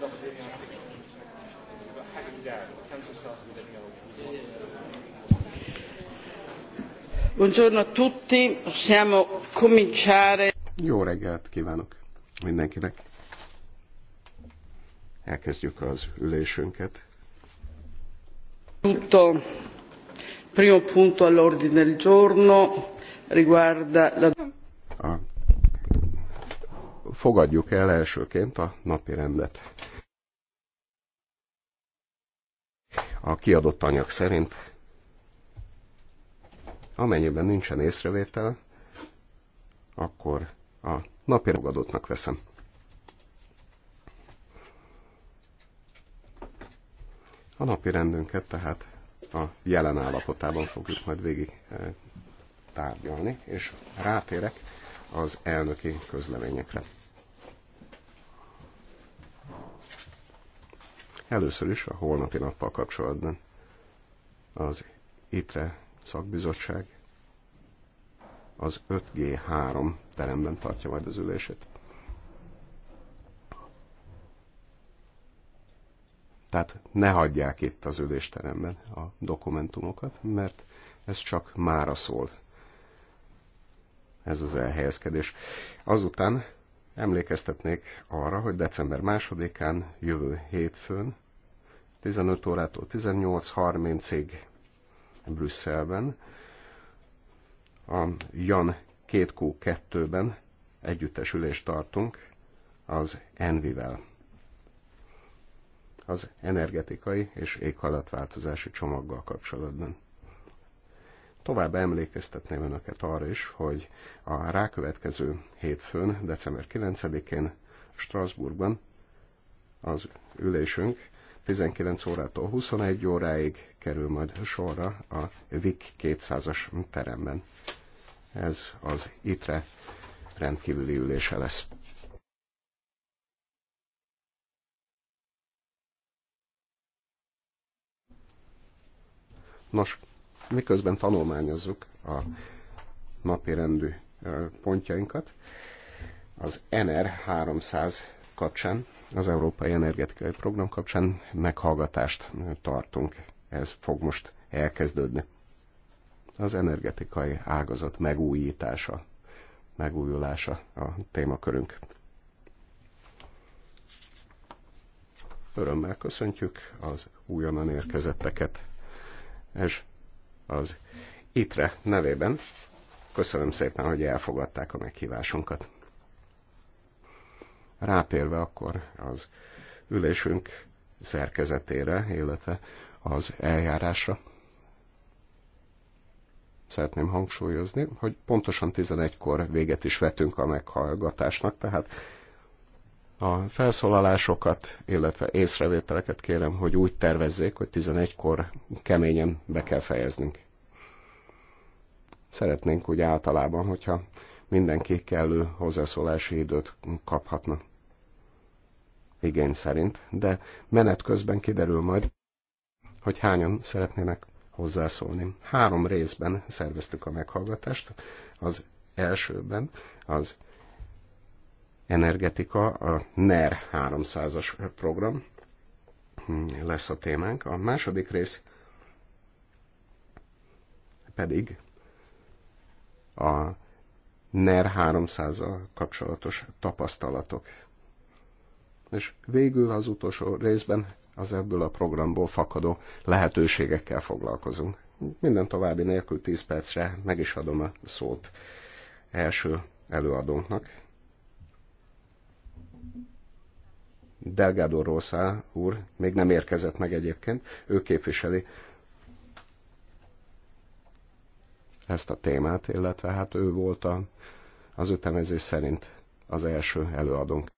dat was in Buongiorno a tutti, possiamo cominciare. Jó reggelt kívánok mindenkinek. Elkezdjük az ülésünket. Tutto primo punto all'ordine del giorno riguarda la... A fogadjuk el elsőként a napi rendet. A kiadott anyag szerint, amennyiben nincsen észrevétel, akkor a napi fogadottnak veszem. A napi rendünket tehát a jelen állapotában fogjuk majd végig eh, tárgyalni, és rátérek az elnöki közleményekre. Először is a holnapi nappal kapcsolatban az ITRE szakbizottság az 5G3 teremben tartja majd az ülését. Tehát ne hagyják itt az ülésteremben a dokumentumokat, mert ez csak mára szól. Ez az elhelyezkedés. Azután emlékeztetnék arra, hogy december másodikán, jövő hétfőn 15 órától 18.30-ig Brüsszelben, a Jan 2Q2-ben együttesülést tartunk az Envivel. Az energetikai és éghajlatváltozási csomaggal kapcsolatban. Tovább emlékeztetném Önöket arra is, hogy a rákövetkező hétfőn, december 9-én Strasbourgban az ülésünk 19 órától 21 óráig kerül majd sorra a VIK 200-as teremben. Ez az ITRE rendkívüli ülése lesz. Nos, miközben tanulmányozzuk a napi rendű pontjainkat, az NR 300 kapcsán az Európai Energetikai Program kapcsán meghallgatást tartunk. Ez fog most elkezdődni. Az energetikai ágazat megújítása, megújulása a témakörünk. Örömmel köszöntjük az újonnan érkezetteket, és az ITRE nevében köszönöm szépen, hogy elfogadták a meghívásunkat. Rátérve akkor az ülésünk szerkezetére, illetve az eljárásra. Szeretném hangsúlyozni, hogy pontosan 11-kor véget is vetünk a meghallgatásnak, tehát a felszólalásokat, illetve észrevételeket kérem, hogy úgy tervezzék, hogy 11-kor keményen be kell fejeznünk. Szeretnénk úgy általában, hogyha mindenki kellő hozzászólási időt kaphatna igény szerint, de menet közben kiderül majd, hogy hányan szeretnének hozzászólni. Három részben szerveztük a meghallgatást. Az elsőben az energetika, a NER 300-as program lesz a témánk. A második rész pedig a NER 300 a kapcsolatos tapasztalatok és végül az utolsó részben az ebből a programból fakadó lehetőségekkel foglalkozunk. Minden további nélkül 10 percre meg is adom a szót első előadónknak. Delgado Rosa úr még nem érkezett meg egyébként, ő képviseli ezt a témát, illetve hát ő volt a, az ütemezés szerint az első előadónk.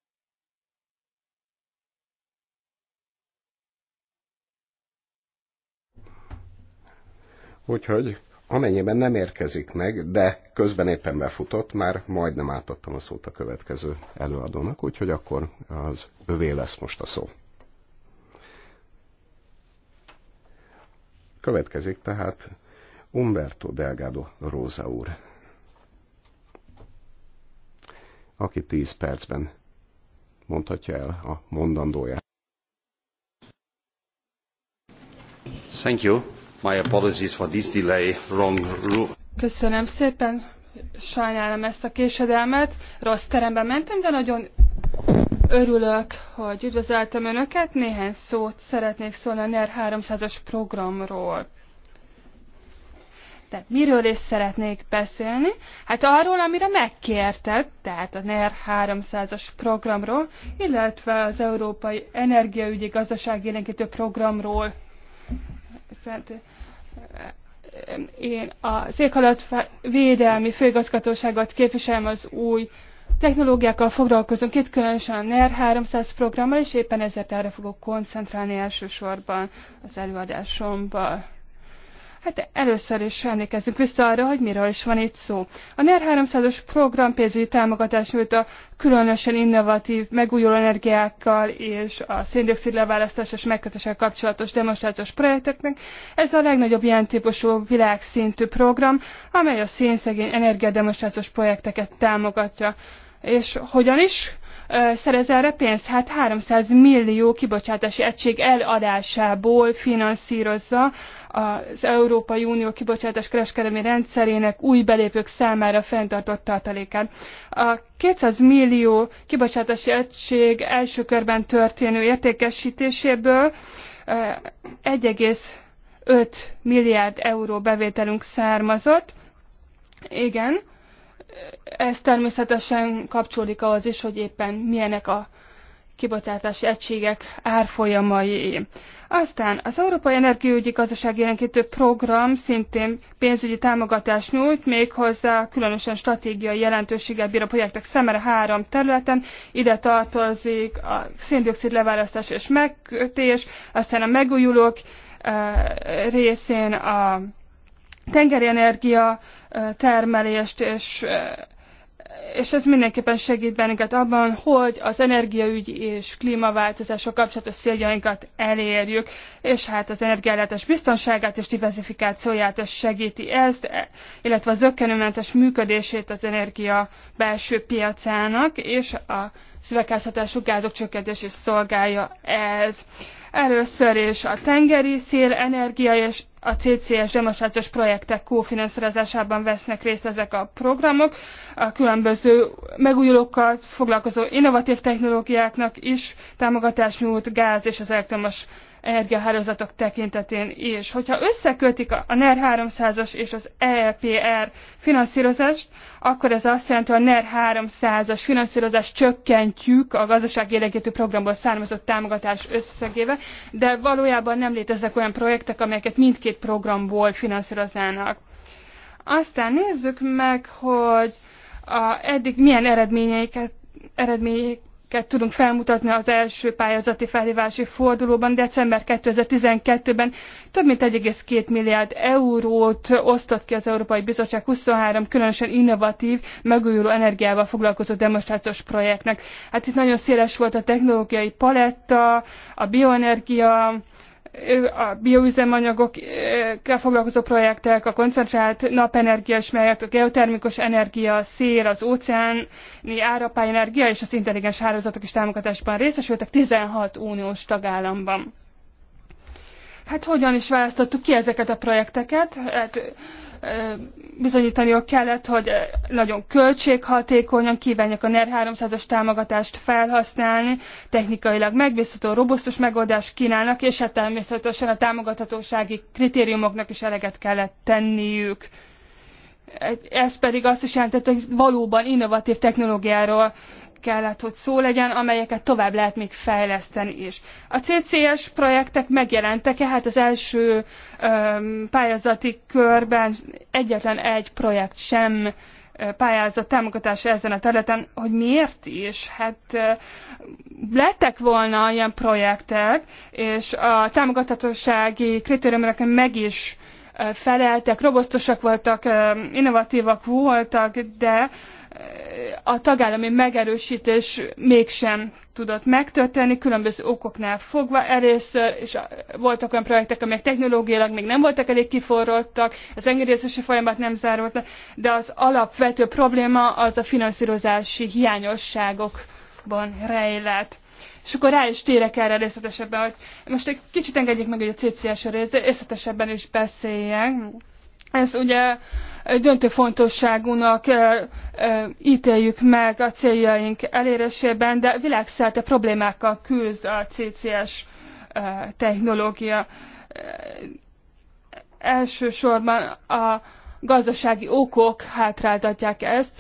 Úgyhogy amennyiben nem érkezik meg, de közben éppen befutott, már majdnem átadtam a szót a következő előadónak, úgyhogy akkor az övé lesz most a szó. Következik tehát Umberto Delgado Róza úr, aki 10 percben mondhatja el a mondandóját. Thank you. My apologies for this delay, wrong room. Köszönöm szépen, sajnálom ezt a késedelmet. Rossz terembe mentem, de nagyon örülök, hogy üdvözöltem Önöket. Néhány szót szeretnék szólni a NER 300-as programról. Tehát miről is szeretnék beszélni? Hát arról, amire megkérted, tehát a NER 300-as programról, illetve az Európai Energiaügyi Gazdaságélénkítő programról jelent. Én a székhalat védelmi főigazgatóságot képviselem az új technológiákkal foglalkozunk itt, különösen a NER 300 programmal, és éppen ezért erre fogok koncentrálni elsősorban az előadásomban. Hát először is emlékezzünk vissza arra, hogy miről is van itt szó. A NER 300-os program pénzügyi támogatás nyújt a különösen innovatív, megújuló energiákkal és a széndiokszid leválasztás és megkötéssel kapcsolatos demonstrációs projekteknek. Ez a legnagyobb ilyen típusú világszintű program, amely a szénszegény energiademonstrációs projekteket támogatja. És hogyan is? szerez erre pénzt? Hát 300 millió kibocsátási egység eladásából finanszírozza az Európai Unió kibocsátás kereskedelmi rendszerének új belépők számára fenntartott tartalékát. A 200 millió kibocsátási egység első körben történő értékesítéséből 1,5 eh, milliárd euró bevételünk származott. Igen, ez természetesen kapcsolódik ahhoz is, hogy éppen milyenek a kibocsátási egységek árfolyamai. Aztán az Európai Energiaügyi Gazdaság Jelenkítő Program szintén pénzügyi támogatást nyújt, méghozzá különösen stratégiai jelentőséggel bír a projektek szemere három területen. Ide tartozik a széndiokszid leválasztás és megkötés, aztán a megújulók eh, részén a tengeri energia eh, termelést és eh, és ez mindenképpen segít bennünket abban, hogy az energiaügy és klímaváltozással kapcsolatos céljainkat elérjük, és hát az energiállátás biztonságát és diversifikációját is segíti ezt, e, illetve a zöggenőmentes működését az energia belső piacának, és a szüvegházhatású gázok csökkentését szolgálja ez. Először is a tengeri szélenergia és a CCS demonstrációs projektek kófinanszírozásában vesznek részt ezek a programok. A különböző megújulókkal foglalkozó innovatív technológiáknak is támogatás nyújt gáz és az elektromos energiahálózatok tekintetén is. Hogyha összekötik a NER 300-as és az EPR finanszírozást, akkor ez azt jelenti, hogy a NER 300-as finanszírozást csökkentjük a gazdasági élegítő programból származott támogatás összegével, de valójában nem léteznek olyan projektek, amelyeket mindkét programból finanszíroznának. Aztán nézzük meg, hogy a, eddig milyen eredményeiket eredmények tudunk felmutatni az első pályázati felhívási fordulóban. December 2012-ben több mint 1,2 milliárd eurót osztott ki az Európai Bizottság 23 különösen innovatív, megújuló energiával foglalkozó demonstrációs projektnek. Hát itt nagyon széles volt a technológiai paletta, a bioenergia, a bioüzemanyagokkal foglalkozó projektek, a koncentrált napenergiás melyek, a geotermikus energia, a szél, az óceáni árapály és az intelligens hálózatok is támogatásban részesültek 16 uniós tagállamban. Hát hogyan is választottuk ki ezeket a projekteket? Hát, bizonyítaniuk kellett, hogy nagyon költséghatékonyan kívánják a NER 300-as támogatást felhasználni, technikailag megbízható, robusztus megoldást kínálnak, és hát természetesen a támogathatósági kritériumoknak is eleget kellett tenniük. Ez pedig azt is jelentett, hogy valóban innovatív technológiáról kellett, hogy szó legyen, amelyeket tovább lehet még fejleszteni is. A CCS projektek megjelentek-e? Hát az első öm, pályázati körben egyetlen egy projekt sem pályázott támogatás ezen a területen, hogy miért is? Hát lettek volna ilyen projektek, és a támogatatossági kritériumok meg is feleltek, robosztosak voltak, innovatívak voltak, de a tagállami megerősítés mégsem tudott megtörténni, különböző okoknál fogva. Először és voltak olyan projektek, amelyek technológiailag még nem voltak elég kiforrottak, az engedélyezési folyamat nem zárult le, de az alapvető probléma az a finanszírozási hiányosságokban rejlett. És akkor rá is térek erre részletesebben, hogy most egy kicsit engedjék meg, hogy a ccs részletesebben is beszéljen. Ezt ugye döntő fontosságúnak ítéljük meg a céljaink elérésében, de világszerte problémákkal küzd a CCS technológia. Elsősorban a gazdasági okok hátráltatják ezt.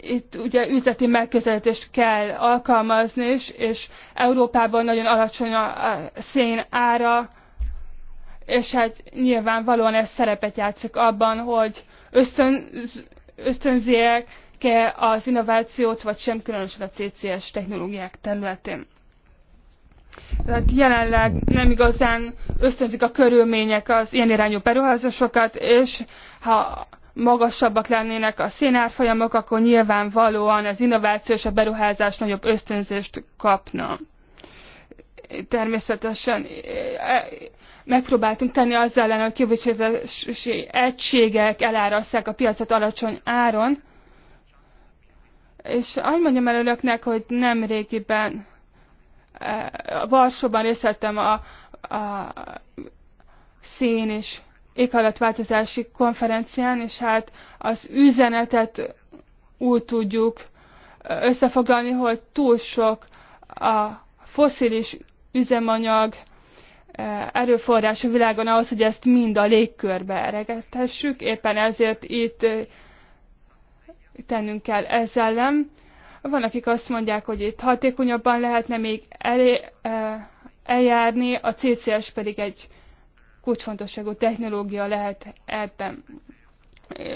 Itt ugye üzleti megközelítést kell alkalmazni, és Európában nagyon alacsony a szén ára, és hát nyilvánvalóan ez szerepet játszik abban, hogy ösztön, ösztönziek-e az innovációt, vagy sem különösen a CCS technológiák területén. Tehát jelenleg nem igazán ösztönzik a körülmények az ilyen irányú beruházásokat, és ha magasabbak lennének a szénárfolyamok, akkor nyilvánvalóan az innováció és a beruházás nagyobb ösztönzést kapna. Természetesen megpróbáltunk tenni az ellen, hogy kibocsátási egységek elárasszák a piacot alacsony áron. És annyi mondjam el önöknek, hogy nem régiben eh, Varsóban részletem a, a szén és éghajlatváltozási konferencián, és hát az üzenetet úgy tudjuk eh, összefoglalni, hogy túl sok a foszilis üzemanyag erőforrás a világon ahhoz, hogy ezt mind a légkörbe eregethessük. Éppen ezért itt tennünk kell ezzel. ellen. Van, akik azt mondják, hogy itt hatékonyabban lehetne még elé, eljárni, a CCS pedig egy kulcsfontosságú technológia lehet ebben.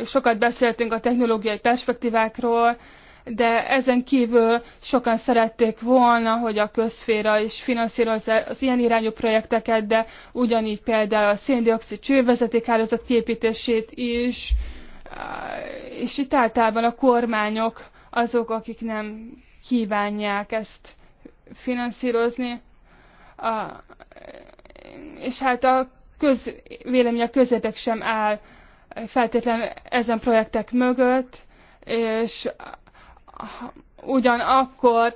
Sokat beszéltünk a technológiai perspektívákról, de ezen kívül sokan szerették volna, hogy a közféra is finanszírozza az ilyen irányú projekteket, de ugyanígy például a széndiokszid csővezeték hálózat képítését is, eh, és itt általában a kormányok azok, akik nem kívánják ezt finanszírozni. A, és hát a közvélemény, a közérdek sem áll feltétlenül ezen projektek mögött, és ugyanakkor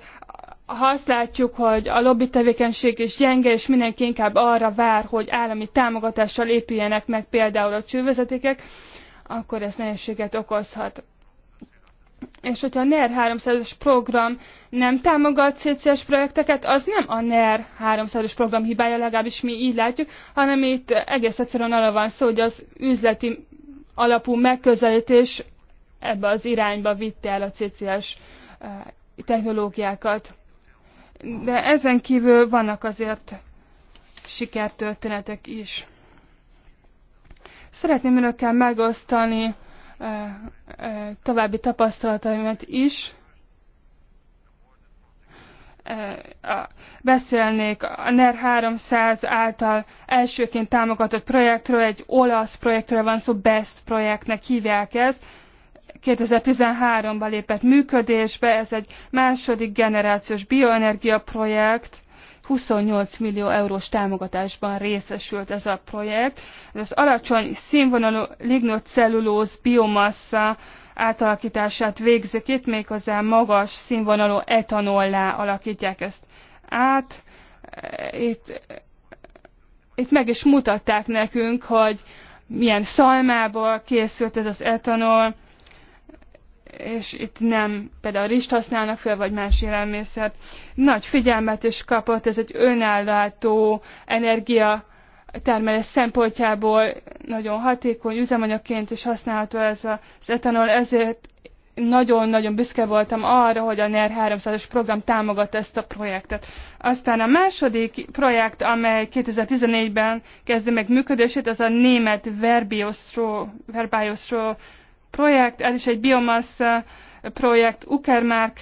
ha azt látjuk, hogy a lobby tevékenység is gyenge, és mindenki inkább arra vár, hogy állami támogatással épüljenek meg például a csővezetékek, akkor ez nehézséget okozhat. És hogyha a NER 300-as program nem támogat CCS projekteket, az nem a NER 300-as program hibája, legalábbis mi így látjuk, hanem itt egész egyszerűen arra van szó, hogy az üzleti alapú megközelítés ebbe az irányba vitte el a CCS eh, technológiákat. De ezen kívül vannak azért sikertörténetek is. Szeretném önökkel megosztani eh, eh, további tapasztalataimat is. Beszélnék a NER 300 által elsőként támogatott projektről, egy olasz projektről van szó, BEST projektnek hívják ezt. 2013-ban lépett működésbe, ez egy második generációs bioenergia projekt, 28 millió eurós támogatásban részesült ez a projekt. Ez az alacsony színvonalú lignocellulóz biomassa átalakítását végzik itt, méghozzá magas színvonalú etanollá alakítják ezt át. Itt, itt meg is mutatták nekünk, hogy milyen szalmából készült ez az etanol, és itt nem például rist használnak fel, vagy más élelmiszert. Nagy figyelmet is kapott, ez egy önállátó energia termelés szempontjából nagyon hatékony üzemanyagként is használható ez az etanol, ezért nagyon-nagyon büszke voltam arra, hogy a NER 300-as program támogatta ezt a projektet. Aztán a második projekt, amely 2014-ben kezdi meg működését, az a német Verbiostro, Verbiostro projekt, ez is egy biomasz projekt, Uckermark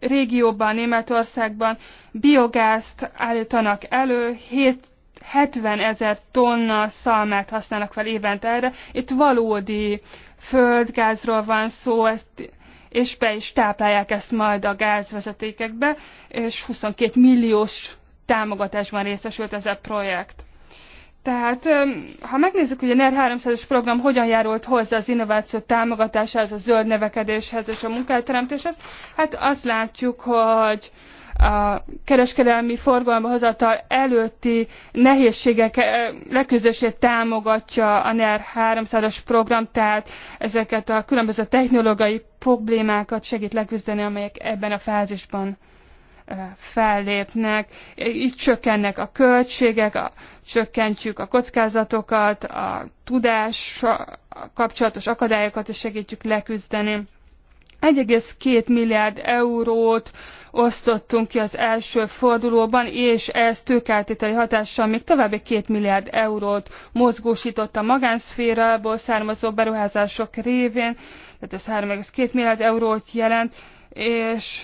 régióban, Németországban biogázt állítanak elő, 7 70 ezer tonna szalmát használnak fel évente erre. Itt valódi földgázról van szó, ezt, és be is táplálják ezt majd a gázvezetékekbe, és 22 milliós támogatásban részesült ez a projekt. Tehát, ha megnézzük, hogy a NER 300-as program hogyan járult hozzá az innováció támogatásához, a zöld nevekedéshez, és a munkáteremtéshez, hát azt látjuk, hogy a kereskedelmi forgalomba hozatal előtti nehézségek leküzdését támogatja a NER 300-as program, tehát ezeket a különböző technológiai problémákat segít leküzdeni, amelyek ebben a fázisban fellépnek, így csökkennek a költségek, a, csökkentjük a kockázatokat, a tudás a kapcsolatos akadályokat és segítjük leküzdeni. 1,2 milliárd eurót osztottunk ki az első fordulóban, és ez tőkeltételi hatással még további 2 milliárd eurót mozgósított a magánszférából származó beruházások révén, tehát ez 3,2 milliárd eurót jelent, és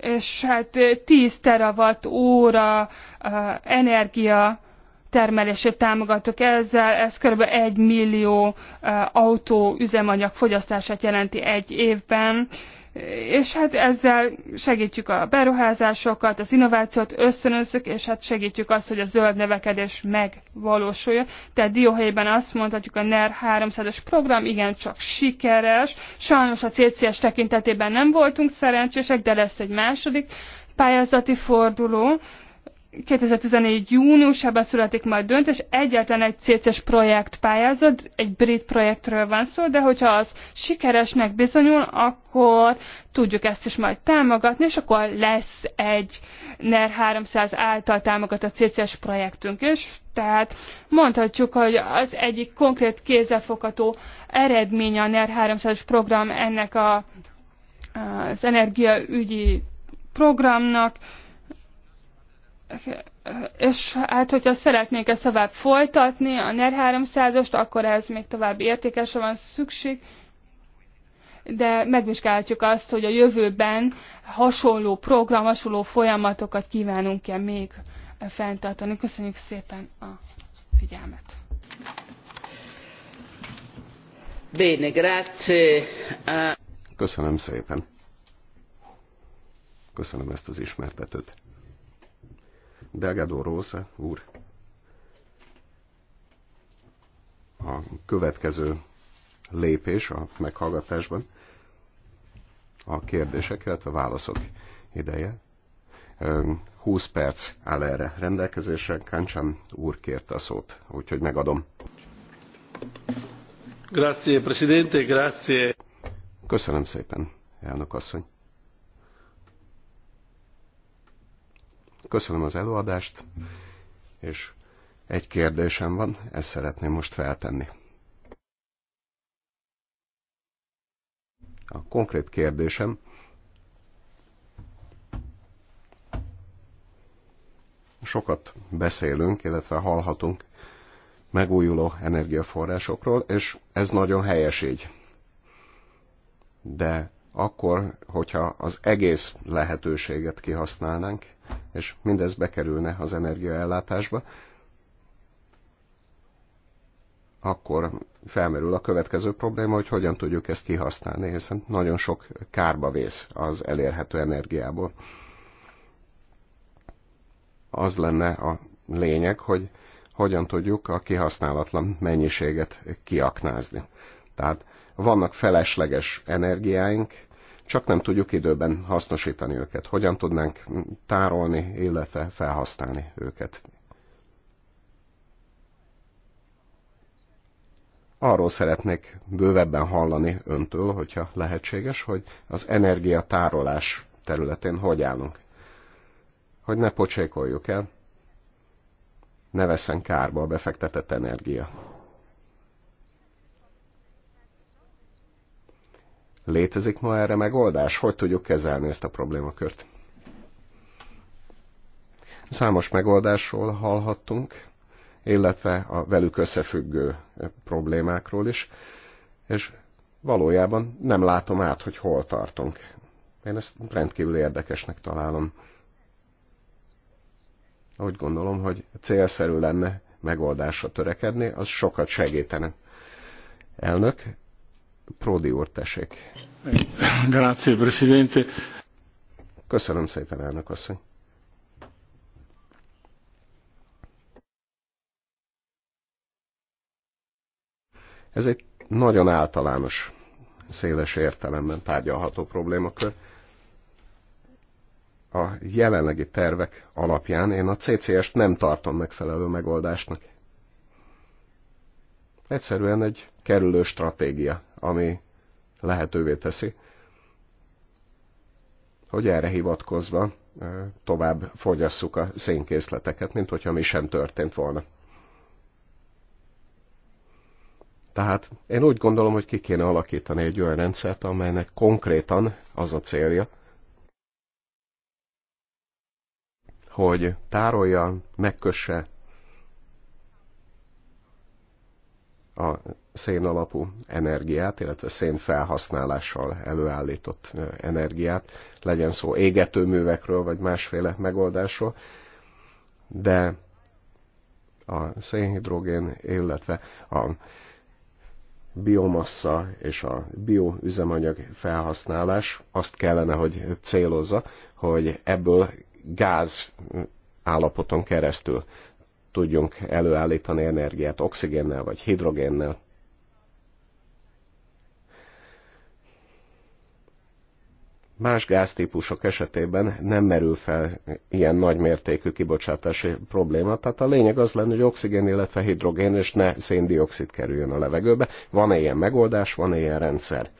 és hát 10 teravat óra energia termelését támogatok ezzel, ez kb. 1 millió autó üzemanyag fogyasztását jelenti egy évben, és hát ezzel segítjük a beruházásokat, az innovációt ösztönözzük, és hát segítjük azt, hogy a zöld növekedés megvalósuljon. Tehát dióhelyben azt mondhatjuk, a NER 300-as program igencsak sikeres. Sajnos a CCS tekintetében nem voltunk szerencsések, de lesz egy második pályázati forduló, 2014. júniusában születik majd döntés, egyetlen egy CCS projekt pályázat, egy brit projektről van szó, de hogyha az sikeresnek bizonyul, akkor tudjuk ezt is majd támogatni, és akkor lesz egy NER 300 által támogatott CCS projektünk is, tehát mondhatjuk, hogy az egyik konkrét kézzelfogható eredménye a NER 300-as program ennek a, az energiaügyi programnak, és hát, hogyha szeretnék ezt tovább folytatni, a NER 300 ost akkor ez még további értékesre van szükség, de megvizsgálhatjuk azt, hogy a jövőben hasonló program, hasonló folyamatokat kívánunk-e még fenntartani. Köszönjük szépen a figyelmet! Bene, grazie. Köszönöm szépen. Köszönöm ezt az ismertetőt. Delgado Rosa úr a következő lépés a meghallgatásban a kérdések, illetve a válaszok ideje. 20 perc áll erre rendelkezésre. Káncsán úr kérte a szót, úgyhogy megadom. Grazie, Presidente, grazie. Köszönöm szépen, elnök asszony. Köszönöm az előadást, és egy kérdésem van, ezt szeretném most feltenni. A konkrét kérdésem, sokat beszélünk, illetve hallhatunk megújuló energiaforrásokról, és ez nagyon helyes így. De akkor, hogyha az egész lehetőséget kihasználnánk, és mindez bekerülne az energiaellátásba, akkor felmerül a következő probléma, hogy hogyan tudjuk ezt kihasználni, hiszen nagyon sok kárba vész az elérhető energiából. Az lenne a lényeg, hogy hogyan tudjuk a kihasználatlan mennyiséget kiaknázni. Tehát vannak felesleges energiáink, csak nem tudjuk időben hasznosítani őket. Hogyan tudnánk tárolni, illetve felhasználni őket. Arról szeretnék bővebben hallani öntől, hogyha lehetséges, hogy az energiatárolás területén hogy állunk. Hogy ne pocsékoljuk el, ne veszen kárba a befektetett energia. Létezik ma erre megoldás? Hogy tudjuk kezelni ezt a problémakört? Számos megoldásról hallhattunk, illetve a velük összefüggő problémákról is, és valójában nem látom át, hogy hol tartunk. Én ezt rendkívül érdekesnek találom. Úgy gondolom, hogy célszerű lenne megoldásra törekedni, az sokat segítene. Elnök, Prodi úr, tessék. Grazie, Presidente. Köszönöm szépen, elnök asszony. Ez egy nagyon általános, széles értelemben tárgyalható problémakör. A jelenlegi tervek alapján én a CCS-t nem tartom megfelelő megoldásnak. Egyszerűen egy kerülő stratégia ami lehetővé teszi, hogy erre hivatkozva tovább fogyasszuk a szénkészleteket, mint hogyha mi sem történt volna. Tehát én úgy gondolom, hogy ki kéne alakítani egy olyan rendszert, amelynek konkrétan az a célja, hogy tárolja, megkösse a szén alapú energiát, illetve szén felhasználással előállított energiát, legyen szó égetőművekről, vagy másféle megoldásról, de a szénhidrogén, illetve a biomassa és a bioüzemanyag felhasználás azt kellene, hogy célozza, hogy ebből gáz állapoton keresztül tudjunk előállítani energiát oxigénnel vagy hidrogénnel. Más gáztípusok esetében nem merül fel ilyen nagymértékű kibocsátási probléma, tehát a lényeg az lenne, hogy oxigén, illetve hidrogén és ne széndiokszid kerüljön a levegőbe. Van-e ilyen megoldás, van-e ilyen rendszer?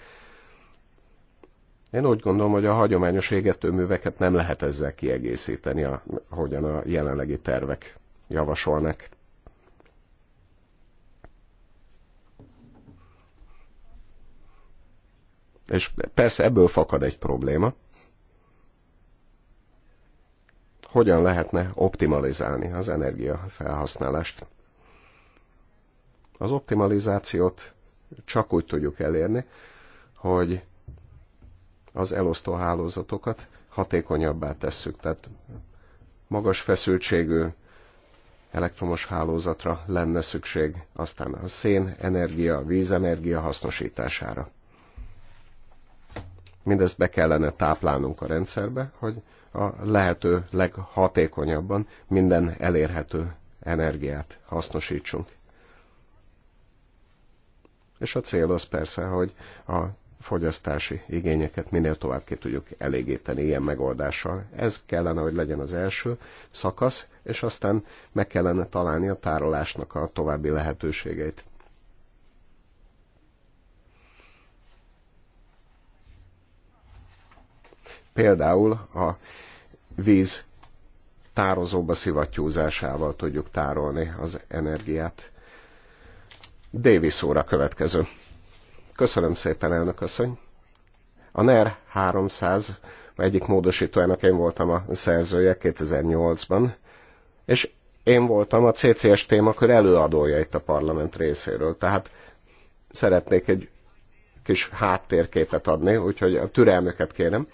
Én úgy gondolom, hogy a hagyományos égetőműveket nem lehet ezzel kiegészíteni, ahogyan a jelenlegi tervek javasolnak. És persze ebből fakad egy probléma. Hogyan lehetne optimalizálni az energiafelhasználást? Az optimalizációt csak úgy tudjuk elérni, hogy az elosztó hálózatokat hatékonyabbá tesszük. Tehát magas feszültségű elektromos hálózatra lenne szükség, aztán a szén energia, vízenergia hasznosítására. Mindezt be kellene táplálnunk a rendszerbe, hogy a lehető leghatékonyabban minden elérhető energiát hasznosítsunk. És a cél az persze, hogy a fogyasztási igényeket minél tovább ki tudjuk elégíteni ilyen megoldással. Ez kellene, hogy legyen az első szakasz, és aztán meg kellene találni a tárolásnak a további lehetőségeit. Például a víz tározóba szivattyúzásával tudjuk tárolni az energiát. Davis óra következő. Köszönöm szépen, elnök asszony. A NER 300 egyik módosítójának én voltam a szerzője 2008-ban, és én voltam a CCS témakör előadója itt a parlament részéről. Tehát szeretnék egy kis háttérképet adni, úgyhogy a türelmüket kérem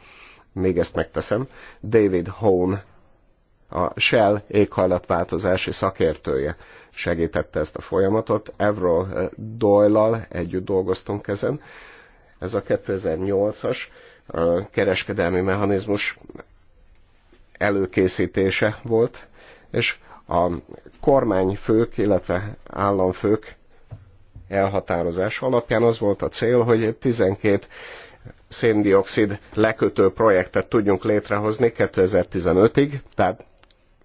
még ezt megteszem, David Hone, a Shell éghajlatváltozási szakértője segítette ezt a folyamatot. Evrol eh, doyle együtt dolgoztunk ezen. Ez a 2008-as eh, kereskedelmi mechanizmus előkészítése volt, és a kormányfők, illetve államfők elhatározás alapján az volt a cél, hogy 12 széndiokszid lekötő projektet tudjunk létrehozni 2015-ig, tehát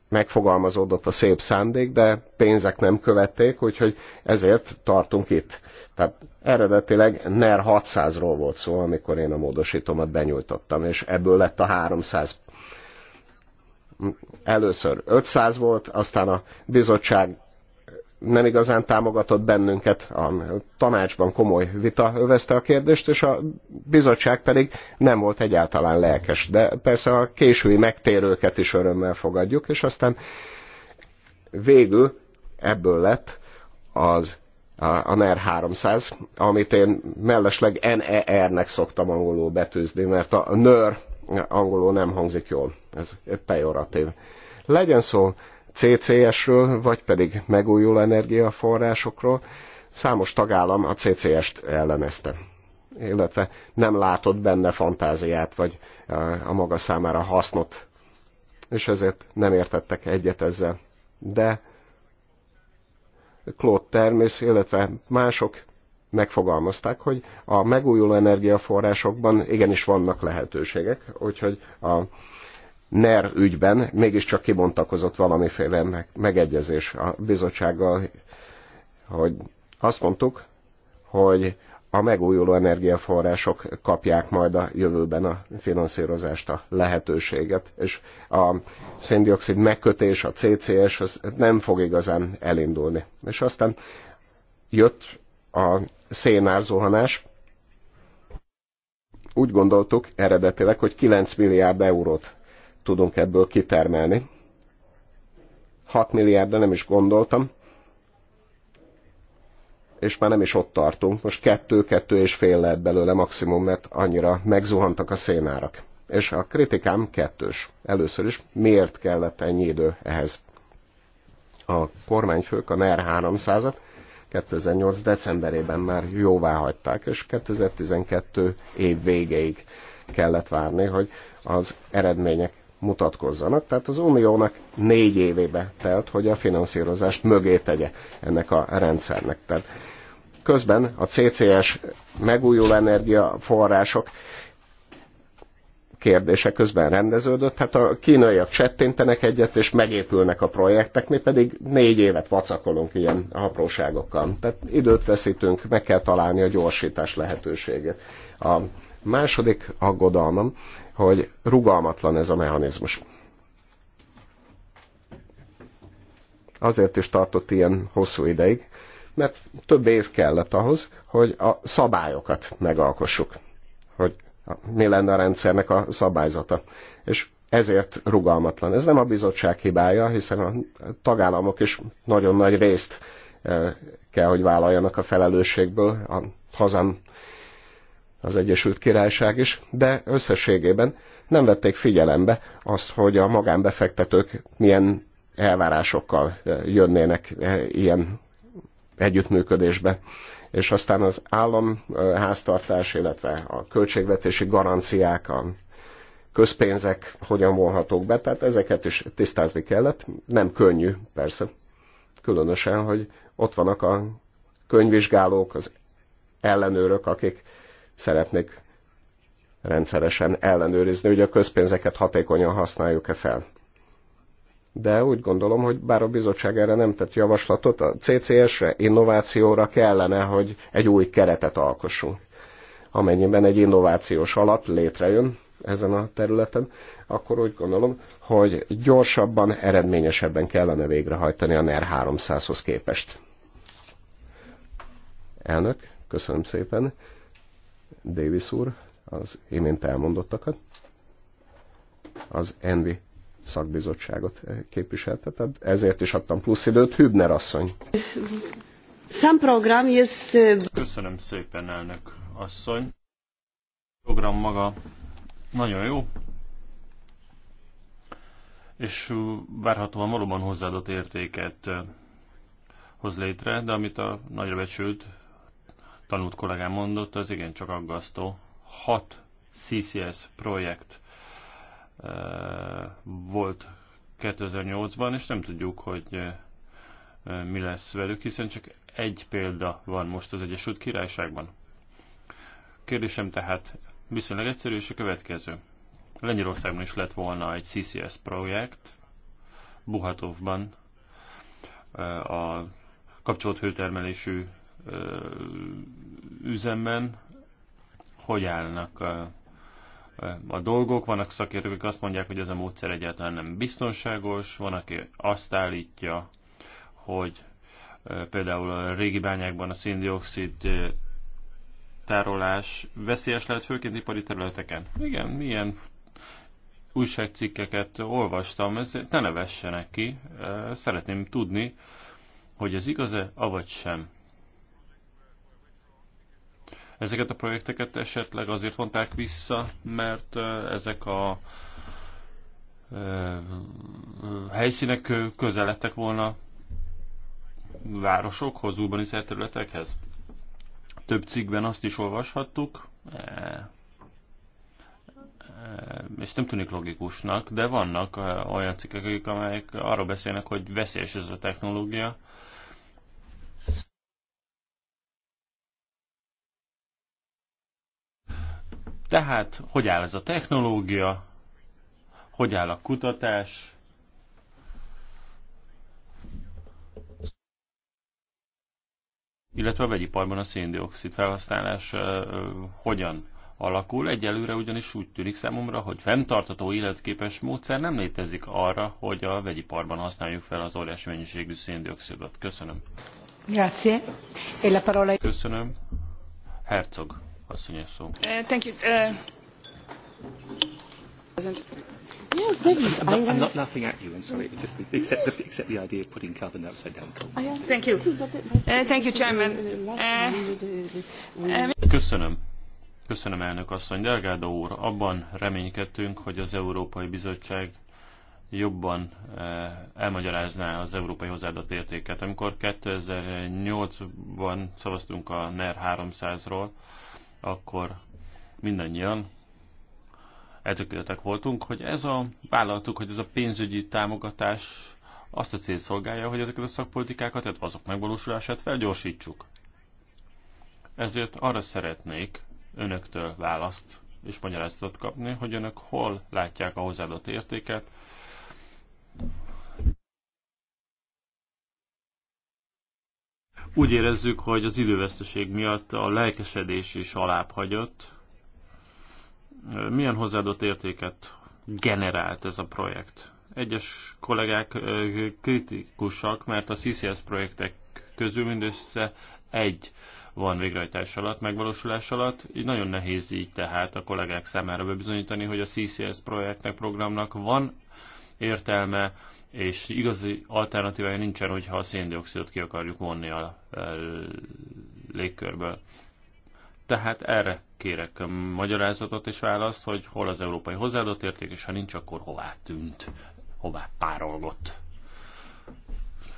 megfogalmazódott a szép szándék, de pénzek nem követték, úgyhogy ezért tartunk itt. Tehát eredetileg NER 600-ról volt szó, amikor én a módosítomat benyújtottam, és ebből lett a 300. Először 500 volt, aztán a bizottság nem igazán támogatott bennünket, a tanácsban komoly vita övezte a kérdést, és a bizottság pedig nem volt egyáltalán lelkes. De persze a késői megtérőket is örömmel fogadjuk, és aztán végül ebből lett az a NER 300, amit én mellesleg NER-nek szoktam angolul betűzni, mert a NER angolul nem hangzik jól, ez pejoratív. Legyen szó CCS-ről, vagy pedig megújuló energiaforrásokról. Számos tagállam a CCS-t ellenezte, illetve nem látott benne fantáziát, vagy a maga számára hasznot, és ezért nem értettek egyet ezzel. De Claude Termész, illetve mások megfogalmazták, hogy a megújuló energiaforrásokban igenis vannak lehetőségek, úgyhogy a NER ügyben mégiscsak kibontakozott valamiféle megegyezés a bizottsággal, hogy azt mondtuk, hogy a megújuló energiaforrások kapják majd a jövőben a finanszírozást, a lehetőséget, és a széndiokszid megkötés, a CCS az nem fog igazán elindulni. És aztán jött a szénárzuhanás, úgy gondoltuk eredetileg, hogy 9 milliárd eurót tudunk ebből kitermelni. 6 milliárdra nem is gondoltam, és már nem is ott tartunk. Most kettő, kettő és fél lehet belőle maximum, mert annyira megzuhantak a szénárak. És a kritikám kettős. Először is, miért kellett ennyi idő ehhez? A kormányfők a NER 300-at 2008. decemberében már jóvá hagyták, és 2012 év végéig kellett várni, hogy az eredmények mutatkozzanak. Tehát az Uniónak négy évébe telt, hogy a finanszírozást mögé tegye ennek a rendszernek. Tehát közben a CCS megújuló energiaforrások kérdése közben rendeződött, hát a kínaiak csettintenek egyet, és megépülnek a projektek, mi pedig négy évet vacakolunk ilyen apróságokkal. Tehát időt veszítünk, meg kell találni a gyorsítás lehetőségét. A második aggodalmam hogy rugalmatlan ez a mechanizmus. Azért is tartott ilyen hosszú ideig, mert több év kellett ahhoz, hogy a szabályokat megalkossuk, hogy mi lenne a rendszernek a szabályzata. És ezért rugalmatlan. Ez nem a bizottság hibája, hiszen a tagállamok is nagyon nagy részt eh, kell, hogy vállaljanak a felelősségből a hazám az Egyesült Királyság is, de összességében nem vették figyelembe azt, hogy a magánbefektetők milyen elvárásokkal eh, jönnének eh, ilyen együttműködésbe. És aztán az államháztartás, eh, illetve a költségvetési garanciák, a közpénzek hogyan vonhatók be, tehát ezeket is tisztázni kellett. Nem könnyű, persze. Különösen, hogy ott vannak a könyvvizsgálók, az ellenőrök, akik szeretnék rendszeresen ellenőrizni, hogy a közpénzeket hatékonyan használjuk-e fel. De úgy gondolom, hogy bár a bizottság erre nem tett javaslatot, a CCS-re, innovációra kellene, hogy egy új keretet alkossunk. Amennyiben egy innovációs alap létrejön ezen a területen, akkor úgy gondolom, hogy gyorsabban, eredményesebben kellene végrehajtani a NER 300-hoz képest. Elnök, köszönöm szépen. Davis úr az imént elmondottakat. Az Envi szakbizottságot eh, képviselte, tehát ezért is adtam plusz időt. Hübner asszony. Sam program jest... Eh, Köszönöm szépen, elnök asszony. A program maga nagyon jó, és várhatóan valóban hozzáadott értéket eh, hoz létre, de amit a nagyra becsült tanult kollégám mondott, az igen csak aggasztó. Hat CCS projekt eh, volt 2008-ban, és nem tudjuk, hogy eh, mi lesz velük, hiszen csak egy példa van most az Egyesült Királyságban. Kérdésem tehát viszonylag egyszerű, és a következő. Lengyelországban is lett volna egy CCS projekt, Buhatovban eh, a kapcsolt hőtermelésű üzemben hogy állnak a, a dolgok. Vannak szakértők, akik azt mondják, hogy ez a módszer egyáltalán nem biztonságos, van, aki azt állítja, hogy például a régi bányákban a széndiokszid tárolás veszélyes lehet, főként ipari területeken. Igen, milyen újságcikkeket olvastam, ezért ne nevessenek ki. Szeretném tudni, hogy ez igaz-e, avagy sem. Ezeket a projekteket esetleg azért vonták vissza, mert ezek a helyszínek közelettek volna városokhoz, is területekhez. Több cikkben azt is olvashattuk, e, e, és nem tűnik logikusnak, de vannak olyan cikkek, amelyek arról beszélnek, hogy veszélyes ez a technológia, Tehát, hogy áll ez a technológia, hogy áll a kutatás, illetve a vegyiparban a széndiokszid felhasználás hogyan alakul. Egyelőre ugyanis úgy tűnik számomra, hogy fenntartató életképes módszer nem létezik arra, hogy a vegyiparban használjuk fel az óriási mennyiségű széndiokszidot. Köszönöm. Grazie. E la parola... Köszönöm. Herzog asszony szó. Eh, eh, Köszönöm, elnök asszony. Delgado úr, abban reménykedtünk, hogy az Európai Bizottság jobban eh, elmagyarázná az európai hozzáadott értéket. Amikor 2008-ban szavaztunk a NER 300-ról, akkor mindannyian eltökéletek voltunk, hogy ez a vállaltuk, hogy ez a pénzügyi támogatás azt a cél szolgálja, hogy ezeket a szakpolitikákat, tehát azok megvalósulását felgyorsítsuk. Ezért arra szeretnék önöktől választ és magyarázatot kapni, hogy önök hol látják a hozzáadott értéket, Úgy érezzük, hogy az időveszteség miatt a lelkesedés is alább hagyott. Milyen hozzáadott értéket generált ez a projekt? Egyes kollégák kritikusak, mert a CCS projektek közül mindössze egy van végrehajtás alatt, megvalósulás alatt. Így nagyon nehéz így tehát a kollégák számára bebizonyítani, hogy a CCS projektnek, programnak van értelme, és igazi alternatívája nincsen, hogyha a széndiokszidot ki akarjuk vonni a légkörből. Tehát erre kérek magyarázatot és választ, hogy hol az európai hozzáadott érték, és ha nincs, akkor hová tűnt, hová párolgott.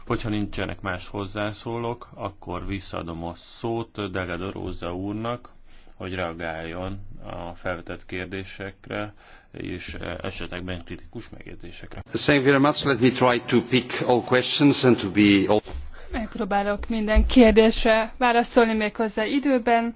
Hogyha nincsenek más hozzászólók, akkor visszaadom a szót Delgado Róza úrnak, hogy reagáljon a felvetett kérdésekre, és e, esetekben kritikus megjegyzésekre. Thank you very much. Let me try to pick all questions and to be all... Megpróbálok minden kérdésre válaszolni még hozzá időben.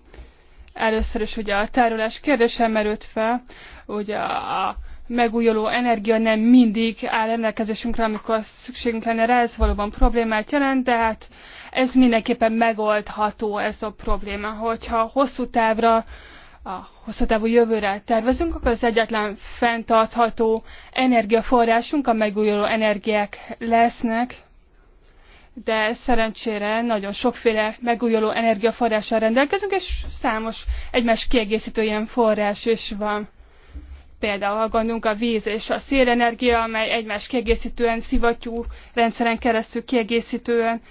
Először is ugye a tárolás kérdése merült fel, hogy a megújuló energia nem mindig áll rendelkezésünkre, amikor szükségünk lenne rá, ez valóban problémát jelent, de hát ez mindenképpen megoldható ez a probléma. Hogyha hosszú távra a hosszú távú jövőre tervezünk, akkor az egyetlen fenntartható energiaforrásunk a megújuló energiák lesznek, de szerencsére nagyon sokféle megújuló energiaforrással rendelkezünk, és számos egymás kiegészítő ilyen forrás is van. Például gondolunk a víz és a szélenergia, amely egymás kiegészítően, szivattyú rendszeren keresztül kiegészítően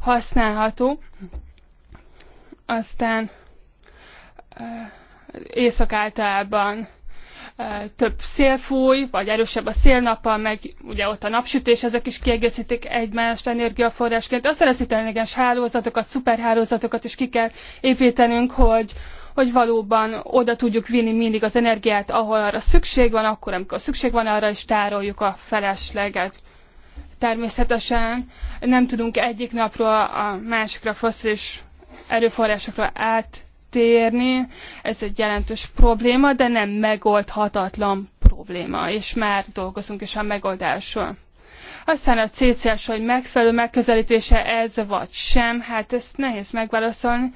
használható. Aztán uh, éjszak általában több szél fúj, vagy erősebb a szélnappal, meg ugye ott a napsütés, ezek is kiegészítik egymást energiaforrásként. Aztán az intelligens hálózatokat, szuperhálózatokat is ki kell építenünk, hogy, hogy valóban oda tudjuk vinni mindig az energiát, ahol arra szükség van, akkor, amikor szükség van, arra is tároljuk a felesleget. Természetesen nem tudunk egyik napról a másikra fosszilis erőforrásokra át térni. Ez egy jelentős probléma, de nem megoldhatatlan probléma, és már dolgozunk is a megoldáson. Aztán a CCS, hogy megfelelő megközelítése ez vagy sem, hát ezt nehéz megválaszolni,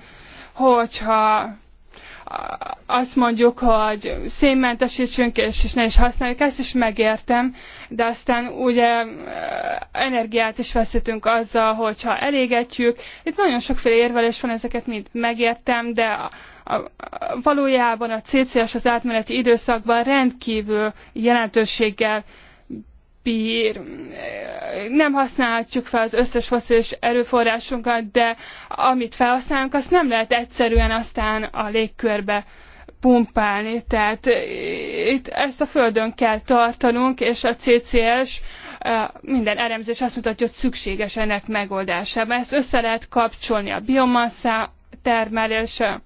hogyha azt mondjuk, hogy szénmentesítsünk, és, és ne is használjuk, ezt is megértem, de aztán ugye eh, energiát is veszítünk azzal, hogyha elégetjük. Itt nagyon sokféle érvelés van, ezeket mind megértem, de a, a, valójában a CCS az átmeneti időszakban rendkívül jelentőséggel uh, bír. Nem használhatjuk fel az összes foszilis erőforrásunkat, de amit felhasználunk, azt nem lehet egyszerűen aztán a légkörbe pumpálni. Tehát eh, itt ezt a földön kell tartanunk, és a CCS eh, minden elemzés azt mutatja, hogy szükséges ennek megoldásában. Ezt össze lehet kapcsolni a biomasszá termeléssel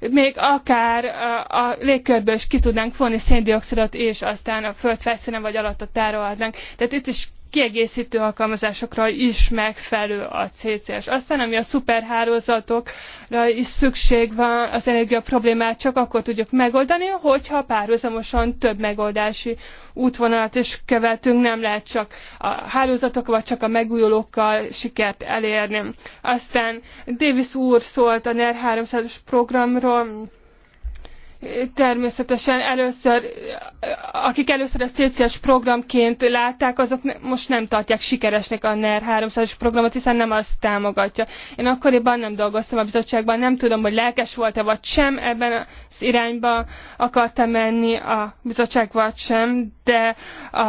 még akár a légkörből is ki tudnánk vonni széndiokszidot, és aztán a föld felszínen vagy alatt a tárolhatnánk. Tehát itt is kiegészítő alkalmazásokra is megfelelő a CCS. Aztán, ami a szuperhálózatokra is szükség van, az energia problémát csak akkor tudjuk megoldani, hogyha párhuzamosan több megoldási útvonalat is követünk, nem lehet csak a hálózatok vagy csak a megújulókkal sikert elérni. Aztán Davis úr szólt a NER 300-as programról, természetesen először, akik először ezt CCS programként látták, azok most nem tartják sikeresnek a NER 300-as programot, hiszen nem azt támogatja. Én akkoriban nem dolgoztam a bizottságban, nem tudom, hogy lelkes volt-e vagy sem, ebben az irányba akartam menni a bizottság vagy sem, de a,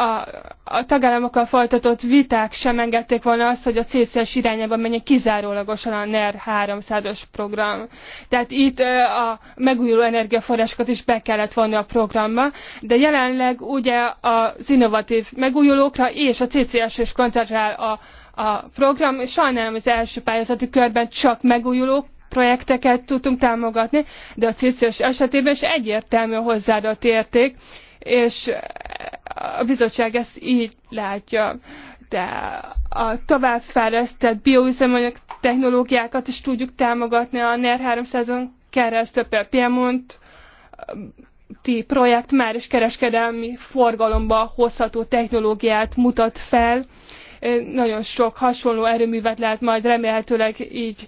a, a tagállamokkal folytatott viták sem engedték volna azt, hogy a CCS irányába menjen kizárólagosan a NER 300-as program. Tehát itt a megújuló energiaforrásokat is be kellett vonni a programba, de jelenleg ugye az innovatív megújulókra és a CCS is koncentrál a, a program. Sajnálom, az első pályázati körben csak megújulók projekteket tudtunk támogatni, de a CCS esetében is egyértelmű a hozzáadott érték, és a bizottság ezt így látja. De a továbbfejlesztett bioüzemanyag technológiákat is tudjuk támogatni a NER 300-on keresztül, például Piemont ti projekt már is kereskedelmi forgalomba hozható technológiát mutat fel, nagyon sok hasonló erőművet lehet majd remélhetőleg így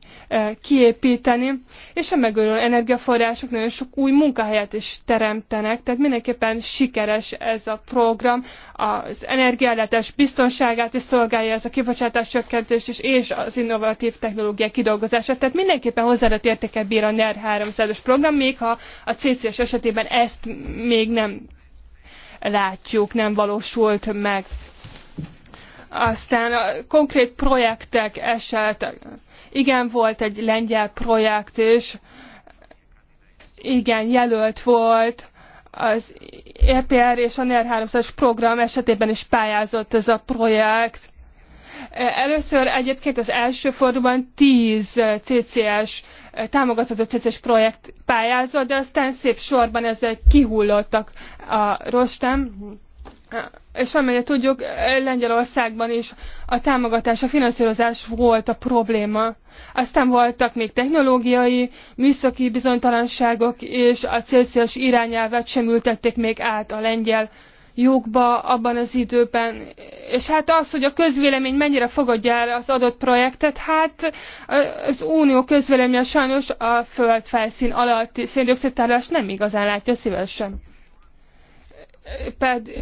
kiépíteni, és a megőrülő energiaforrások nagyon sok új munkahelyet is teremtenek, tehát mindenképpen sikeres ez a program, az energiállátás biztonságát is szolgálja ez a kibocsátás csökkentést is, és az innovatív technológiák kidolgozását, tehát mindenképpen hozzáadott értéket bír a NER 300-as program, még ha a CCS esetében ezt még nem látjuk, nem valósult meg. Aztán a konkrét projektek esetek. igen, volt egy lengyel projekt is, igen, jelölt volt, az EPR és a NER 300-as program esetében is pályázott ez a projekt. E, először egyébként az első fordulóban 10 CCS e, támogatott CCS projekt pályázott, de aztán szép sorban ezek kihullottak a rostem és amennyire tudjuk, Lengyelországban is a támogatás, a finanszírozás volt a probléma. Aztán voltak még technológiai, műszaki bizonytalanságok, és a célszíves irányelvet sem ültették még át a lengyel jogba abban az időben. És hát az, hogy a közvélemény mennyire fogadja el az adott projektet, hát az unió közvéleménye sajnos a földfelszín alatti széndiokszidtárolást nem igazán látja szívesen. Pedig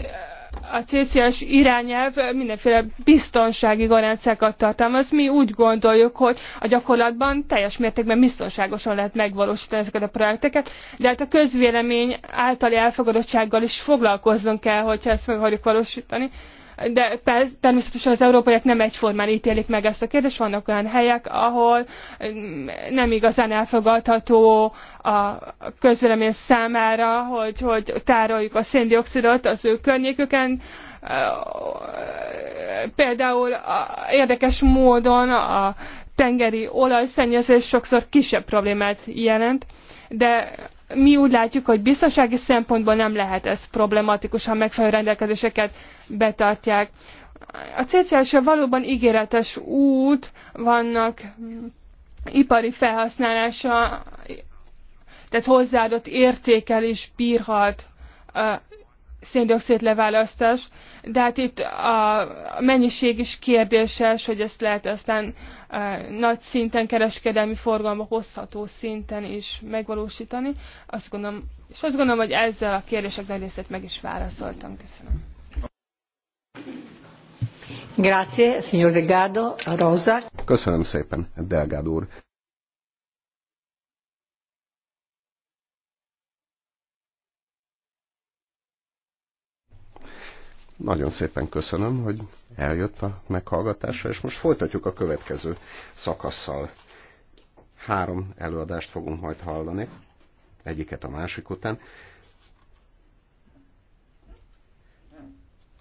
a CCS irányelv mindenféle biztonsági garanciákat tartalmaz. Mi úgy gondoljuk, hogy a gyakorlatban teljes mértékben biztonságosan lehet megvalósítani ezeket a projekteket, de hát a közvélemény általi elfogadottsággal is foglalkoznunk kell, hogyha ezt meg akarjuk valósítani de persze, természetesen az európaiak nem egyformán ítélik meg ezt a kérdést. Vannak olyan helyek, ahol mm, nem igazán elfogadható a közvélemény számára, hogy, hogy tároljuk a széndiokszidot az ő környéküken. Például érdekes módon a tengeri olajszennyezés sokszor kisebb problémát jelent, de mi úgy látjuk, hogy biztonsági szempontból nem lehet ez problematikus, ha megfelelő rendelkezéseket betartják. A CCS -a valóban ígéretes út, vannak ipari felhasználása, tehát hozzáadott értékel is bírhat széndiokszid leválasztás, de hát itt a mennyiség is kérdéses, hogy ezt lehet aztán nagy szinten, kereskedelmi forgalma hozható szinten is megvalósítani. Azt gondolom, és azt gondolom, hogy ezzel a kérdések nagy részét meg is válaszoltam. Köszönöm. Grazie, signor Delgado, Rosa. Köszönöm szépen, Delgado úr. Nagyon szépen köszönöm, hogy eljött a meghallgatásra, és most folytatjuk a következő szakasszal. Három előadást fogunk majd hallani, egyiket a másik után.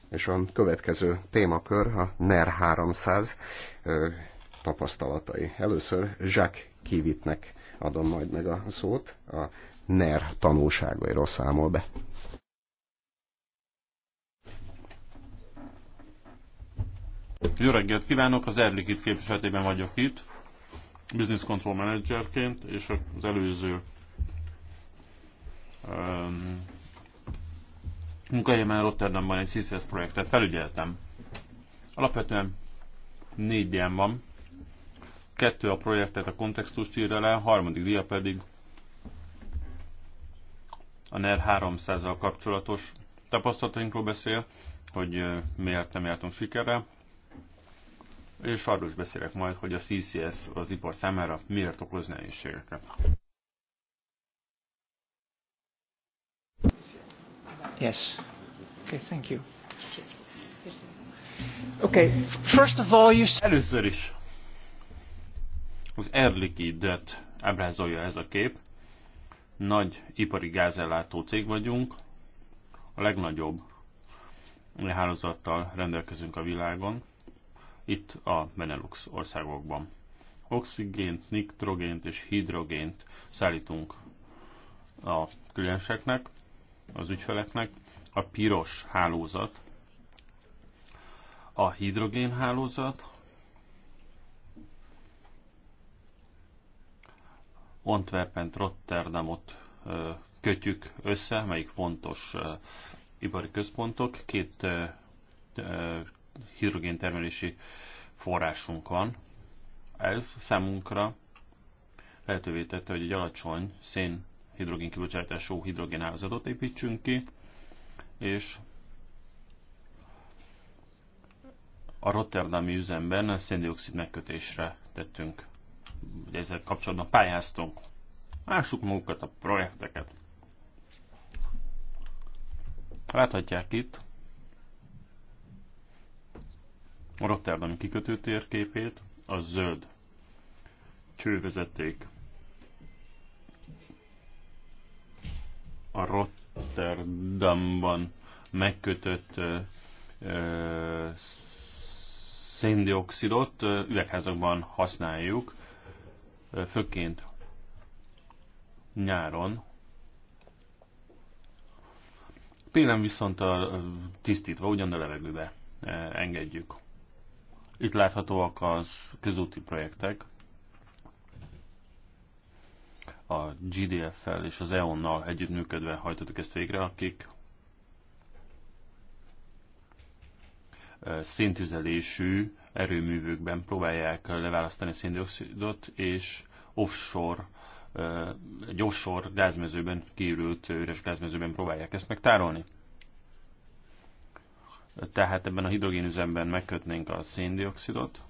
És a következő témakör a NER 300 tapasztalatai. Először Jacques Kivitnek adom majd meg a szót, a NER tanulságairól számol be. Jó reggelt kívánok, az Erlikit képviseletében vagyok itt, business control managerként, és az előző um, munkahelyemen Rotterdamban egy CCS projektet felügyeltem. Alapvetően négy ilyen van. Kettő a projektet, a kontextust írja le, a harmadik dia pedig a NER 300-al kapcsolatos tapasztalatainkról beszél, hogy uh, miért nem jártunk sikerre és arról is beszélek majd, hogy a CCS az ipar számára miért okoz nehézségeket. Yes. Okay, thank you. Okay, first of all, you... said. Először is az Air Liquide-et ábrázolja ez a kép. Nagy ipari gázellátó cég vagyunk, a legnagyobb hálózattal rendelkezünk a világon itt a Benelux országokban. Oxigént, nitrogént és hidrogént szállítunk a klienseknek, az ügyfeleknek. A piros hálózat, a hidrogén hálózat, Antwerpent, Rotterdamot kötjük össze, melyik fontos ipari központok, két hidrogén termelési forrásunk van. Ez számunkra lehetővé tette, hogy egy alacsony szén hidrogén kibocsátású hálózatot építsünk ki, és a Rotterdami üzemben a széndiokszid megkötésre tettünk, vagy ezzel kapcsolatban pályáztunk. Lássuk magukat a projekteket. Láthatják itt, a Rotterdami kikötő térképét, a zöld csővezeték a Rotterdamban megkötött széndiokszidot üvegházakban használjuk, ö, főként nyáron. Télen viszont a, tisztítva, ugyan a levegőbe engedjük. Itt láthatóak az közúti projektek, a GDF-fel és az EON-nal együttműködve hajtottuk ezt végre, akik széntüzelésű erőművőkben próbálják leválasztani a széndiokszidot, és offshore egy offshore gázmezőben, kiürült üres gázmezőben próbálják ezt megtárolni tehát ebben a hidrogénüzemben megkötnénk a széndiokszidot.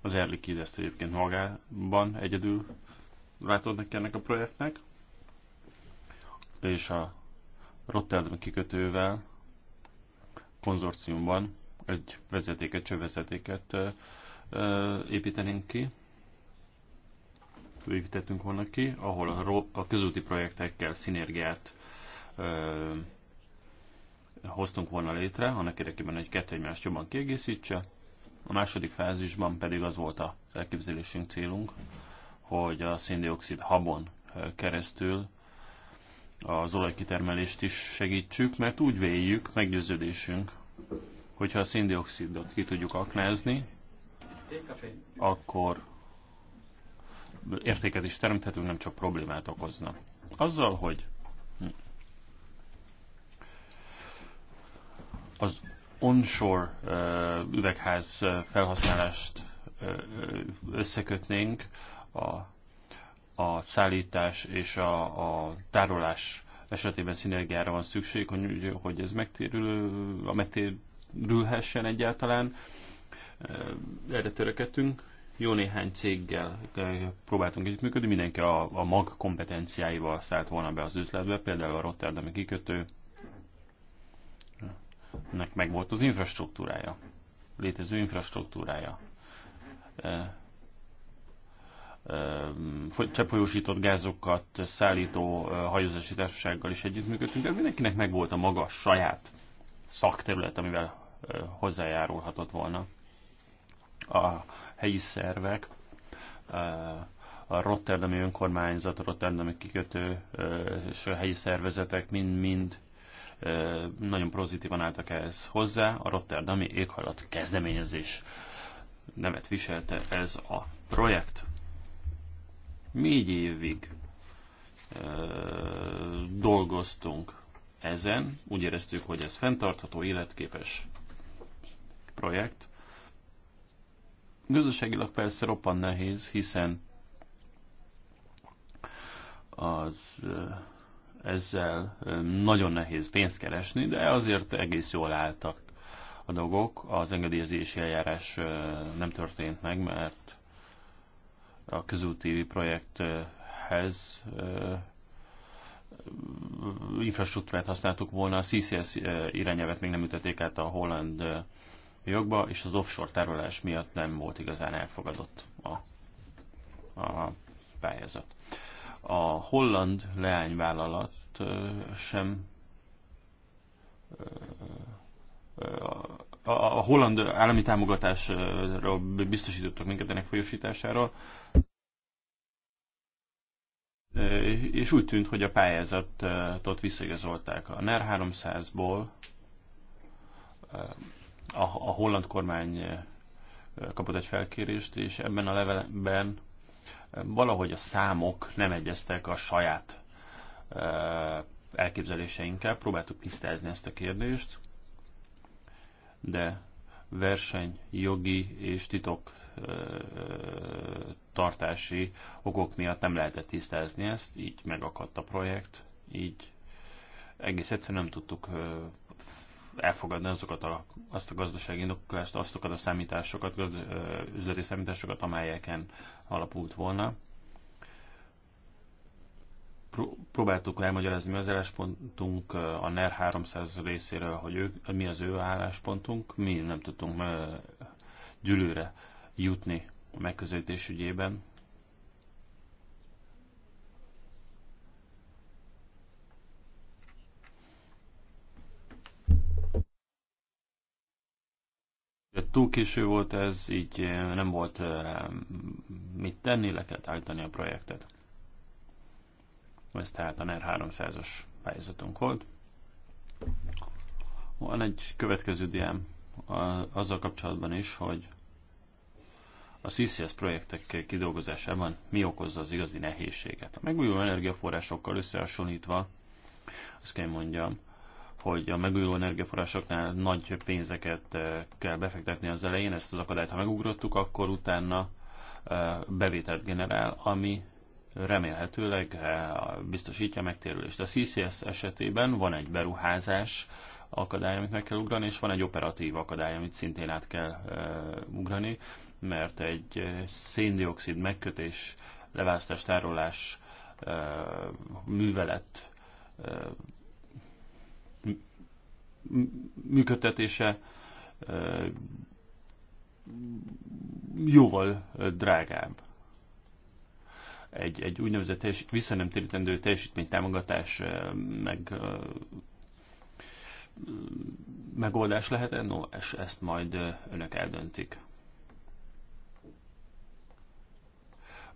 Az Erlikid ezt egyébként magában egyedül látod neki ennek a projektnek, és a Rotterdam kikötővel konzorciumban egy vezetéket, csövezetéket építenénk ki, építettünk volna ki, ahol a, közúti projektekkel szinergiát hoztunk volna létre, annak érdekében egy kettő egymást jobban kiegészítse. A második fázisban pedig az volt a elképzelésünk célunk, hogy a széndiokszid habon keresztül az olajkitermelést is segítsük, mert úgy véljük, meggyőződésünk, hogyha a széndiokszidot ki tudjuk aknázni, akkor értéket is teremthetünk, nem csak problémát okozna. Azzal, hogy az onshore üvegház felhasználást összekötnénk a, a szállítás és a, a tárolás esetében szinergiára van szükség, hogy, hogy ez megtérül, a megtérülhessen egyáltalán. Erre törekedtünk. Jó néhány céggel próbáltunk együttműködni, mindenki a, a mag kompetenciáival szállt volna be az üzletbe, például a Rotterdami kikötő nek megvolt az infrastruktúrája, létező infrastruktúrája. cseppfolyósított gázokat szállító hajózási társasággal is együttműködtünk, de mindenkinek megvolt a maga saját szakterület, amivel hozzájárulhatott volna a helyi szervek, a Rotterdami önkormányzat, a Rotterdami kikötő és a helyi szervezetek mind-mind nagyon pozitívan álltak ehhez hozzá. A Rotterdami éghajlat kezdeményezés nevet viselte ez a projekt. Négy évig dolgoztunk ezen, úgy éreztük, hogy ez fenntartható, életképes projekt. Gazdaságilag persze roppan nehéz, hiszen az ezzel nagyon nehéz pénzt keresni, de azért egész jól álltak a dolgok. Az engedélyezési eljárás nem történt meg, mert a közúti projekthez infrastruktúrát használtuk volna, a CCS irányelvet még nem ütették át a holland jogba, és az offshore tárolás miatt nem volt igazán elfogadott a, a pályázat a holland leányvállalat sem a holland állami támogatásról biztosítottak minket ennek folyosításáról, és úgy tűnt, hogy a pályázatot visszaigazolták. A NER 300-ból a holland kormány kapott egy felkérést, és ebben a levelben valahogy a számok nem egyeztek a saját elképzeléseinkkel. Próbáltuk tisztázni ezt a kérdést, de verseny, jogi és titok tartási okok miatt nem lehetett tisztázni ezt, így megakadt a projekt, így egész egyszerűen nem tudtuk elfogadni azokat a, azt a gazdasági indoklást, azokat a számításokat, gaz, üzleti számításokat, amelyeken alapult volna. Próbáltuk elmagyarázni az álláspontunk a NER 300 részéről, hogy ő, mi az ő álláspontunk, mi nem tudtunk gyűlőre jutni a megközelítés ügyében. túl késő volt ez, így nem volt mit tenni, le kellett állítani a projektet. Ez tehát a NER 300-as pályázatunk volt. Van egy következő diám azzal kapcsolatban is, hogy a CCS projektek kidolgozásában mi okozza az igazi nehézséget. A megújuló energiaforrásokkal összehasonlítva, azt kell mondjam, hogy a megújuló energiaforrásoknál nagy pénzeket eh, kell befektetni az elején, ezt az akadályt ha megugrottuk, akkor utána eh, bevételt generál, ami remélhetőleg eh, biztosítja megtérülést. A CCS esetében van egy beruházás akadály, amit meg kell ugrani, és van egy operatív akadály, amit szintén át kell ugrani, mert egy széndiokszid megkötés, leválasztás, tárolás művelet működtetése jóval drágább. Egy, egy úgynevezett teljes, visszanemtérítendő teljesítménytámogatás meg megoldás lehet-e? No, és ezt majd önök eldöntik.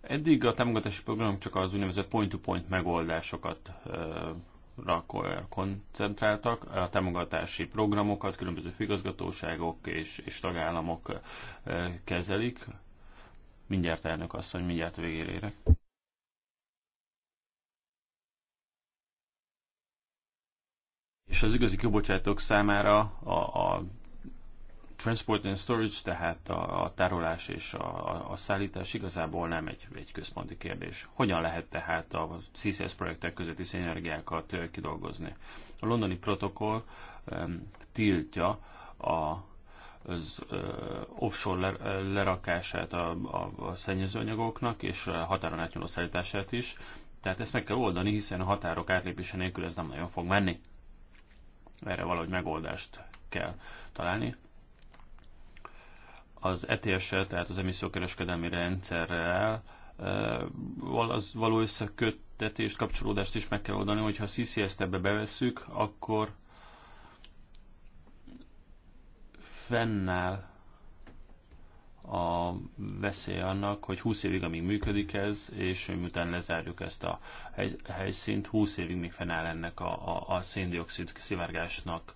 Eddig a támogatási program csak az úgynevezett point-to-point -point megoldásokat koncentráltak, a támogatási programokat különböző figazgatóságok és, és tagállamok kezelik. Mindjárt elnök asszony, mindjárt végére És az igazi kibocsátók számára a, a transport and storage, tehát a, a tárolás és a, a szállítás igazából nem egy, egy központi kérdés. Hogyan lehet tehát a CCS projektek közötti szénergiákat kidolgozni? A londoni protokoll um, tiltja a az uh, offshore lerakását a, a, a szennyezőanyagoknak és a határon átnyúló szállítását is. Tehát ezt meg kell oldani, hiszen a határok átlépése nélkül ez nem nagyon fog menni. Erre valahogy megoldást kell találni az ets tehát az emissziókereskedelmi rendszerrel az való összeköttetést, kapcsolódást is meg kell oldani, hogyha a CCS-t ebbe bevesszük, akkor fennáll a veszély annak, hogy 20 évig, amíg működik ez, és miután lezárjuk ezt a helyszínt, 20 évig még fennáll ennek a, a, a széndiokszid szivárgásnak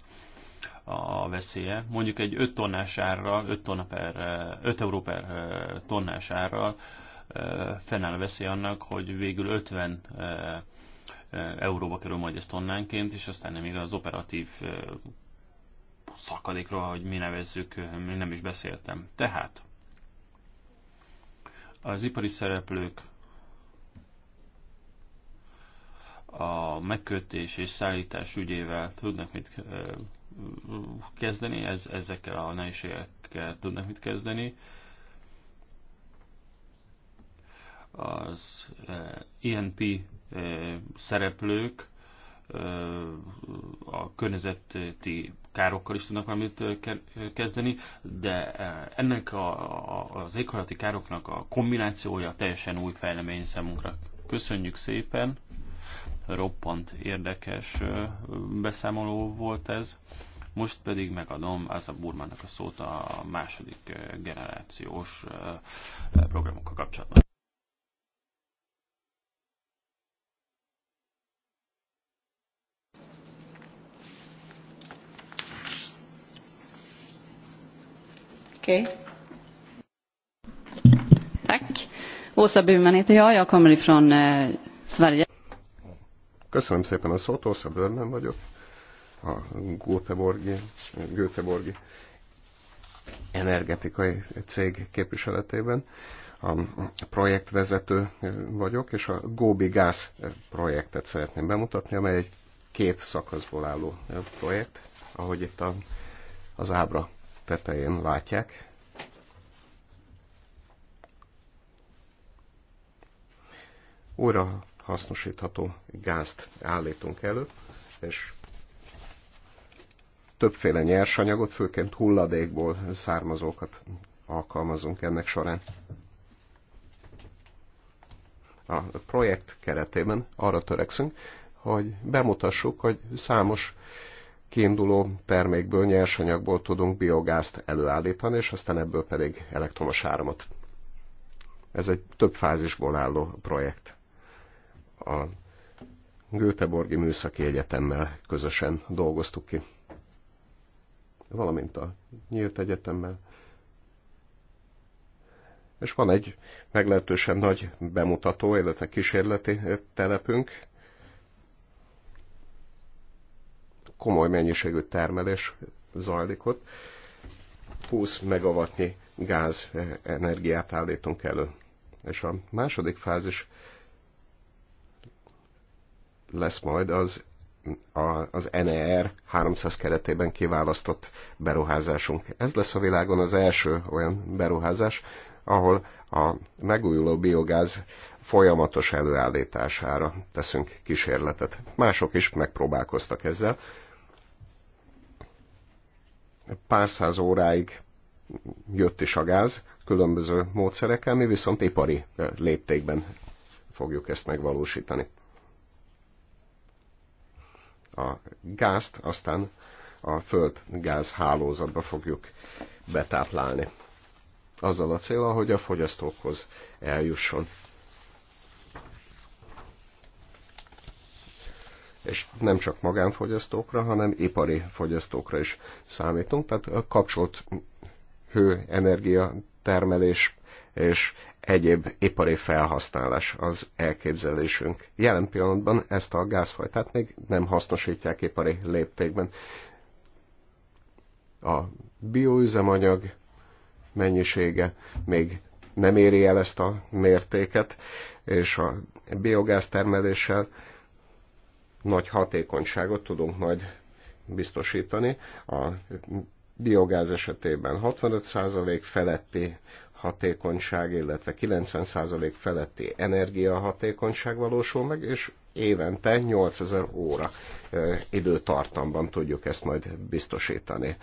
a veszélye. Mondjuk egy 5 tonnás árral, 5, tonna per, 5 euró per tonnás árral fennáll a veszély annak, hogy végül 50 euróba kerül majd ez tonnánként, és aztán még az operatív szakadékról, hogy mi nevezzük, még nem is beszéltem. Tehát az ipari szereplők a megkötés és szállítás ügyével tudnak mit kezdeni, ez, ezekkel a nehézségekkel tudnak mit kezdeni. Az INP eh, e eh, szereplők eh, a környezeti károkkal is tudnak valamit kezdeni, de ennek a, az éghajlati károknak a kombinációja teljesen új fejlemény számunkra. Köszönjük szépen! Roppant érdekes beszámoló volt ez. Most pedig megadom a Burmának a szót a második generációs programokkal kapcsolatban. Okay. Tack. Åsa Burman heter jag. Jag kommer ifrån eh, Sverige. Köszönöm szépen a szót, Orsza Börmen vagyok, a Göteborgi, Göteborgi energetikai cég képviseletében. A projektvezető vagyok, és a Góbi Gáz projektet szeretném bemutatni, amely egy két szakaszból álló projekt, ahogy itt a, az ábra tetején látják. Újra hasznosítható gázt állítunk elő, és többféle nyersanyagot, főként hulladékból származókat alkalmazunk ennek során. A projekt keretében arra törekszünk, hogy bemutassuk, hogy számos kiinduló termékből, nyersanyagból tudunk biogázt előállítani, és aztán ebből pedig elektromos áramot. Ez egy több fázisból álló projekt a Göteborgi Műszaki Egyetemmel közösen dolgoztuk ki, valamint a Nyílt Egyetemmel. És van egy meglehetősen nagy bemutató, illetve kísérleti telepünk, komoly mennyiségű termelés zajlik ott. 20 megawattnyi gáz energiát állítunk elő. És a második fázis lesz majd az, a, az NER 300 keretében kiválasztott beruházásunk. Ez lesz a világon az első olyan beruházás, ahol a megújuló biogáz folyamatos előállítására teszünk kísérletet. Mások is megpróbálkoztak ezzel. Pár száz óráig jött is a gáz különböző módszerekkel, mi viszont ipari léptékben fogjuk ezt megvalósítani a gázt, aztán a földgáz hálózatba fogjuk betáplálni. Azzal a célra, hogy a fogyasztókhoz eljusson. És nem csak magánfogyasztókra, hanem ipari fogyasztókra is számítunk, tehát a kapcsolt hőenergia termelés és egyéb ipari felhasználás az elképzelésünk. Jelen pillanatban ezt a gázfajtát még nem hasznosítják ipari léptékben. A bioüzemanyag mennyisége még nem éri el ezt a mértéket, és a biogáz termeléssel nagy hatékonyságot tudunk majd biztosítani. A biogáz esetében 65% feletti hatékonyság, illetve 90% feletti energiahatékonyság valósul meg, és évente 8000 óra időtartamban tudjuk ezt majd biztosítani.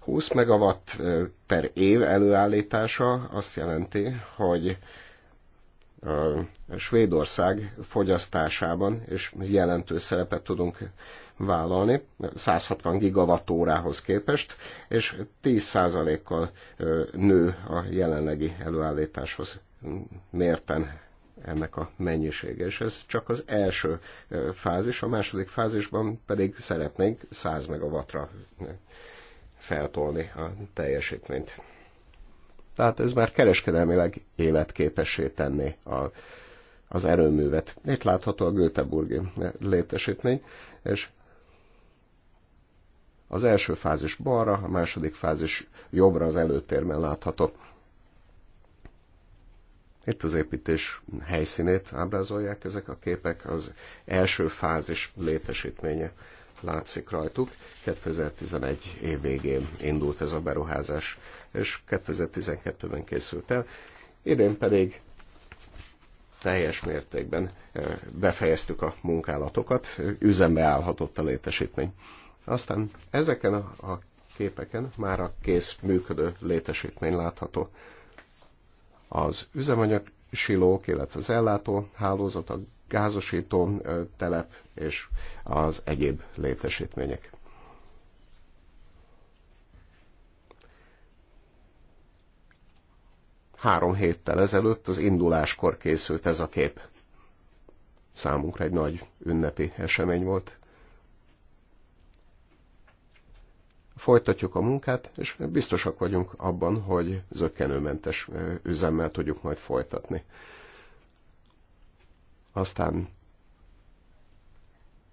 20 megawatt per év előállítása azt jelenti, hogy Svédország fogyasztásában és jelentős szerepet tudunk vállalni 160 gigawattórához képest, és 10%-kal nő a jelenlegi előállításhoz mérten ennek a mennyisége, és ez csak az első fázis, a második fázisban pedig szeretnénk 100 megawattra feltolni a teljesítményt. Tehát ez már kereskedelmileg életképessé tenni a, az erőművet. Itt látható a Göteborgi létesítmény, és az első fázis balra, a második fázis jobbra az előtérben látható. Itt az építés helyszínét ábrázolják ezek a képek, az első fázis létesítménye látszik rajtuk. 2011 év végén indult ez a beruházás, és 2012-ben készült el. Idén pedig teljes mértékben eh, befejeztük a munkálatokat, üzembe állhatott a létesítmény. Aztán ezeken a képeken már a kész működő létesítmény látható. Az üzemanyag silók, illetve az ellátó hálózat, a gázosító telep és az egyéb létesítmények. Három héttel ezelőtt az induláskor készült ez a kép. Számunkra egy nagy ünnepi esemény volt. folytatjuk a munkát, és biztosak vagyunk abban, hogy zöggenőmentes üzemmel tudjuk majd folytatni. Aztán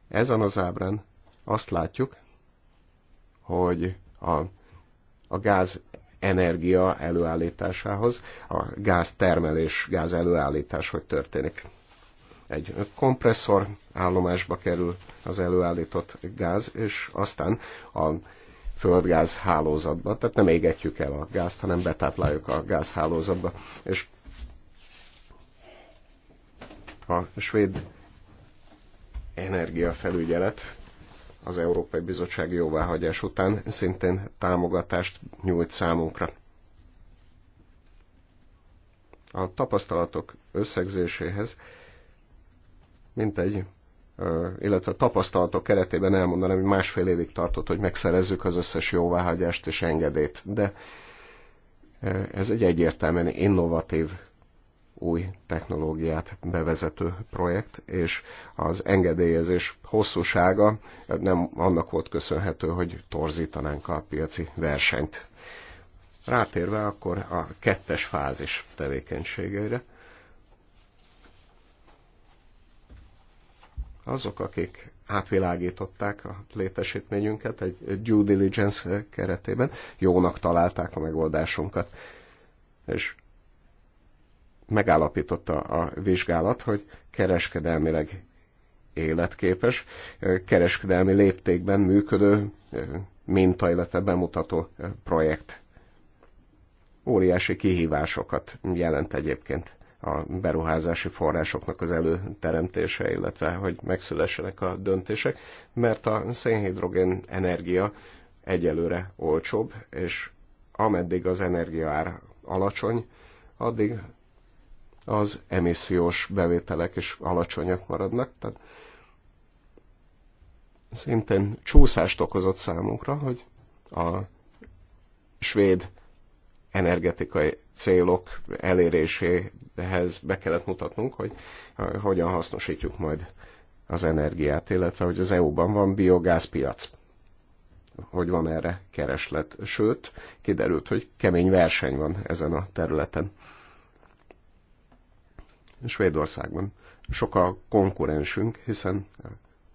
ezen az ábrán azt látjuk, hogy a, a gáz energia előállításához, a gáztermelés, gáz előállítás hogy történik. Egy kompresszor állomásba kerül az előállított gáz, és aztán a földgáz hálózatba, tehát nem égetjük el a gázt, hanem betápláljuk a gázhálózatba. És a svéd energiafelügyelet az Európai Bizottság jóváhagyás után szintén támogatást nyújt számunkra. A tapasztalatok összegzéséhez mintegy illetve a tapasztalatok keretében elmondanám, hogy másfél évig tartott, hogy megszerezzük az összes jóváhagyást és engedélyt. De ez egy egyértelműen innovatív új technológiát bevezető projekt, és az engedélyezés hosszúsága nem annak volt köszönhető, hogy torzítanánk a piaci versenyt. Rátérve akkor a kettes fázis tevékenységeire Azok, akik átvilágították a létesítményünket egy due diligence keretében, jónak találták a megoldásunkat. És megállapította a vizsgálat, hogy kereskedelmileg életképes, kereskedelmi léptékben működő minta, illetve bemutató projekt. Óriási kihívásokat jelent egyébként a beruházási forrásoknak az előteremtése, illetve hogy megszülessenek a döntések, mert a szénhidrogén energia egyelőre olcsóbb, és ameddig az energiaár alacsony, addig az emissziós bevételek is alacsonyak maradnak. Tehát szintén csúszást okozott számunkra, hogy a svéd energetikai célok eléréséhez be kellett mutatnunk, hogy hogyan hasznosítjuk majd az energiát, illetve hogy az EU-ban van biogázpiac, hogy van erre kereslet. Sőt, kiderült, hogy kemény verseny van ezen a területen. Svédországban sok a konkurensünk, hiszen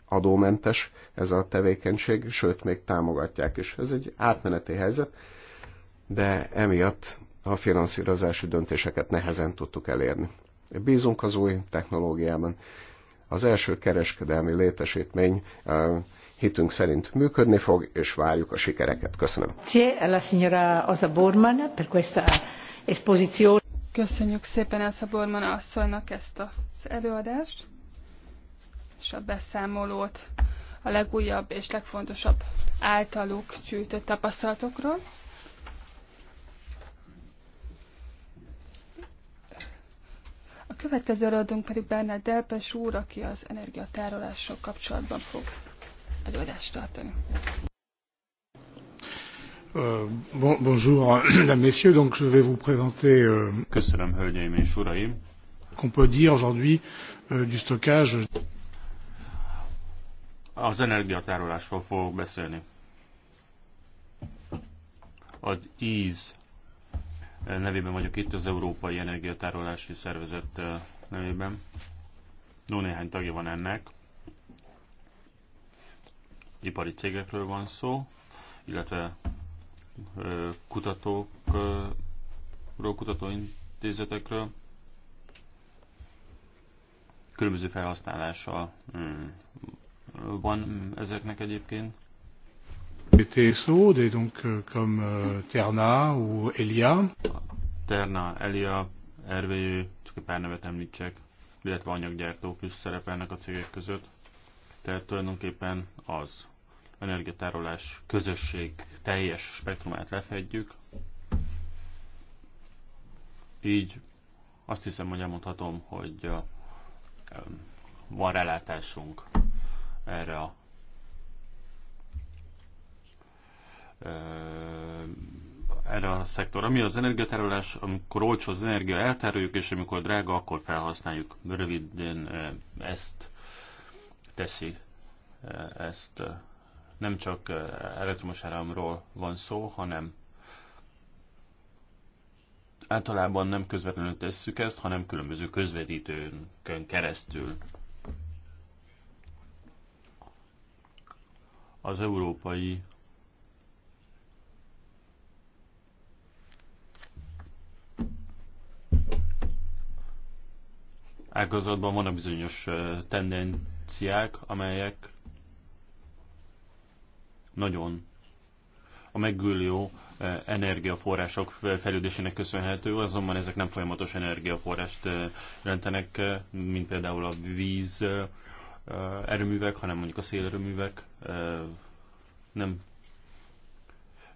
adómentes ez a tevékenység, sőt, még támogatják is. Ez egy átmeneti helyzet, de emiatt a finanszírozási döntéseket nehezen tudtuk elérni. Bízunk az új technológiában. Az első kereskedelmi létesítmény hitünk szerint működni fog, és várjuk a sikereket. Köszönöm. Köszönjük szépen Elsa Borman asszonynak ezt az előadást, és a beszámolót a legújabb és legfontosabb általuk gyűjtött tapasztalatokról. A következő előadónk pedig Bernard Delpes úr, aki az energiatárolással kapcsolatban fog előadást tartani. Euh, bonjour, messieurs. Donc, je vais vous présenter. Euh, Köszönöm, hölgyeim és uraim. Qu'on peut dire aujourd'hui euh, du stockage. Az energiatárolásról fogok beszélni. Az íz nevében vagyok itt, az Európai Energiatárolási Szervezet nevében. Jó néhány tagja van ennek. Ipari cégekről van szó, illetve kutatókról, kutatóintézetekről, különböző felhasználása mm, van ezeknek egyébként. TSO, des donc euh, comme euh, Terna ou Elia. Terna, Elia, RVE, csak egy pár nevet említsek, illetve anyaggyártók is szerepelnek a cégek között. Tehát tulajdonképpen az energiatárolás közösség teljes spektrumát lefedjük. Így azt hiszem, hogy elmondhatom, hogy van rálátásunk erre a Eh, erre a szektorra. Mi az energiatárolás, amikor olcsó az energia, eltároljuk, és amikor drága, akkor felhasználjuk. Röviden eh, ezt teszi, eh, ezt nem csak elektromos áramról van szó, hanem általában nem közvetlenül tesszük ezt, hanem különböző közvetítőnkön keresztül. Az európai ágazatban vannak bizonyos tendenciák, amelyek nagyon a megújuló energiaforrások fejlődésének köszönhető, azonban ezek nem folyamatos energiaforrást jelentenek, mint például a víz erőművek, hanem mondjuk a szélerőművek nem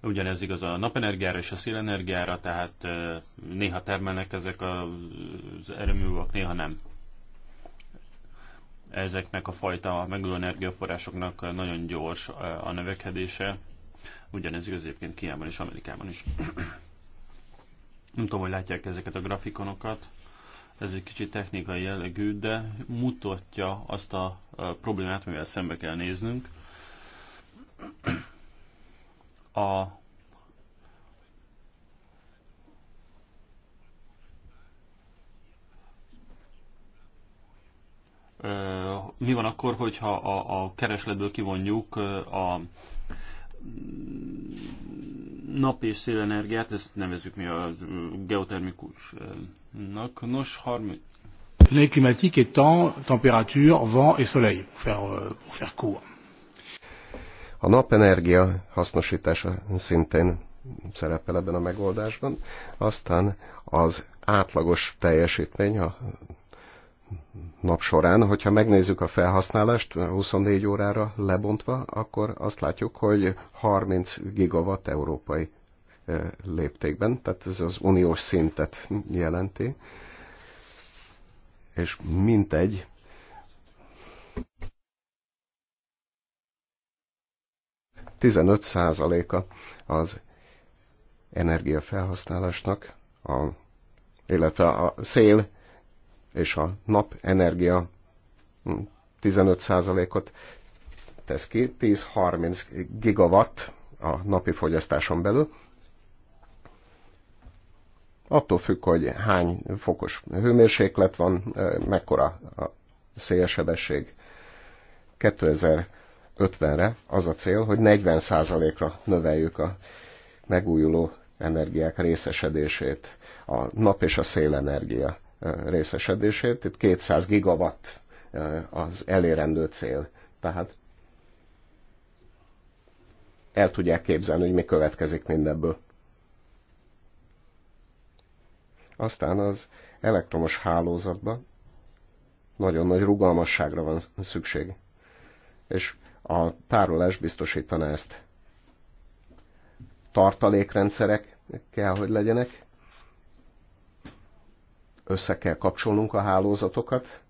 Ugyanez igaz a napenergiára és a szélenergiára, tehát néha termelnek ezek az erőművek, néha nem. Ezeknek a fajta megújuló energiaforrásoknak nagyon gyors a növekedése. Ugyanez igaz egyébként Kínában és Amerikában is. nem tudom, hogy látják ezeket a grafikonokat ez egy kicsit technikai jellegű, de mutatja azt a problémát, mivel szembe kell néznünk a mi van akkor, hogyha a, a keresletből kivonjuk a nap és szélenergiát, ezt nevezzük mi a geotermikusnak. Nos, 30... L'énergie climatique étant température, vent et soleil, pour faire, euh, pour faire court. A napenergia hasznosítása szintén szerepel ebben a megoldásban, aztán az átlagos teljesítmény a nap során, hogyha megnézzük a felhasználást 24 órára lebontva, akkor azt látjuk, hogy 30 gigawatt európai léptékben, tehát ez az uniós szintet jelenti, és mintegy 15%-a az energiafelhasználásnak, a, illetve a szél és a nap energia 15%-ot hm, tesz ki, 10-30 gigawatt a napi fogyasztáson belül. Attól függ, hogy hány fokos hőmérséklet van, mekkora a szélsebesség. 2000 2050-re az a cél, hogy 40%-ra növeljük a megújuló energiák részesedését, a nap és a szélenergia részesedését. Itt 200 gigawatt az elérendő cél. Tehát el tudják képzelni, hogy mi következik mindebből. Aztán az elektromos hálózatban nagyon nagy rugalmasságra van szükség. És a tárolás biztosítana ezt. Tartalékrendszerek kell, hogy legyenek, össze kell kapcsolnunk a hálózatokat,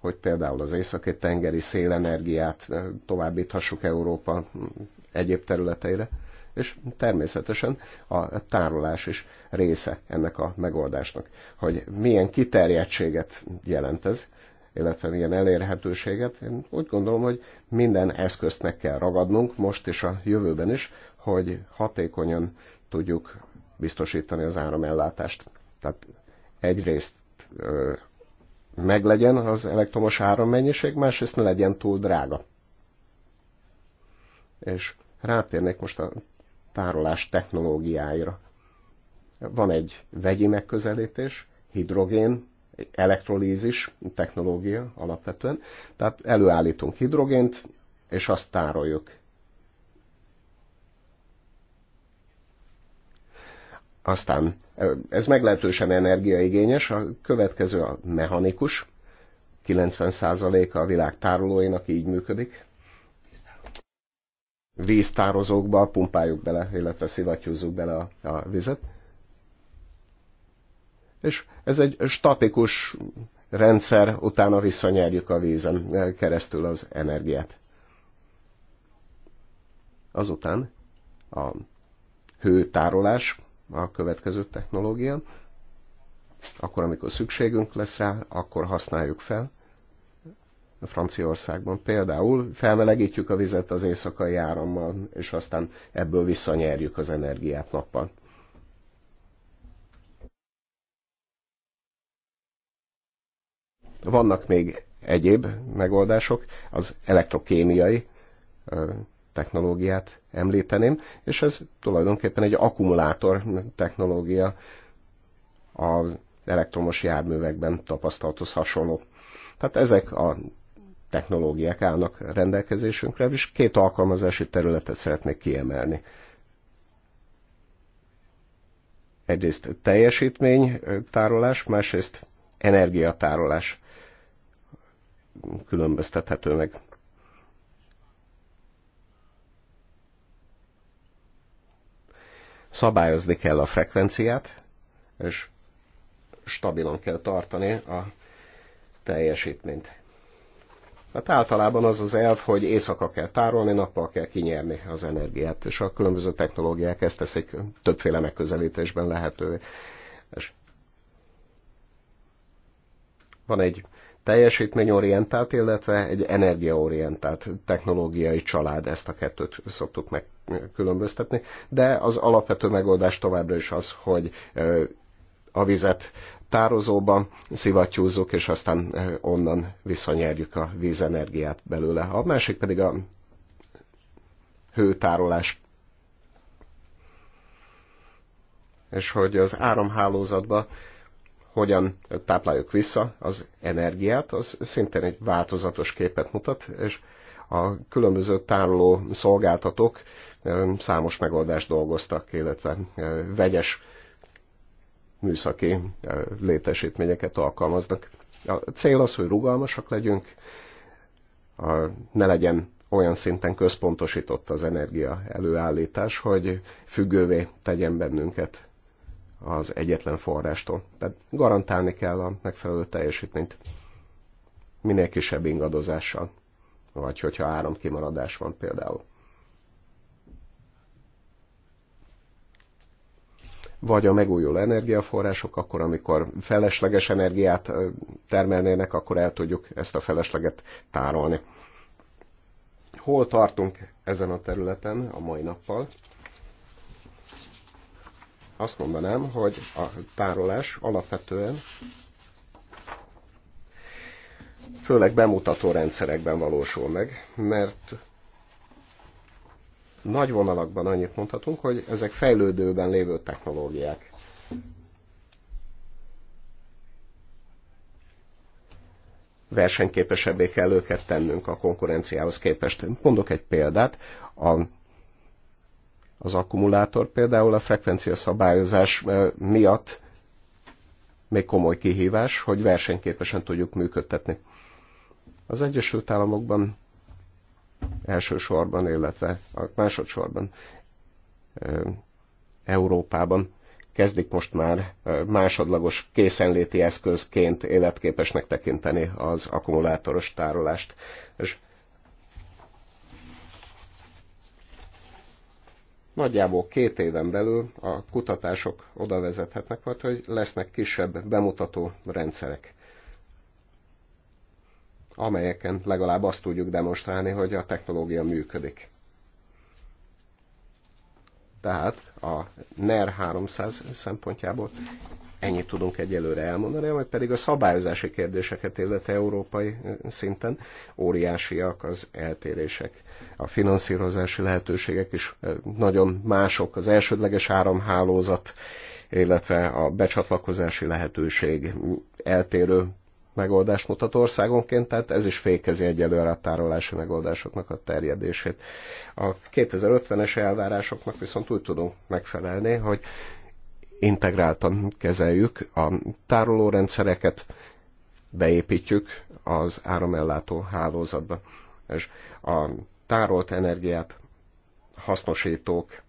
hogy például az északi tengeri szélenergiát eh, továbbíthassuk Európa hm, egyéb területeire, és természetesen a tárolás is része ennek a megoldásnak, hogy milyen kiterjedtséget jelent ez, illetve ilyen elérhetőséget. Én úgy gondolom, hogy minden eszközt meg kell ragadnunk most és a jövőben is, hogy hatékonyan tudjuk biztosítani az áramellátást. Tehát egyrészt ö, meglegyen az elektromos árammennyiség, másrészt ne legyen túl drága. És rátérnék most a tárolás technológiáira. Van egy vegyi megközelítés, hidrogén elektrolízis technológia alapvetően. Tehát előállítunk hidrogént, és azt tároljuk. Aztán ez meglehetősen energiaigényes, a következő a mechanikus, 90%-a a világ tárolóinak így működik. Víztározókba pumpáljuk bele, illetve szivattyúzzuk bele a, a vizet és ez egy statikus rendszer, utána visszanyerjük a vízen keresztül az energiát. Azután a hőtárolás a következő technológia. Akkor, amikor szükségünk lesz rá, akkor használjuk fel. A Franciaországban például felmelegítjük a vizet az éjszakai árammal, és aztán ebből visszanyerjük az energiát nappal. Vannak még egyéb megoldások, az elektrokémiai technológiát említeném, és ez tulajdonképpen egy akkumulátor technológia az elektromos járművekben tapasztalathoz hasonló. Tehát ezek a technológiák állnak rendelkezésünkre, és két alkalmazási területet szeretnék kiemelni. Egyrészt teljesítmény tárolás, másrészt energiatárolás különböztethető meg. Szabályozni kell a frekvenciát, és stabilan kell tartani a teljesítményt. Tehát általában az az elv, hogy éjszaka kell tárolni, nappal kell kinyerni az energiát, és a különböző technológiák ezt teszik többféle megközelítésben lehetővé. És van egy teljesítményorientált, illetve egy energiaorientált technológiai család, ezt a kettőt szoktuk megkülönböztetni, de az alapvető megoldás továbbra is az, hogy a vizet tározóba szivattyúzzuk, és aztán onnan visszanyerjük a vízenergiát belőle. A másik pedig a hőtárolás. És hogy az áramhálózatba hogyan tápláljuk vissza az energiát, az szintén egy változatos képet mutat, és a különböző tároló szolgáltatók számos megoldást dolgoztak, illetve vegyes műszaki létesítményeket alkalmaznak. A cél az, hogy rugalmasak legyünk, ne legyen olyan szinten központosított az energia előállítás, hogy függővé tegyen bennünket az egyetlen forrástól. Tehát garantálni kell a megfelelő teljesítményt minél kisebb ingadozással, vagy hogyha áramkimaradás van például. Vagy a megújuló energiaforrások, akkor amikor felesleges energiát termelnének, akkor el tudjuk ezt a felesleget tárolni. Hol tartunk ezen a területen a mai nappal? azt mondanám, hogy a tárolás alapvetően főleg bemutató rendszerekben valósul meg, mert nagy vonalakban annyit mondhatunk, hogy ezek fejlődőben lévő technológiák. versenyképesebbé kell őket tennünk a konkurenciához képest. Mondok egy példát, a az akkumulátor például a frekvencia szabályozás eh, miatt még komoly kihívás, hogy versenyképesen tudjuk működtetni. Az Egyesült Államokban elsősorban, illetve másodszorban eh, Európában kezdik most már eh, másodlagos készenléti eszközként életképesnek tekinteni az akkumulátoros tárolást. És Nagyjából két éven belül a kutatások oda vezethetnek majd, hogy lesznek kisebb bemutató rendszerek, amelyeken legalább azt tudjuk demonstrálni, hogy a technológia működik. Tehát a NER 300 szempontjából Ennyit tudunk egyelőre elmondani, amely pedig a szabályozási kérdéseket illetve európai szinten óriásiak az eltérések. A finanszírozási lehetőségek is nagyon mások, az elsődleges áramhálózat, illetve a becsatlakozási lehetőség eltérő megoldást mutat országonként, tehát ez is fékezi egyelőre a tárolási megoldásoknak a terjedését. A 2050-es elvárásoknak viszont úgy tudunk megfelelni, hogy integráltan kezeljük a tárolórendszereket, beépítjük az áramellátó hálózatba, és a tárolt energiát hasznosítók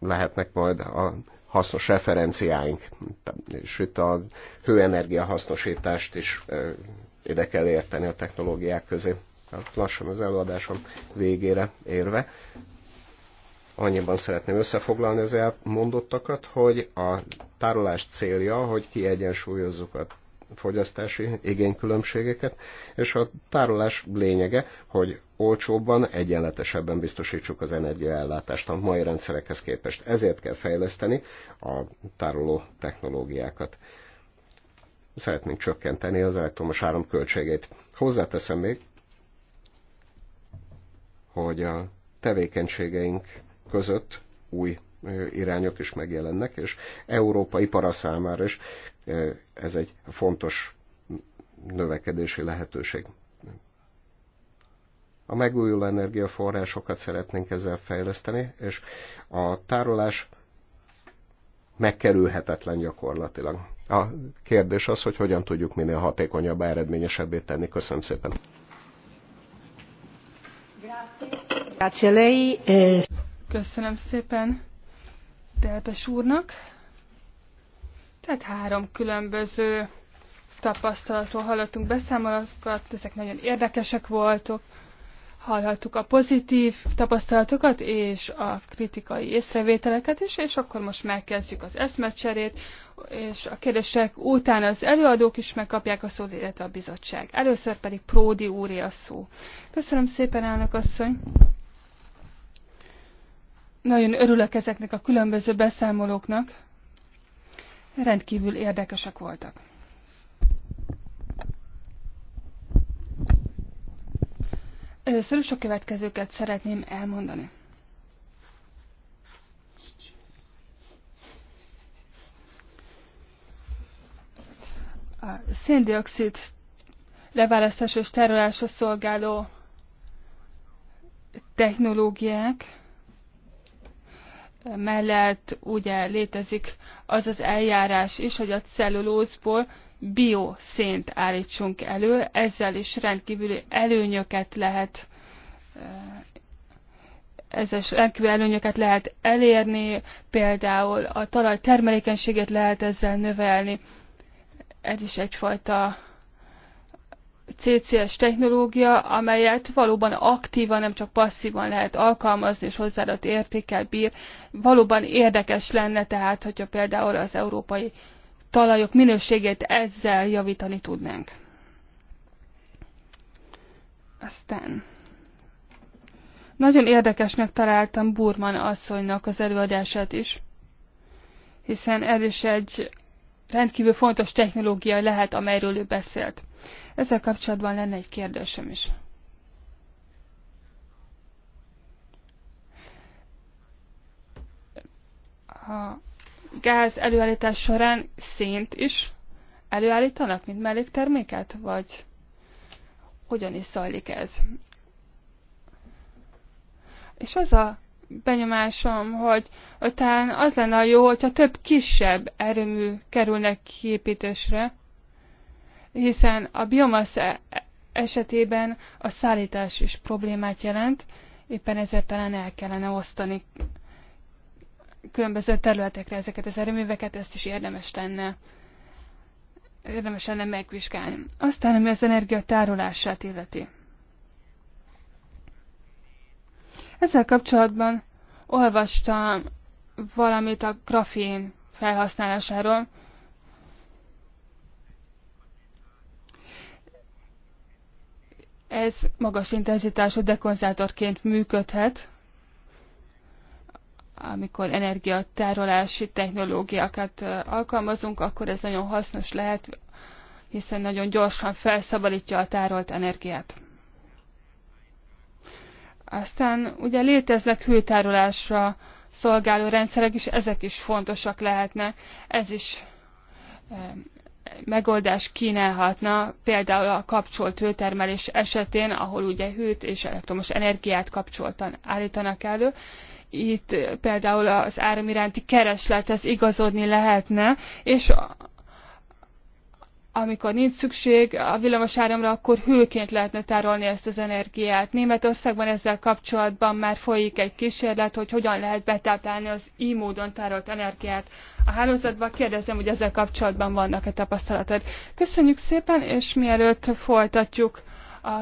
lehetnek majd a hasznos referenciáink, és itt a hőenergia hasznosítást is ide kell érteni a technológiák közé. Lassan az előadásom végére érve annyiban szeretném összefoglalni az elmondottakat, hogy a tárolás célja, hogy kiegyensúlyozzuk a fogyasztási igénykülönbségeket, és a tárolás lényege, hogy olcsóbban, egyenletesebben biztosítsuk az energiaellátást a mai rendszerekhez képest. Ezért kell fejleszteni a tároló technológiákat. Szeretnénk csökkenteni az elektromos áram költségét. Hozzáteszem még, hogy a tevékenységeink között új irányok is megjelennek, és Európa ipara számára is ez egy fontos növekedési lehetőség. A megújuló energiaforrásokat szeretnénk ezzel fejleszteni, és a tárolás megkerülhetetlen gyakorlatilag. A kérdés az, hogy hogyan tudjuk minél hatékonyabb, eredményesebbé tenni. Köszönöm szépen. Grazie. Grazie lei. Eh, Köszönöm szépen Delpes úrnak. Tehát három különböző tapasztalatról hallottunk beszámolatokat, ezek nagyon érdekesek voltak. Hallhattuk a pozitív tapasztalatokat és a kritikai észrevételeket is, és akkor most megkezdjük az eszmecserét, és a kérdések után az előadók is megkapják a szót, illetve a bizottság. Először pedig Pródi úré a szó. Köszönöm szépen, elnök asszony! Nagyon örülök ezeknek a különböző beszámolóknak. Rendkívül érdekesek voltak. Először is a következőket szeretném elmondani. A széndiokszid leválasztásos tárolásra szolgáló technológiák mellett ugye létezik az az eljárás is, hogy a cellulózból bioszént állítsunk elő, ezzel is rendkívüli előnyöket lehet eh, ezzel rendkívül előnyöket lehet elérni, például a talaj termelékenységét lehet ezzel növelni. Ez is egyfajta CCS technológia, amelyet valóban aktívan, nem csak passzívan lehet alkalmazni, és hozzáadott értékkel bír. Valóban érdekes lenne tehát, hogyha például az európai talajok minőségét ezzel javítani tudnánk. Aztán... Nagyon érdekesnek találtam Burman asszonynak az előadását is, hiszen ez is egy rendkívül fontos technológia lehet, amelyről ő beszélt. Ezzel kapcsolatban lenne egy kérdésem is. A gáz előállítás során szént is előállítanak, mint mellékterméket, vagy hogyan is zajlik ez? És az a benyomásom, hogy utána az lenne a jó, hogyha több kisebb erőmű kerülnek kiépítésre, hiszen a biomasz e- e- esetében a szállítás is problémát jelent, éppen ezért talán el kellene osztani különböző területekre ezeket az erőműveket, ezt is érdemes lenne érdemes lenne megvizsgálni. Aztán, ami az energia tárolását illeti. Ezzel kapcsolatban olvastam valamit a grafén felhasználásáról. Ez magas intenzitású dekonzátorként működhet, amikor energiatárolási technológiákat alkalmazunk, akkor ez nagyon hasznos lehet, hiszen nagyon gyorsan felszabadítja a tárolt energiát. Aztán ugye léteznek hőtárolásra szolgáló rendszerek, is, ezek is fontosak lehetnek. Ez is eh, megoldás kínálhatna, például a kapcsolt hőtermelés esetén, ahol ugye hőt és elektromos energiát kapcsoltan állítanak elő. Itt például az áram iránti kereslethez igazodni lehetne, és amikor nincs szükség a villamos áramra, akkor hőként lehetne tárolni ezt az energiát. Németországban ezzel kapcsolatban már folyik egy kísérlet, hogy hogyan lehet betáplálni az így módon tárolt energiát. A hálózatban kérdezem, hogy ezzel kapcsolatban vannak-e tapasztalatod. Köszönjük szépen, és mielőtt folytatjuk a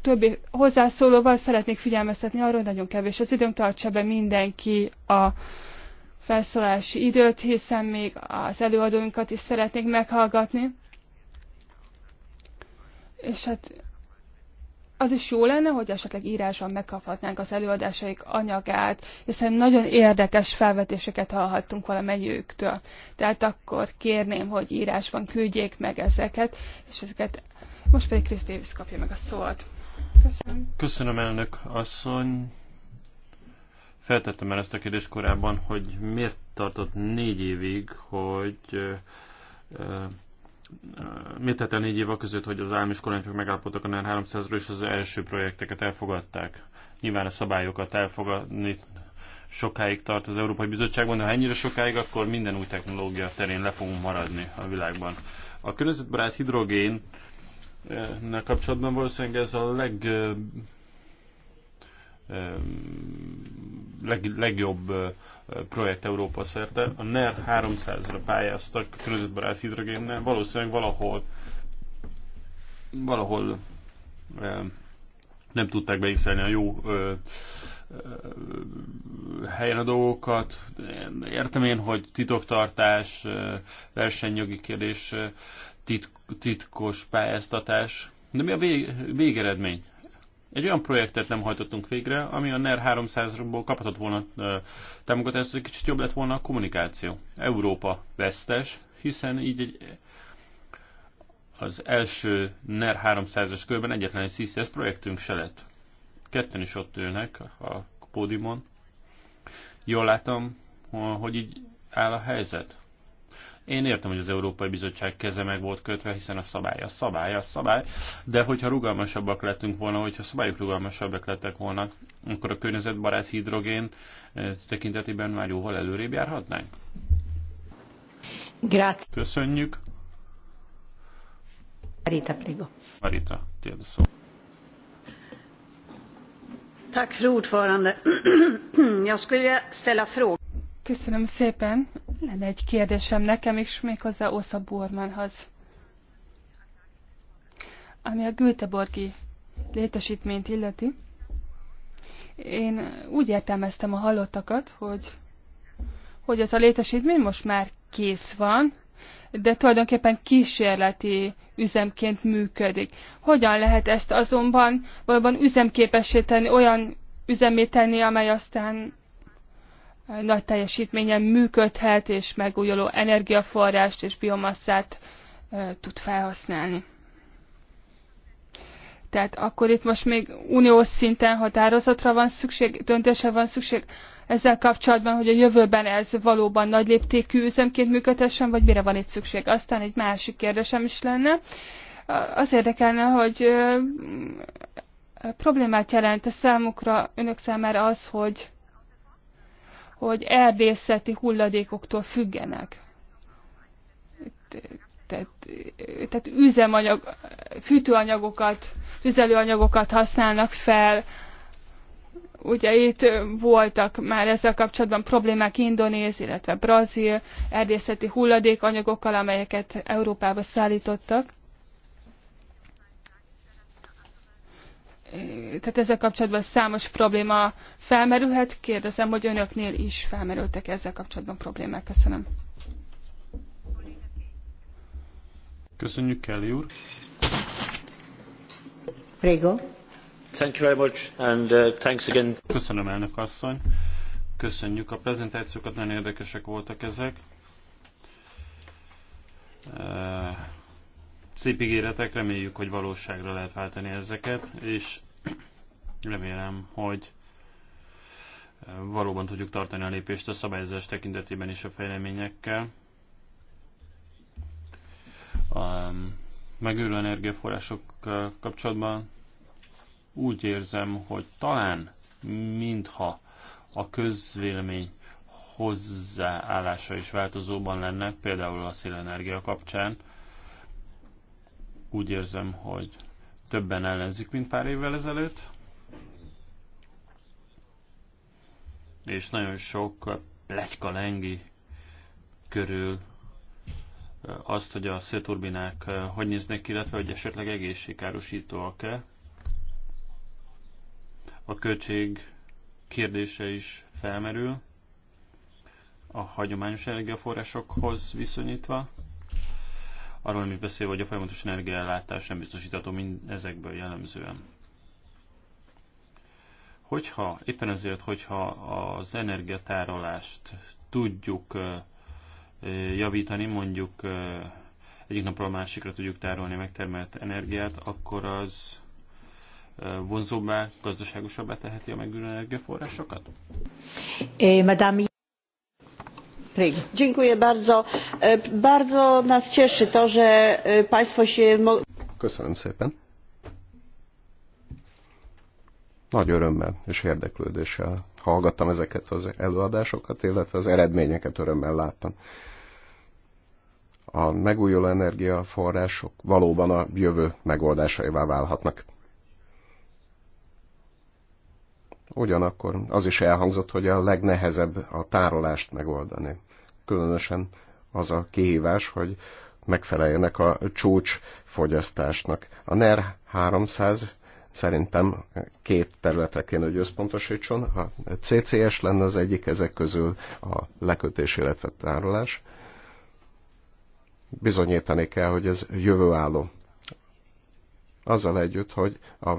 többi hozzászólóval, szeretnék figyelmeztetni arra, hogy nagyon kevés az időnk, tartsa be mindenki a felszólási időt, hiszen még az előadóinkat is szeretnék meghallgatni. És hát az is jó lenne, hogy esetleg írásban megkaphatnánk az előadásaik anyagát, hiszen nagyon érdekes felvetéseket hallhattunk valamennyiüktől. Tehát akkor kérném, hogy írásban küldjék meg ezeket, és ezeket most pedig Krisztévisz kapja meg a szót. Köszönöm. Köszönöm elnök asszony. Feltettem el ezt a kérdést korábban, hogy miért tartott négy évig, hogy ö, ö, miért tett el négy év között, hogy az állami és megállapodtak a NER 300-ról, és az első projekteket elfogadták. Nyilván a szabályokat elfogadni sokáig tart az Európai Bizottságban, de ha ennyire sokáig, akkor minden új technológia terén le fogunk maradni a világban. A környezetbarát hidrogén kapcsolatban valószínűleg ez a leg leg, legjobb projekt Európa szerte. A NER 300-ra pályáztak barát hidrogénnel, valószínűleg valahol valahol nem tudták beigszelni a jó ö, helyen a dolgokat. Értem én, hogy titoktartás, versenyjogi kérdés, tit, titkos pályáztatás. De mi a vég, végeredmény? Egy olyan projektet nem hajtottunk végre, ami a NER 300-ból kaphatott volna támogatást, hogy kicsit jobb lett volna a kommunikáció. Európa vesztes, hiszen így egy, az első NER 300 es körben egyetlen egy CCS projektünk se lett. Ketten is ott ülnek a pódiumon. Jól látom, hogy így áll a helyzet. Én értem, hogy az Európai Bizottság keze meg volt kötve, hiszen a szabály a szabály a szabály, de hogyha rugalmasabbak lettünk volna, hogyha szabályok rugalmasabbak lettek volna, akkor a környezetbarát hidrogén eh, tekintetében már jóval előrébb járhatnánk? Grazie. Köszönjük. Marita, prego. Marita, tiéd a szó. Tack, fru ordförande. Jag skulle ställa frågor. Köszönöm szépen. Lenne egy kérdésem nekem is, méghozzá Osza Bormanhoz. Ami a Göteborgi létesítményt illeti, én úgy értelmeztem a halottakat, hogy, hogy ez a létesítmény most már kész van, de tulajdonképpen kísérleti üzemként működik. Hogyan lehet ezt azonban valóban üzemképessé tenni, olyan üzemé tenni, amely aztán nagy teljesítményen működhet, és megújuló energiaforrást és biomasszát tud felhasználni. Tehát akkor itt most még uniós szinten határozatra van szükség, döntése van szükség ezzel kapcsolatban, hogy a jövőben ez valóban nagy léptékű üzemként működhessen, vagy mire van itt szükség. Aztán egy másik kérdésem is lenne. Az érdekelne, hogy problémát jelent a számukra, önök számára az, hogy hogy erdészeti hulladékoktól függenek. Tehát, tehát üzemanyag, fűtőanyagokat, üzelőanyagokat használnak fel. Ugye itt voltak már ezzel kapcsolatban problémák Indonéz, illetve Brazil erdészeti hulladékanyagokkal, amelyeket Európába szállítottak tehát ezzel kapcsolatban számos probléma felmerülhet. Kérdezem, hogy önöknél is felmerültek ezzel kapcsolatban problémák. Köszönöm. Köszönjük, Kelly úr. Prego. Thank you very much, and uh, thanks again. Köszönöm, elnök asszony. Köszönjük a prezentációkat, nagyon érdekesek voltak ezek. Uh, szép ígéretek, reméljük, hogy valóságra lehet váltani ezeket, és remélem, hogy eh, valóban tudjuk tartani a lépést a szabályozás tekintetében is a fejleményekkel. A mm, megőrülő energiaforrások kapcsolatban úgy érzem, hogy talán mintha a közvélemény hozzáállása is változóban lenne, például a szélenergia kapcsán, úgy érzem, hogy többen ellenzik, mint pár évvel ezelőtt. És nagyon sok plegyka lengi körül eh, azt, hogy a szélturbinák eh, hogy néznek, illetve hogy esetleg egészségkárosítóak-e. A költség kérdése is felmerül a hagyományos energiaforrásokhoz viszonyítva arról is beszél, hogy a folyamatos energiállátás nem biztosítható mind ezekből jellemzően. Hogyha, éppen ezért, hogyha az energiatárolást tudjuk javítani, mondjuk egyik napról a másikra tudjuk tárolni megtermelt energiát, akkor az vonzóbbá, gazdaságosabbá teheti a megújuló energiaforrásokat? É, eh, madame. E, bardzo nas cieszy to że e, państwo się. köszönöm szépen nagy örömmel és érdeklődéssel hallgattam ezeket az előadásokat, illetve az eredményeket örömmel láttam. A megújuló energiaforrások valóban a jövő megoldásaivá válhatnak. Ugyanakkor az is elhangzott, hogy a legnehezebb a tárolást megoldani. Különösen az a kihívás, hogy megfeleljenek a csúcsfogyasztásnak. A NER 300 szerintem két területre kéne, hogy összpontosítson. A CCS lenne az egyik ezek közül a lekötés, illetve tárolás. Bizonyítani kell, hogy ez jövőálló. Azzal együtt, hogy a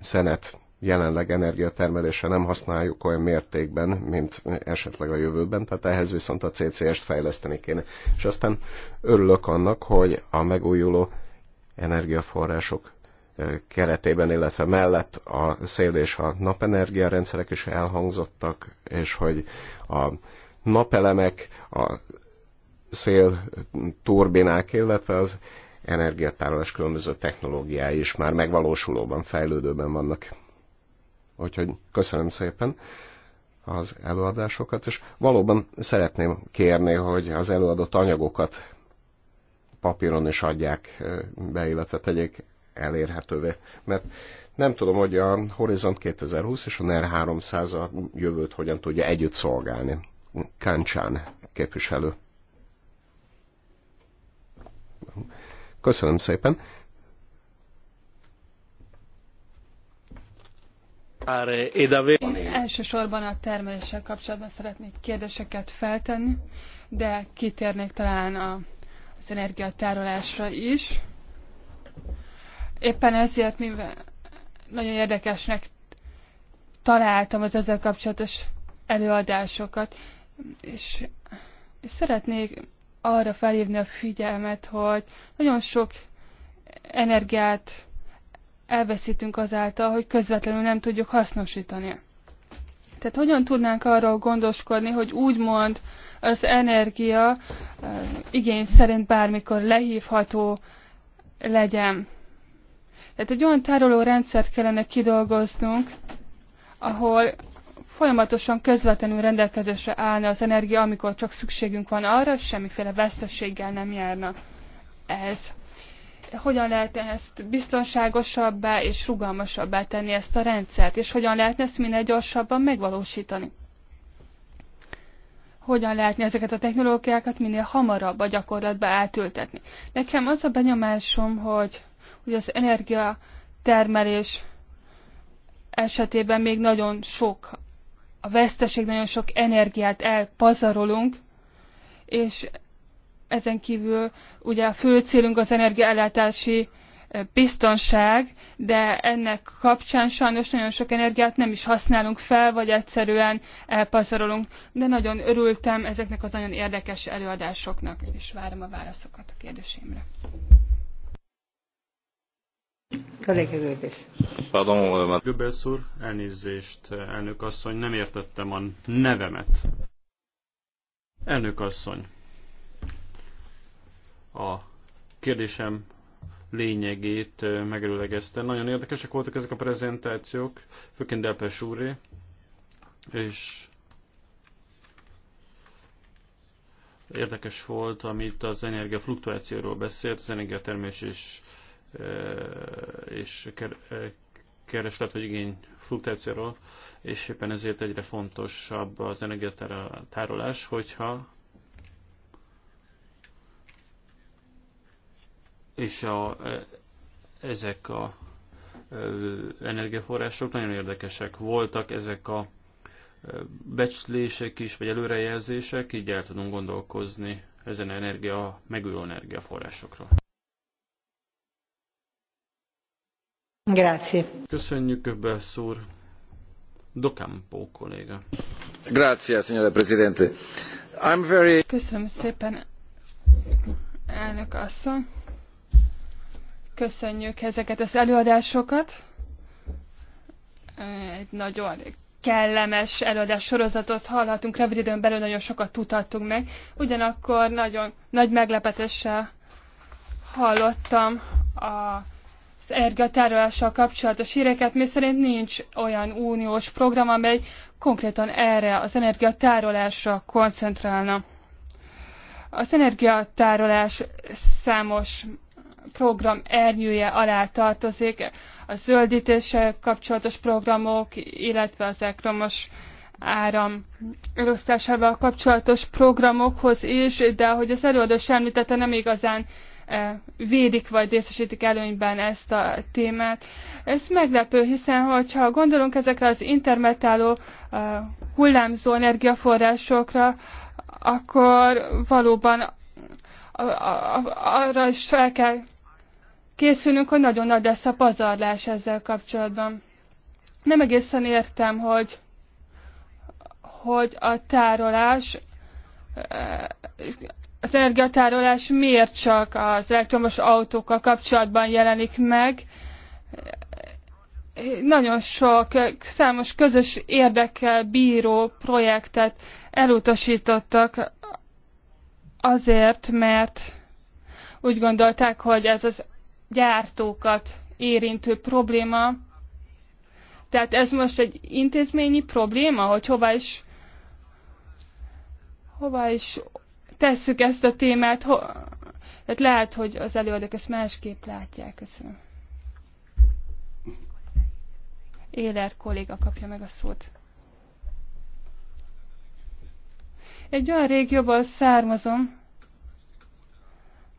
szenet jelenleg energiatermelésre nem használjuk olyan mértékben, mint esetleg a jövőben, tehát ehhez viszont a CCS-t fejleszteni kéne. És aztán örülök annak, hogy a megújuló energiaforrások keretében, illetve mellett a szél és a napenergia rendszerek is elhangzottak, és hogy a napelemek, a szél turbinák, illetve az energiatárolás különböző technológiái is már megvalósulóban, fejlődőben vannak. Úgyhogy köszönöm szépen az előadásokat, és valóban szeretném kérni, hogy az előadott anyagokat papíron is adják be, illetve tegyék elérhetővé. Mert nem tudom, hogy a Horizont 2020 és a NER 300 a jövőt hogyan tudja együtt szolgálni. Káncsán képviselő. Köszönöm szépen. Én e elsősorban a termeléssel kapcsolatban szeretnék kérdéseket feltenni, de kitérnék talán a, az energiatárolásra is. Éppen ezért, mivel nagyon érdekesnek találtam az ezzel kapcsolatos előadásokat, és, és szeretnék arra felhívni a figyelmet, hogy nagyon sok energiát elveszítünk azáltal, hogy közvetlenül nem tudjuk hasznosítani. Tehát hogyan tudnánk arról gondoskodni, hogy úgymond az energia igény szerint bármikor lehívható legyen. Tehát egy olyan tároló rendszert kellene kidolgoznunk, ahol folyamatosan közvetlenül rendelkezésre állna az energia, amikor csak szükségünk van arra, semmiféle veszteséggel nem járna ez hogyan lehet ezt biztonságosabbá és rugalmasabbá tenni ezt a rendszert, és hogyan lehetne ezt minél gyorsabban megvalósítani. Hogyan lehetne ezeket a technológiákat minél hamarabb a gyakorlatba átültetni. Nekem az a benyomásom, hogy, hogy az energiatermelés esetében még nagyon sok, a veszteség nagyon sok energiát elpazarolunk, és ezen kívül ugye a fő célunk az energiaellátási biztonság, de ennek kapcsán sajnos nagyon sok energiát nem is használunk fel, vagy egyszerűen elpazarolunk. De nagyon örültem ezeknek az nagyon érdekes előadásoknak, és várom a válaszokat a kérdésémre. Kolléga Pardon, euh, Göbbels úr, elnézést, elnök asszony, nem értettem a nevemet. Elnök asszony a kérdésem lényegét megerőlegezte. Nagyon érdekesek voltak ezek a prezentációk, főként Delpes úré, és érdekes volt, amit az energia fluktuációról beszélt, az energia termés és, és kereslet vagy igény fluktuációról, és éppen ezért egyre fontosabb az energiatárolás, hogyha és a, e, ezek a e, energiaforrások nagyon érdekesek voltak, ezek a e, becslések is, vagy előrejelzések, így el tudunk gondolkozni ezen energia, megújuló energiaforrásokról. Grazie. Köszönjük, Besz úr. Docampo kolléga. Grazie, signora Presidente. I'm very... Köszönöm szépen, elnök asszony. Köszönjük ezeket az előadásokat. Egy nagyon kellemes előadás sorozatot hallhatunk, rövid időn belül nagyon sokat tudhattunk meg. Ugyanakkor nagyon nagy meglepetéssel hallottam a az energiatárolással kapcsolatos híreket, mi szerint nincs olyan uniós program, amely konkrétan erre az energiatárolásra koncentrálna. Az energiatárolás számos program ernyője alá tartozik a zöldítéssel kapcsolatos programok, illetve az elektromos áram elosztásával kapcsolatos programokhoz is, de ahogy az előadó is említette, nem igazán e, védik vagy részesítik előnyben ezt a témát. Ez meglepő, hiszen ha gondolunk ezekre az intermetáló e, hullámzó energiaforrásokra, akkor valóban arra is fel kell készülünk, hogy nagyon nagy lesz a pazarlás ezzel kapcsolatban. Nem egészen értem, hogy, hogy a tárolás, eh, az energiatárolás miért csak az elektromos autókkal kapcsolatban jelenik meg. Nagyon sok, számos közös érdekkel bíró projektet elutasítottak azért, mert úgy gondolták, hogy ez az gyártókat érintő probléma. Tehát ez most egy intézményi probléma, hogy hova is, hova is tesszük ezt a témát. Ho, tehát lehet, hogy az előadók ezt másképp látják. Köszönöm. Éler kolléga kapja meg a szót. Egy olyan régióból származom,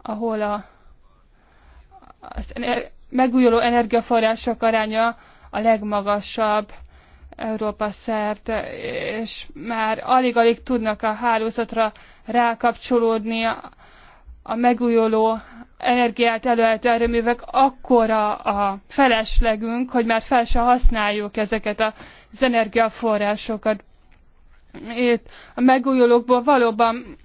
ahol a az ener megújuló energiaforrások aránya a legmagasabb Európa szert, és már alig-alig tudnak a hálózatra rákapcsolódni a megújuló energiát előállító erőművek akkora a feleslegünk, hogy már fel se használjuk ezeket az energiaforrásokat. Itt a megújulókból valóban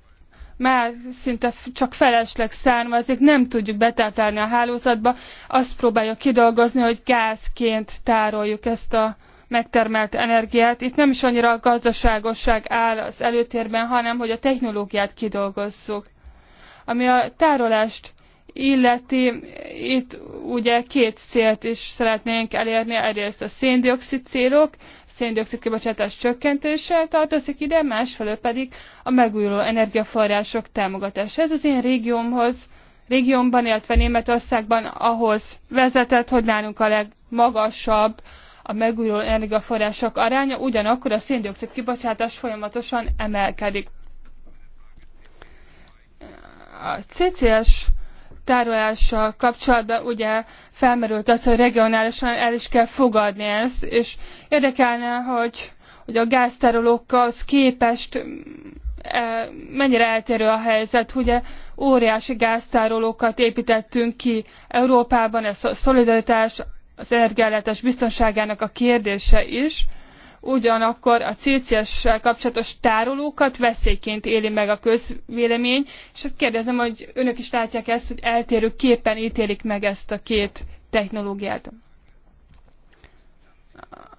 már szinte csak felesleg származik, nem tudjuk betáplálni a hálózatba, azt próbálja kidolgozni, hogy gázként tároljuk ezt a megtermelt energiát. Itt nem is annyira a gazdaságosság áll az előtérben, hanem hogy a technológiát kidolgozzuk. Ami a tárolást illeti, itt ugye két célt is szeretnénk elérni, egyrészt a széndiokszid célok széndiokszid kibocsátás csökkentése tartozik ide, másfelől pedig a megújuló energiaforrások támogatása. Ez az én régiómhoz, régiómban, illetve Németországban ahhoz vezetett, hogy nálunk a legmagasabb a megújuló energiaforrások aránya, ugyanakkor a széndiokszid kibocsátás folyamatosan emelkedik. A CCS tárolással kapcsolatban ugye felmerült az, hogy regionálisan el is kell fogadni ezt, és érdekelne, hogy, hogy a az képest mm, e, mennyire eltérő a helyzet. Ugye óriási gáztárolókat építettünk ki Európában, ez a szolidaritás, az energiállátás biztonságának a kérdése is, ugyanakkor a CCS-sel kapcsolatos tárolókat veszélyként éli meg a közvélemény, és azt hát kérdezem, hogy önök is látják ezt, hogy eltérő képen ítélik meg ezt a két technológiát.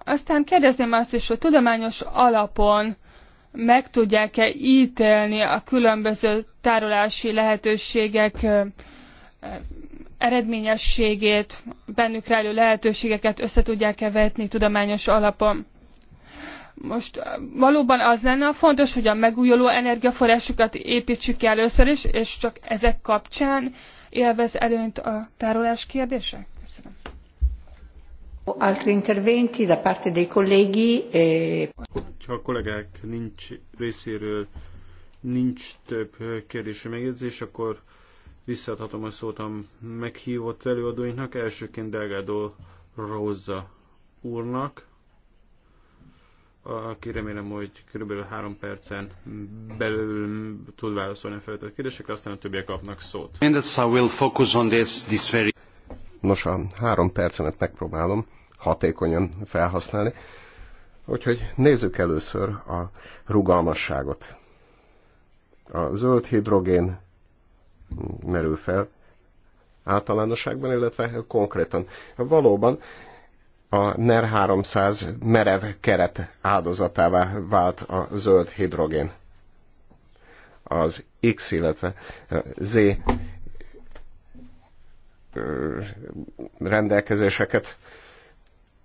Aztán kérdezném azt is, hogy tudományos alapon meg tudják-e ítélni a különböző tárolási lehetőségek eredményességét, bennük rejlő lehetőségeket össze tudják-e vetni tudományos alapon. Most eh, valóban az lenne a fontos, hogy a megújuló energiaforrásokat építsük el először is, és csak ezek kapcsán élvez előnyt a tárolás kérdése? Köszönöm. Altri interventi da parte dei colleghi. Eh, ha a kollégák nincs részéről nincs több kérdési megjegyzés, akkor visszaadhatom a szót a meghívott előadóinknak, elsőként Delgado Rosa úrnak aki remélem, hogy kb. három percen belül tud válaszolni a feltett kérdésekre, aztán a többiek kapnak szót. Nos, a három percenet megpróbálom hatékonyan felhasználni. Úgyhogy nézzük először a rugalmasságot. A zöld hidrogén merül fel általánosságban, illetve konkrétan. Valóban a NER 300 merev keret áldozatává vált a zöld hidrogén. Az X, illetve Z rendelkezéseket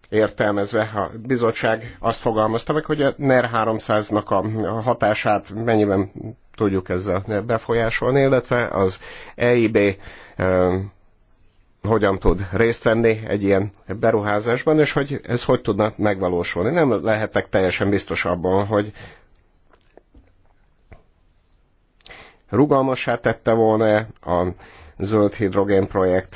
értelmezve a bizottság azt fogalmazta meg, hogy a NER 300-nak a hatását mennyiben tudjuk ezzel befolyásolni, illetve az EIB hogyan tud részt venni egy ilyen beruházásban, és hogy ez hogy tudna megvalósulni. Nem lehetek teljesen biztos abban, hogy rugalmassá tette volna a zöld hidrogén projekt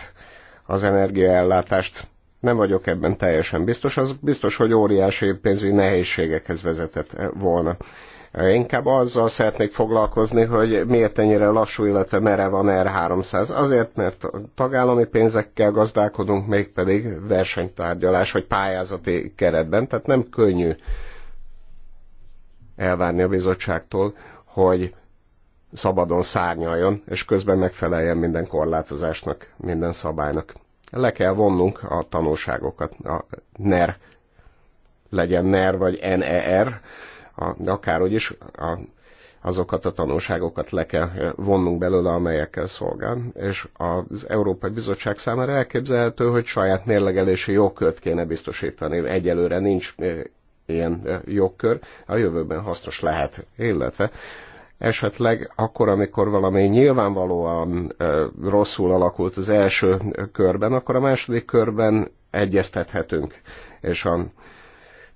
az energiaellátást. Nem vagyok ebben teljesen biztos, az biztos, hogy óriási pénzügyi nehézségekhez vezetett volna. Inkább azzal szeretnék foglalkozni, hogy miért ennyire lassú, illetve merre van R300. Azért, mert tagállami pénzekkel gazdálkodunk, mégpedig versenytárgyalás vagy pályázati keretben, tehát nem könnyű elvárni a bizottságtól, hogy szabadon szárnyaljon, és közben megfeleljen minden korlátozásnak, minden szabálynak. Le kell vonnunk a tanulságokat, a NER legyen NER vagy NER, a, akárhogy is a, azokat a tanulságokat le kell eh, vonnunk belőle, amelyekkel szolgál. És az Európai Bizottság számára elképzelhető, hogy saját mérlegelési jogkört kéne biztosítani. Egyelőre nincs eh, ilyen eh, jogkör, a jövőben hasznos lehet, illetve esetleg akkor, amikor valami nyilvánvalóan rosszul alakult az első körben, akkor a második körben egyeztethetünk, és a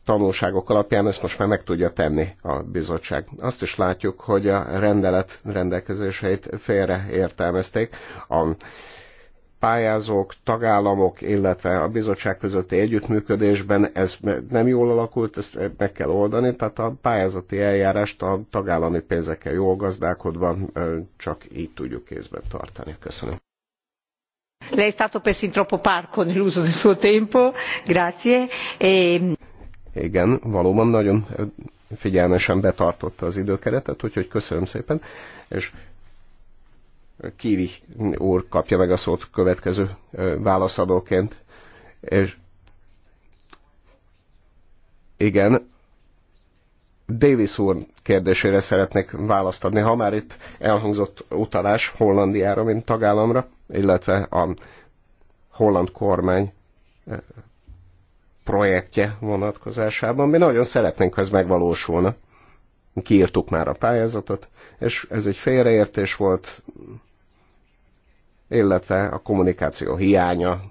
tanulságok alapján ezt most már meg tudja tenni a bizottság. Azt is látjuk, hogy a rendelet rendelkezéseit félre értelmezték. A pályázók, tagállamok, illetve a bizottság közötti együttműködésben ez nem jól alakult, ezt meg kell oldani, tehát a pályázati eljárást a tagállami pénzekkel jól gazdálkodva csak így tudjuk kézben tartani. Köszönöm. Lei è stato persino troppo parco nell'uso del suo tempo, grazie. E... Igen, valóban nagyon figyelmesen betartotta az időkeretet, úgyhogy köszönöm szépen, és Kívi úr kapja meg a szót következő válaszadóként, és igen, Davis úr kérdésére szeretnék választ adni, ha már itt elhangzott utalás Hollandiára, mint tagállamra, illetve a holland kormány projektje vonatkozásában. Mi nagyon szeretnénk, ha ez megvalósulna. Kiírtuk már a pályázatot, és ez egy félreértés volt, illetve a kommunikáció hiánya,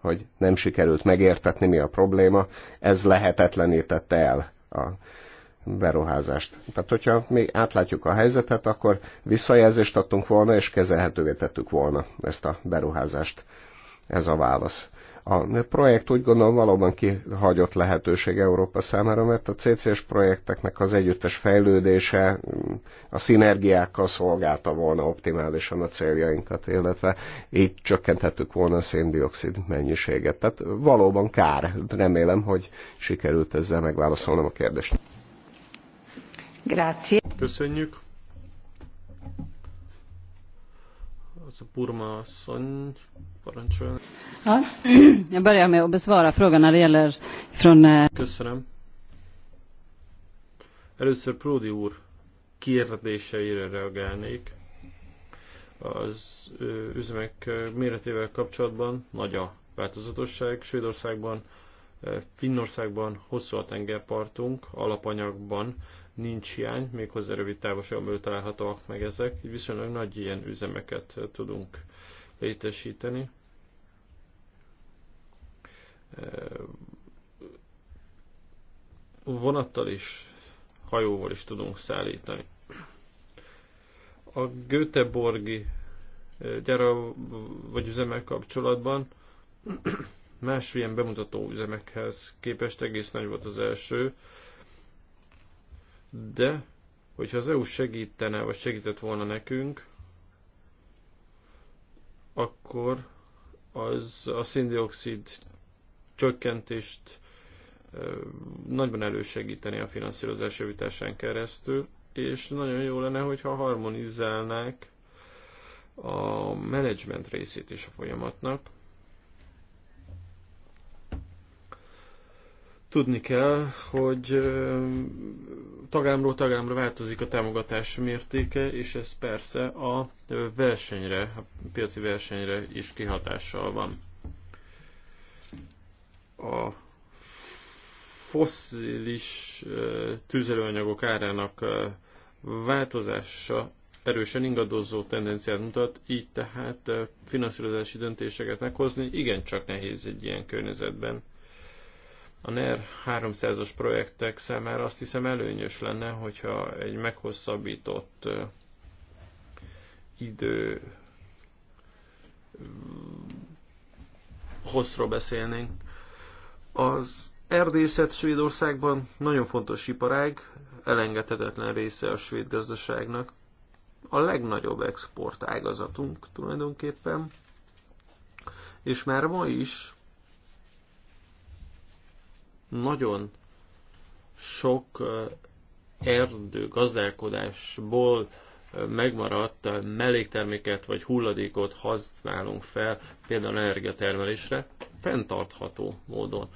hogy nem sikerült megértetni, mi a probléma, ez lehetetlenítette el a beruházást. Tehát, hogyha mi átlátjuk a helyzetet, akkor visszajelzést adtunk volna, és kezelhetővé tettük volna ezt a beruházást. Ez a válasz. A projekt úgy gondolom valóban kihagyott lehetőség Európa számára, mert a CCS projekteknek az együttes fejlődése a szinergiákkal szolgálta volna optimálisan a céljainkat, illetve így csökkenthettük volna a széndiokszid mennyiséget. Tehát valóban kár. Remélem, hogy sikerült ezzel megválaszolnom a kérdést. Grazie. Köszönjük. Burma Ja, jag börjar med att besvara frågan när det gäller från... Eh, Köszönöm. Először Pródi úr kérdéseire reagálnék. Az üzemek méretével kapcsolatban nagy a változatosság. Svédországban, Finnországban hosszú a tengerpartunk, alapanyagban nincs hiány, méghozzá rövid távolságban találhatóak meg ezek, így viszonylag nagy ilyen üzemeket tudunk létesíteni. Vonattal is, hajóval is tudunk szállítani. A Göteborgi gyára vagy üzemek kapcsolatban más ilyen bemutató üzemekhez képest egész nagy volt az első, de, hogyha az EU segítene, vagy segített volna nekünk, akkor az a szindioxid csökkentést nagyban elősegíteni a finanszírozás javításán keresztül, és nagyon jó lenne, hogyha harmonizálnák a menedzsment részét is a folyamatnak, Tudni kell, hogy tagámról tagámra változik a támogatás mértéke, és ez persze a versenyre, a piaci versenyre is kihatással van. A fosszilis tüzelőanyagok árának változása erősen ingadozó tendenciát mutat, így tehát finanszírozási döntéseket meghozni igencsak nehéz egy ilyen környezetben. A NER 300-as projektek számára azt hiszem előnyös lenne, hogyha egy meghosszabbított idő hosszról beszélnénk. Az erdészet Svédországban nagyon fontos iparág, elengedhetetlen része a svéd gazdaságnak. A legnagyobb export ágazatunk tulajdonképpen, és már ma is nagyon sok erdő gazdálkodásból megmaradt mellékterméket vagy hulladékot használunk fel, például energiatermelésre, fenntartható módon.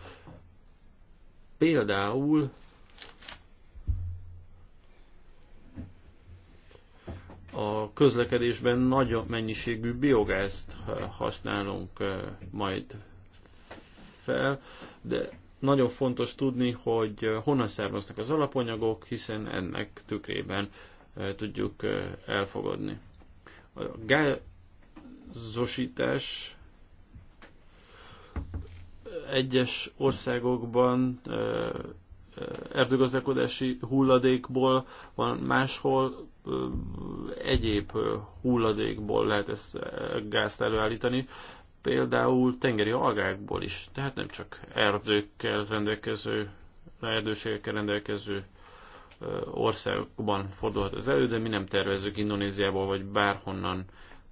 Például a közlekedésben nagy mennyiségű biogázt használunk majd fel, de nagyon fontos tudni, hogy honnan származnak az alapanyagok, hiszen ennek tükrében tudjuk elfogadni. A gázosítás egyes országokban erdőgazdálkodási hulladékból, van máshol egyéb hulladékból lehet ezt gázt előállítani például tengeri algákból is, tehát nem csak erdőkkel rendelkező, erdőségekkel rendelkező országokban fordulhat az elő, de mi nem tervezünk Indonéziából vagy bárhonnan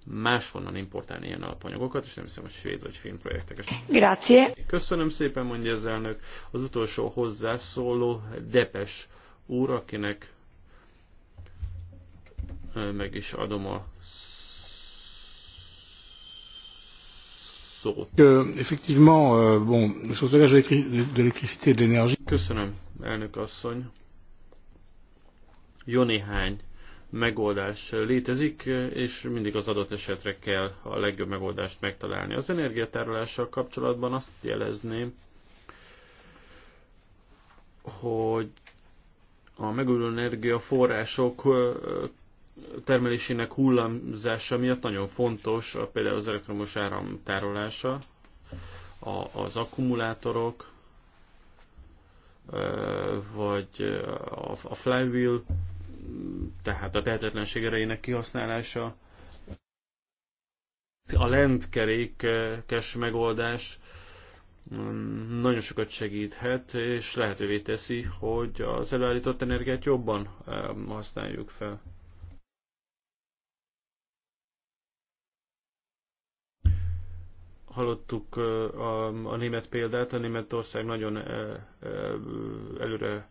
máshonnan importálni ilyen alapanyagokat, és nem hiszem, hogy svéd vagy filmprojekteket. Grazie. Köszönöm szépen, mondja az elnök. Az utolsó hozzászóló Depes úr, akinek meg is adom a Euh, Köszönöm, elnök asszony. Jó néhány megoldás létezik, és mindig az adott esetre kell a legjobb megoldást megtalálni. Az energiatárolással kapcsolatban azt jelezném, hogy a megújuló energiaforrások termelésének hullámzása miatt nagyon fontos a, például az elektromos áram tárolása, a, az akkumulátorok, vagy a, a flywheel, tehát a tehetetlenség erejének kihasználása, a lentkerékes megoldás mm, nagyon sokat segíthet, és lehetővé teszi, hogy az előállított energiát jobban használjuk fel. hallottuk a, a német példát, a Németország nagyon előre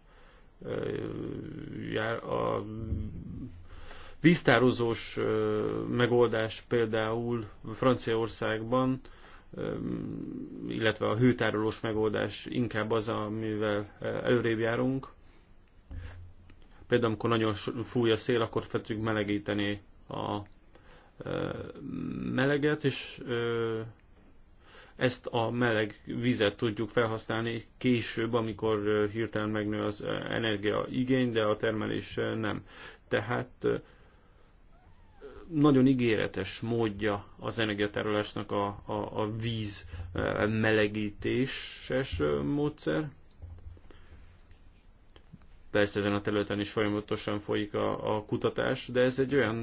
jár a víztározós megoldás például Franciaországban, illetve a hőtárolós megoldás inkább az, amivel előrébb járunk. Például, amikor nagyon fúj a szél, akkor fetjük melegíteni a meleget, és ezt a meleg vizet tudjuk felhasználni később, amikor hirtelen megnő az energia igény, de a termelés nem. Tehát nagyon ígéretes módja az energiatárolásnak a, a, a víz melegítéses módszer. Persze ezen a területen is folyamatosan folyik a, a kutatás, de ez egy olyan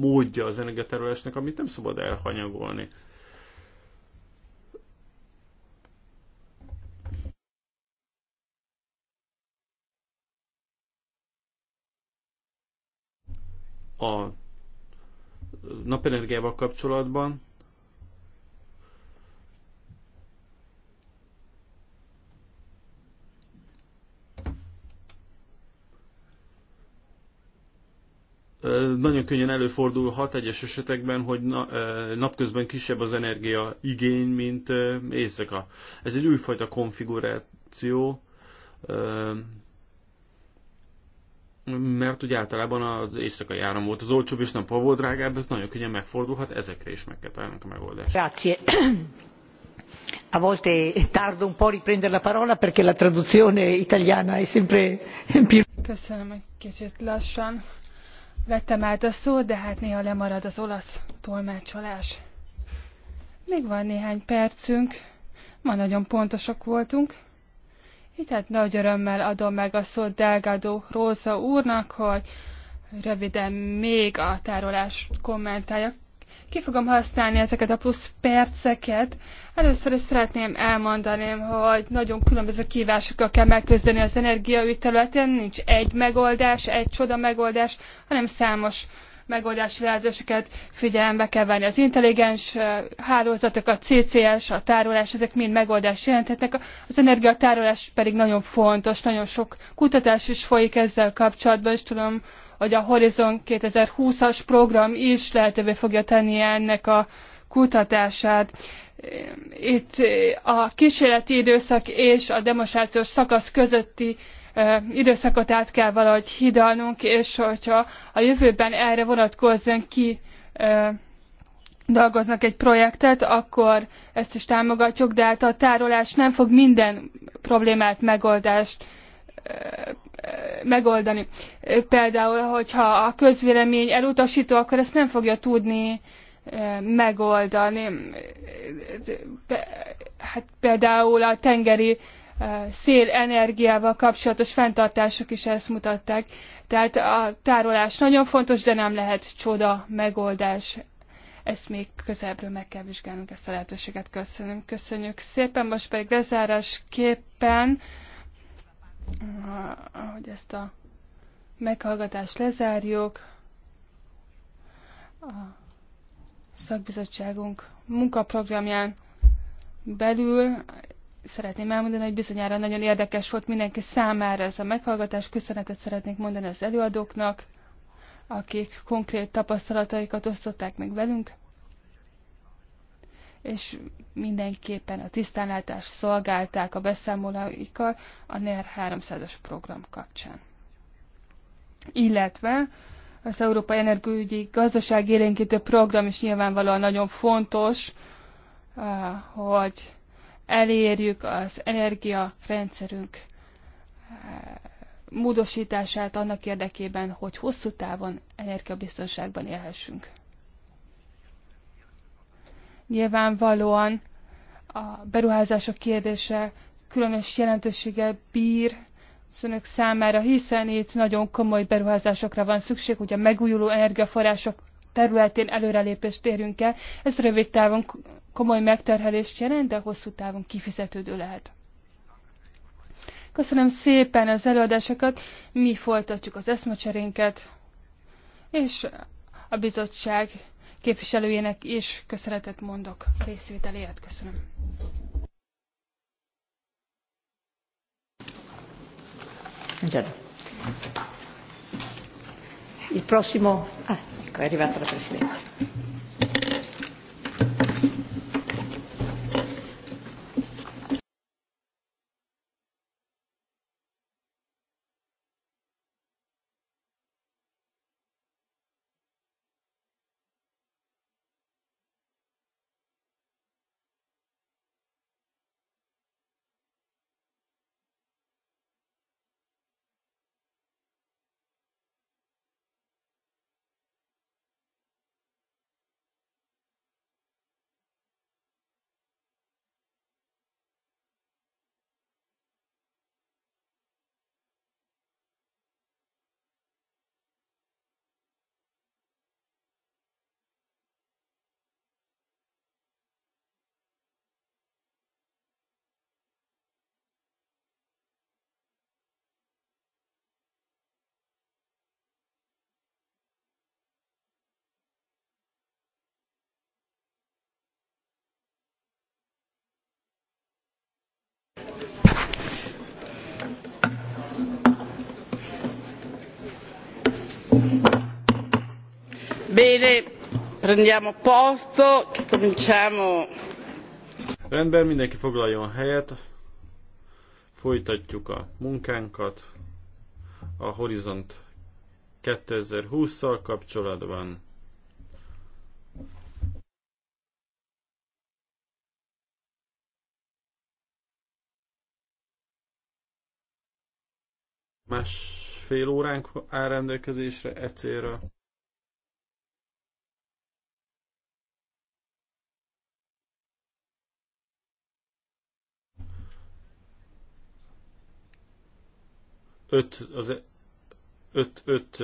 módja az energiatárolásnak, amit nem szabad elhanyagolni. a napenergiával kapcsolatban nagyon könnyen előfordulhat egyes esetekben, hogy napközben kisebb az energia igény, mint éjszaka. Ez egy újfajta konfiguráció, mert ugye általában az éjszakai áram volt az olcsóbb, és nem volt drágább, de nagyon könnyen megfordulhat, ezekre is meg kell a megoldást. Grazie. A volte tardo un po' riprendere la parola perché la traduzione italiana è sempre più... Köszönöm, egy kicsit lassan vettem át a szót, de hát néha lemarad az olasz tolmácsolás. Még van néhány percünk, ma nagyon pontosak voltunk. Tehát nagy örömmel adom meg a szót Delgado Róza úrnak, hogy röviden még a tárolás kommentálja. Ki fogom használni ezeket a plusz perceket. Először is szeretném elmondani, hogy nagyon különböző kívásokkal kell megküzdeni az energiaügy területén. Nincs egy megoldás, egy csoda megoldás, hanem számos megoldási lehetőséget figyelembe kell venni. Az intelligens hálózatok, a CCS, a tárolás, ezek mind megoldást jelentetnek. Az energiatárolás pedig nagyon fontos, nagyon sok kutatás is folyik ezzel kapcsolatban, és tudom, hogy a Horizon 2020-as program is lehetővé fogja tenni ennek a kutatását itt a kísérleti időszak és a demonstrációs szakasz közötti időszakot át kell valahogy hidalnunk, és hogyha a jövőben erre vonatkozóan ki dolgoznak egy projektet, akkor ezt is támogatjuk, de hát a tárolás nem fog minden problémát megoldást megoldani. Például, hogyha a közvélemény elutasító, akkor ezt nem fogja tudni megoldani. Hát például a tengeri szélenergiával kapcsolatos fenntartások is ezt mutatták. Tehát a tárolás nagyon fontos, de nem lehet csoda megoldás. Ezt még közelebbről meg kell vizsgálnunk, ezt a lehetőséget köszönöm. Köszönjük szépen, most pedig lezárásképpen, hogy ezt a meghallgatást lezárjuk. A szakbizottságunk munkaprogramján belül szeretném elmondani, hogy bizonyára nagyon érdekes volt mindenki számára ez a meghallgatás. Köszönetet szeretnék mondani az előadóknak, akik konkrét tapasztalataikat osztották meg velünk, és mindenképpen a tisztánlátást szolgálták a beszámolóikkal a NER 300-as program kapcsán. Illetve az Európai Energiaügyi Gazdaság Élénkítő Program is nyilvánvalóan nagyon fontos, eh, hogy elérjük az energiarendszerünk eh, módosítását annak érdekében, hogy hosszú távon energiabiztonságban élhessünk. Nyilvánvalóan a beruházások kérdése különös jelentősége bír az önök számára, hiszen itt nagyon komoly beruházásokra van szükség, hogy a megújuló energiaforrások területén előrelépést érünk el. Ez rövid távon komoly megterhelést jelent, de hosszú távon kifizetődő lehet. Köszönöm szépen az előadásokat, mi folytatjuk az eszmecserénket, és a bizottság képviselőjének is köszönetet mondok részvételéért. Köszönöm. Il prossimo... Ah, ecco, è arrivata la Presidente. Bene, prendiamo posto, cominciamo. Rendben, mindenki foglaljon helyet. Folytatjuk a munkánkat a Horizont 2020-szal kapcsolatban. másfél óránk áll rendelkezésre e célra. öt, az e- öt, öt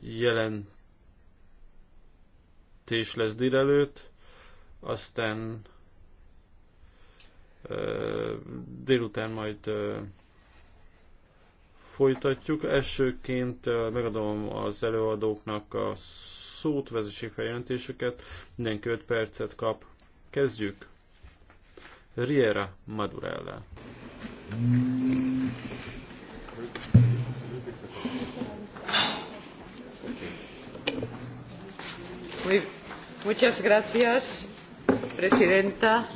jelentés lesz délelőtt, aztán délután majd folytatjuk. Elsőként megadom az előadóknak a szót, vezessék feljelentésüket, mindenki 5 percet kap. Kezdjük! Riera Madurella. señora presidenta,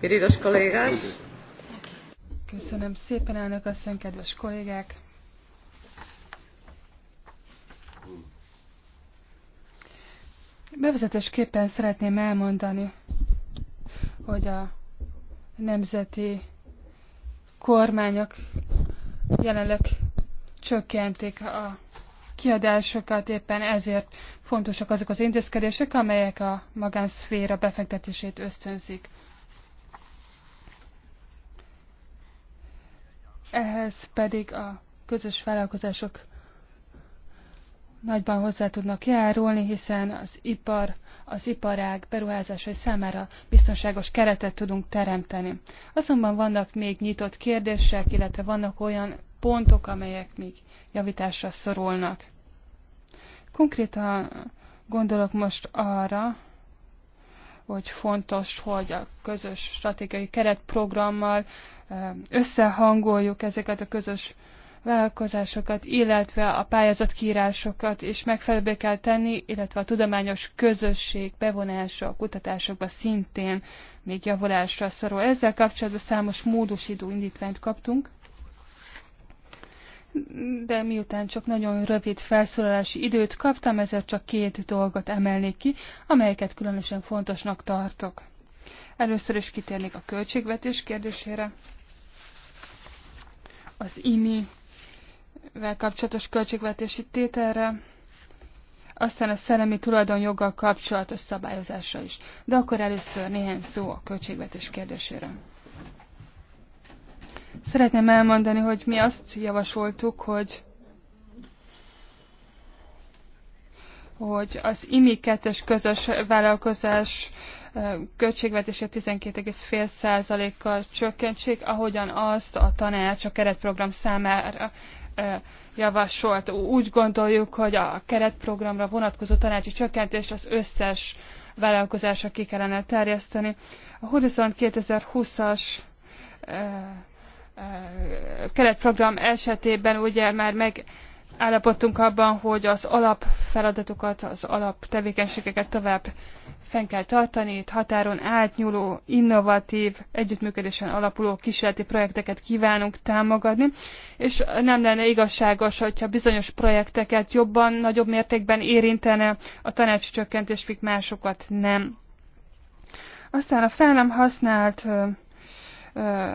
queridos colegas. Köszönöm szépen, elnök asszony, kedves kollégák! Bevezetésképpen szeretném elmondani, hogy a nemzeti kormányok jelenleg csökkentik a kiadásokat, éppen ezért fontosak azok az intézkedések, amelyek a magánszféra befektetését ösztönzik. Ehhez pedig a közös vállalkozások nagyban hozzá tudnak járulni, hiszen az ipar, az iparág beruházásai számára biztonságos keretet tudunk teremteni. Azonban vannak még nyitott kérdések, illetve vannak olyan pontok, amelyek még javításra szorulnak. Konkrétan gondolok most arra, hogy fontos, hogy a közös stratégiai keretprogrammal eh, összehangoljuk ezeket a közös vállalkozásokat, illetve a pályázatkírásokat is megfelelőbbé kell tenni, illetve a tudományos közösség bevonása a kutatásokba szintén még javulásra szorul. Ezzel kapcsolatban számos módosító indítványt kaptunk, de miután csak nagyon rövid felszólalási időt kaptam, ezért csak két dolgot emelnék ki, amelyeket különösen fontosnak tartok. Először is kitérnék a költségvetés kérdésére. Az IMI kapcsolatos költségvetési tételre, aztán a szellemi tulajdonjoggal kapcsolatos szabályozásra is. De akkor először néhány szó a költségvetés kérdéséről. Szeretném elmondani, hogy mi azt javasoltuk, hogy hogy az IMI 2 közös vállalkozás költségvetése 12,5%-kal csökkentsék, ahogyan azt a tanács a keretprogram számára javasolt. Úgy gondoljuk, hogy a keretprogramra vonatkozó tanácsi csökkentést az összes vállalkozásra ki kellene terjeszteni. A Horizont 2020-as keretprogram esetében ugye már meg állapodtunk abban, hogy az alapfeladatokat, az alaptevékenységeket tovább fenn kell tartani, itt határon átnyúló, innovatív, együttműködésen alapuló kísérleti projekteket kívánunk támogatni, és nem lenne igazságos, hogyha bizonyos projekteket jobban, nagyobb mértékben érintene a tanácsi csökkentés, míg másokat nem. Aztán a fel nem használt ö, ö,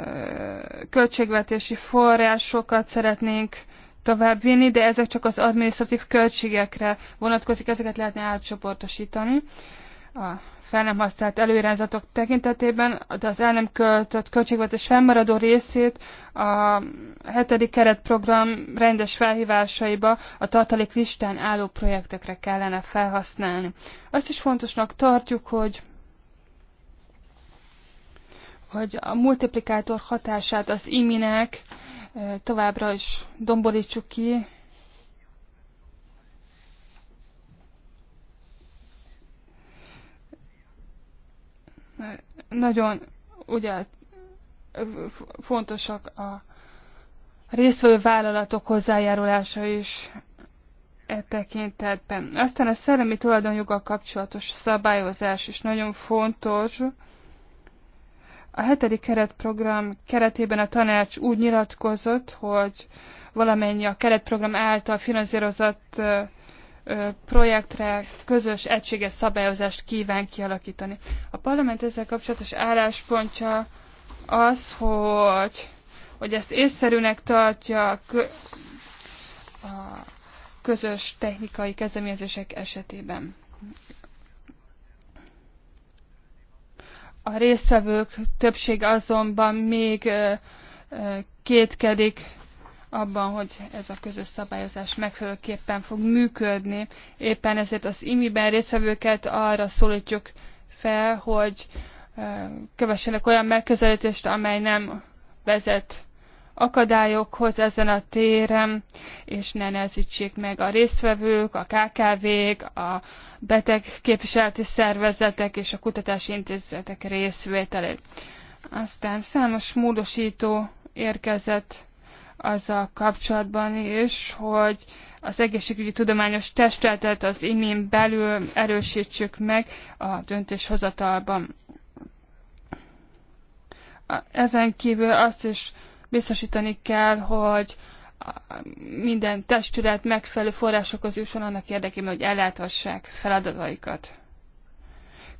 költségvetési forrásokat szeretnénk továbbvinni, de ezek csak az adminisztratív költségekre vonatkozik, ezeket lehetne átcsoportosítani a fel nem használt előirányzatok tekintetében, de az el nem költött költségvetés fennmaradó részét a hetedik keretprogram rendes felhívásaiba a tartalék listán álló projektekre kellene felhasználni. Azt is fontosnak tartjuk, hogy hogy a multiplikátor hatását az iminek továbbra is domborítsuk ki. Nagyon ugye fontosak a részvevő vállalatok hozzájárulása is e tekintetben. Aztán a szellemi tulajdonjoggal kapcsolatos szabályozás is nagyon fontos, a hetedik keretprogram keretében a tanács úgy nyilatkozott, hogy valamennyi a keretprogram által finanszírozott projektre közös egységes szabályozást kíván kialakítani. A parlament ezzel kapcsolatos álláspontja az, hogy, hogy ezt észszerűnek tartja a közös technikai kezdeményezések esetében. A résztvevők többsége azonban még kétkedik abban, hogy ez a közös szabályozás megfelelőképpen fog működni. Éppen ezért az imiben résztvevőket arra szólítjuk fel, hogy kövessenek olyan megközelítést, amely nem vezet akadályokhoz ezen a téren, és ne nehezítsék meg a résztvevők, a KKV-k, a beteg képviseleti szervezetek és a kutatási intézetek részvételét. Aztán számos módosító érkezett azzal kapcsolatban is, hogy az egészségügyi tudományos testületet az imén belül erősítsük meg a döntéshozatalban. Ezen kívül azt is biztosítani kell, hogy minden testület megfelelő forrásokhoz jusson annak érdekében, hogy elláthassák feladataikat.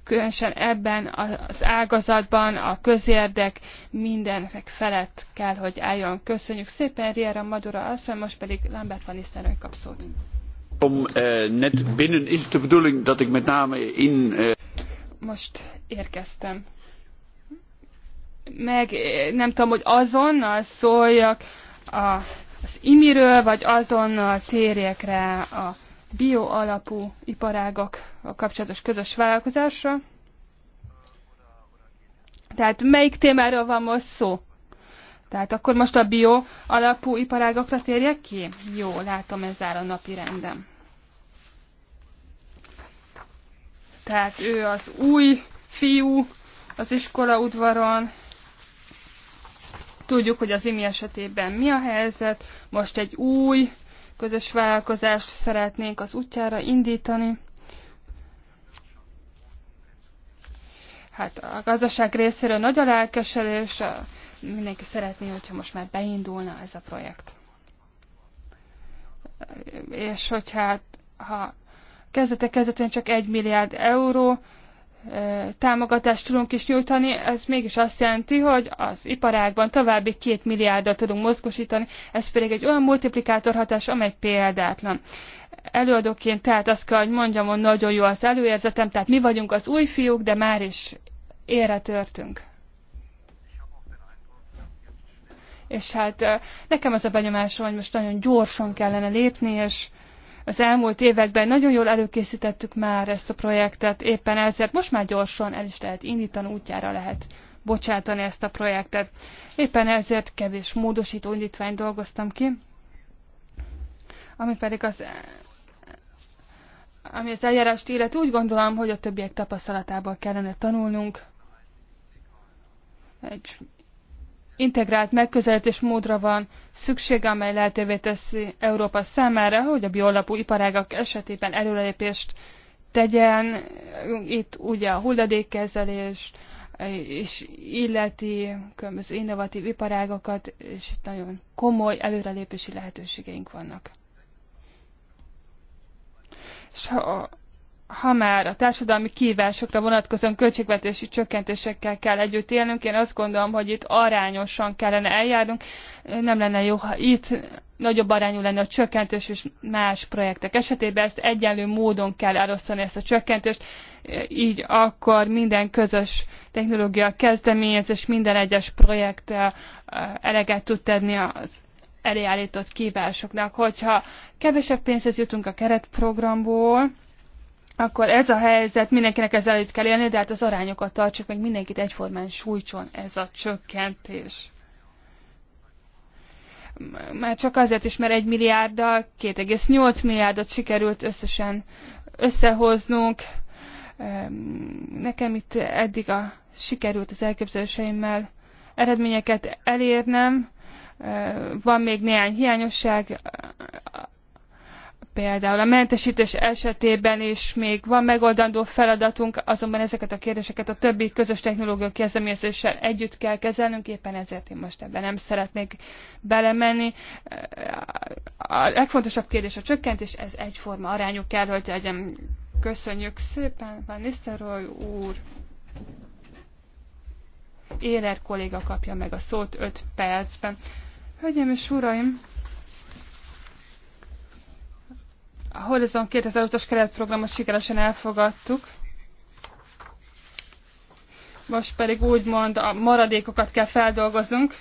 Különösen ebben az ágazatban a közérdek mindenek felett kell, hogy álljon. Köszönjük szépen, Riera Madura asszony, most pedig Lambert van Isztenről kap szót. Eh, eh, most érkeztem meg eh, nem tudom, hogy azonnal szóljak a, az imiről, vagy azonnal térjek rá a bio alapú iparágak a kapcsolatos közös vállalkozásra. Tehát melyik témáról van most szó? Tehát akkor most a bio alapú iparágokra térjek ki? Jó, látom, ez áll a napi rendem. Tehát ő az új fiú az iskola udvaron, Tudjuk, hogy az IMI esetében mi a helyzet, most egy új közös vállalkozást szeretnénk az útjára indítani. Hát a gazdaság részéről nagy a lelkesedés, mindenki szeretné, hogyha most már beindulna ez a projekt. És hogyha ha kezdete kezdetén csak egy milliárd euró támogatást tudunk is nyújtani, ez mégis azt jelenti, hogy az iparágban további két milliárdot tudunk mozgosítani, ez pedig egy olyan multiplikátor hatás, amely példátlan. Előadóként tehát azt kell, hogy mondjam, hogy nagyon jó az előérzetem, tehát mi vagyunk az új fiúk, de már is érre törtünk. És hát nekem az a benyomásom, hogy most nagyon gyorsan kellene lépni, és az elmúlt években nagyon jól előkészítettük már ezt a projektet, éppen ezért most már gyorsan el is lehet indítani, útjára lehet bocsátani ezt a projektet. Éppen ezért kevés módosító indítványt dolgoztam ki, ami pedig az ami az eljárást illeti, úgy gondolom, hogy a többiek tapasztalatából kellene tanulnunk. Egy integrált megközelítés módra van szüksége, amely lehetővé teszi Európa számára, hogy a biolapú iparágak esetében előrelépést tegyen. Itt ugye a hulladékkezelés és illeti különböző innovatív iparágokat, és itt nagyon komoly előrelépési lehetőségeink vannak. És ha ha már a társadalmi kívásokra vonatkozóan költségvetési csökkentésekkel kell együtt élnünk, én azt gondolom, hogy itt arányosan kellene eljárnunk. Nem lenne jó, ha itt nagyobb arányú lenne a csökkentés, és más projektek esetében ezt egyenlő módon kell elosztani ezt a csökkentést, így akkor minden közös technológia kezdeményezés, minden egyes projekt eh, eleget tud tenni az előállított kívásoknak. Hogyha kevesebb pénzhez jutunk a keretprogramból, akkor ez a helyzet, mindenkinek ezzel együtt kell élni, de hát az arányokat tartsuk, meg mindenkit egyformán sújtson ez a csökkentés. Már csak azért is, mert egy milliárddal 2,8 milliárdot sikerült összesen összehoznunk. Nekem itt eddig a sikerült az elképzeléseimmel eredményeket elérnem. Van még néhány hiányosság, például a mentesítés esetében is még van megoldandó feladatunk, azonban ezeket a kérdéseket a többi közös technológia kezdeményezéssel együtt kell kezelnünk, éppen ezért én most ebben nem szeretnék belemenni. A legfontosabb kérdés a csökkentés, ez egyforma arányú kell, hogy legyen. Köszönjük szépen, Van Nisztelrooy úr. Éler kolléga kapja meg a szót 5 percben. Hölgyeim és uraim! A Horizon 2020-as keretprogramot sikeresen elfogadtuk. Most pedig úgymond a maradékokat kell feldolgoznunk.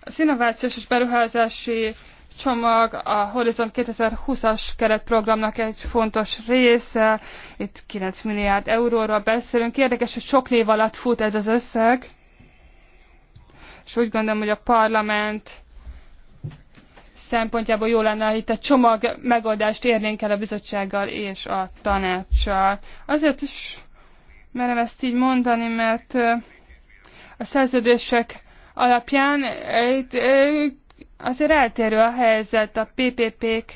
Az innovációs és beruházási csomag a Horizon 2020-as keretprogramnak egy fontos része. Itt 9 milliárd euróról beszélünk. Érdekes, hogy sok név alatt fut ez az összeg. És úgy gondolom, hogy a parlament szempontjából jó lenne, ha itt egy csomag megoldást érnénk el a bizottsággal és a tanácssal. Azért is merem ezt így mondani, mert a szerződések alapján azért eltérő a helyzet a PPP-k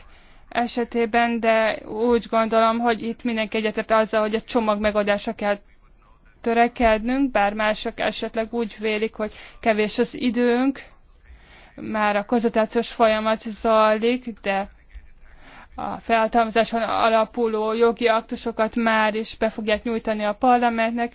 esetében, de úgy gondolom, hogy itt mindenki egyetért azzal, hogy a csomag megoldása kell törekednünk, bár mások esetleg úgy vélik, hogy kevés az időnk, már a konzultációs folyamat zajlik, de a felhatalmazáson alapuló jogi aktusokat már is be fogják nyújtani a parlamentnek,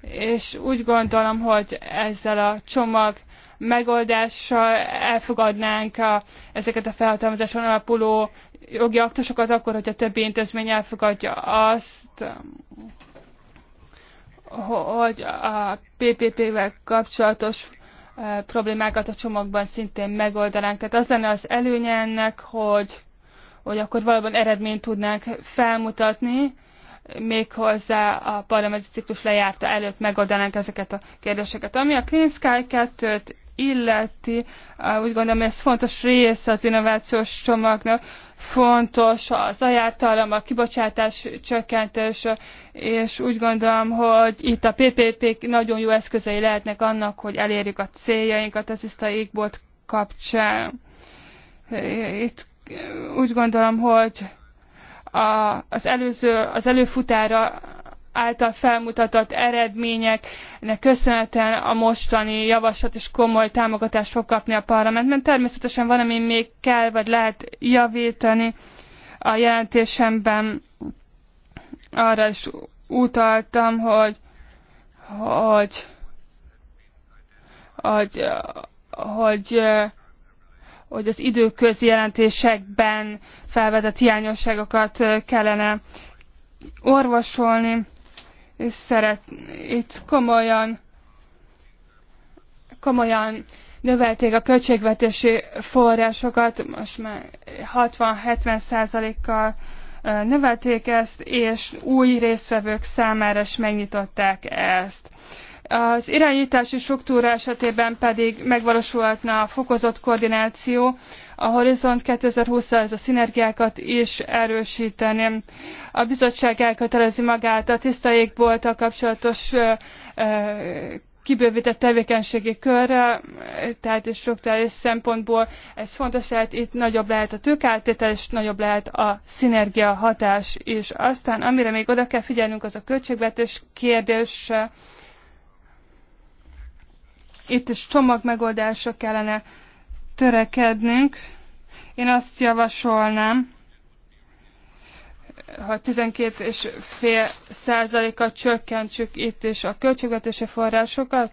és úgy gondolom, hogy ezzel a csomag megoldással elfogadnánk a, ezeket a felhatalmazáson alapuló jogi aktusokat, akkor, hogy a többi intézmény elfogadja azt, hogy a PPP-vel kapcsolatos problémákat a csomagban szintén megoldanánk. Tehát az lenne az előnye ennek, hogy, hogy akkor valóban eredményt tudnánk felmutatni, méghozzá a parlamenti ciklus lejárta előtt megoldanánk ezeket a kérdéseket. Ami a Clean Sky 2-t illeti, úgy gondolom, ez fontos része az innovációs csomagnak, fontos az ajártalom, a kibocsátás csökkentés, és úgy gondolom, hogy itt a ppp nagyon jó eszközei lehetnek annak, hogy elérjük a céljainkat az tiszta égbolt kapcsán. Itt úgy gondolom, hogy a, az előző, az előfutára által felmutatott eredményeknek köszönhetően a mostani javaslat is komoly támogatást fog kapni a parlamentben. Természetesen van, ami még kell vagy lehet javítani a jelentésemben. Arra is utaltam, hogy hogy hogy, hogy hogy az időközi jelentésekben felvetett hiányosságokat kellene orvosolni és szeret, itt komolyan, komolyan növelték a költségvetési forrásokat, most már 60-70 százalékkal növelték ezt, és új résztvevők számára is megnyitották ezt. Az irányítási struktúra esetében pedig megvalósulhatna a fokozott koordináció, a Horizont 2020 ez a szinergiákat is erősíteni. A bizottság elkötelezi magát a tiszta égbolttal kapcsolatos kibővített tevékenységi körre, tehát és struktúrális szempontból ez fontos, lehet, itt nagyobb lehet a tőkeáttétel, és nagyobb lehet a szinergia hatás is. Aztán amire még oda kell figyelnünk, az a költségvetés kérdés. Itt is csomagmegoldások kellene törekednünk. Én azt javasolnám, ha 12 és fél csökkentsük itt is a költségvetési forrásokat,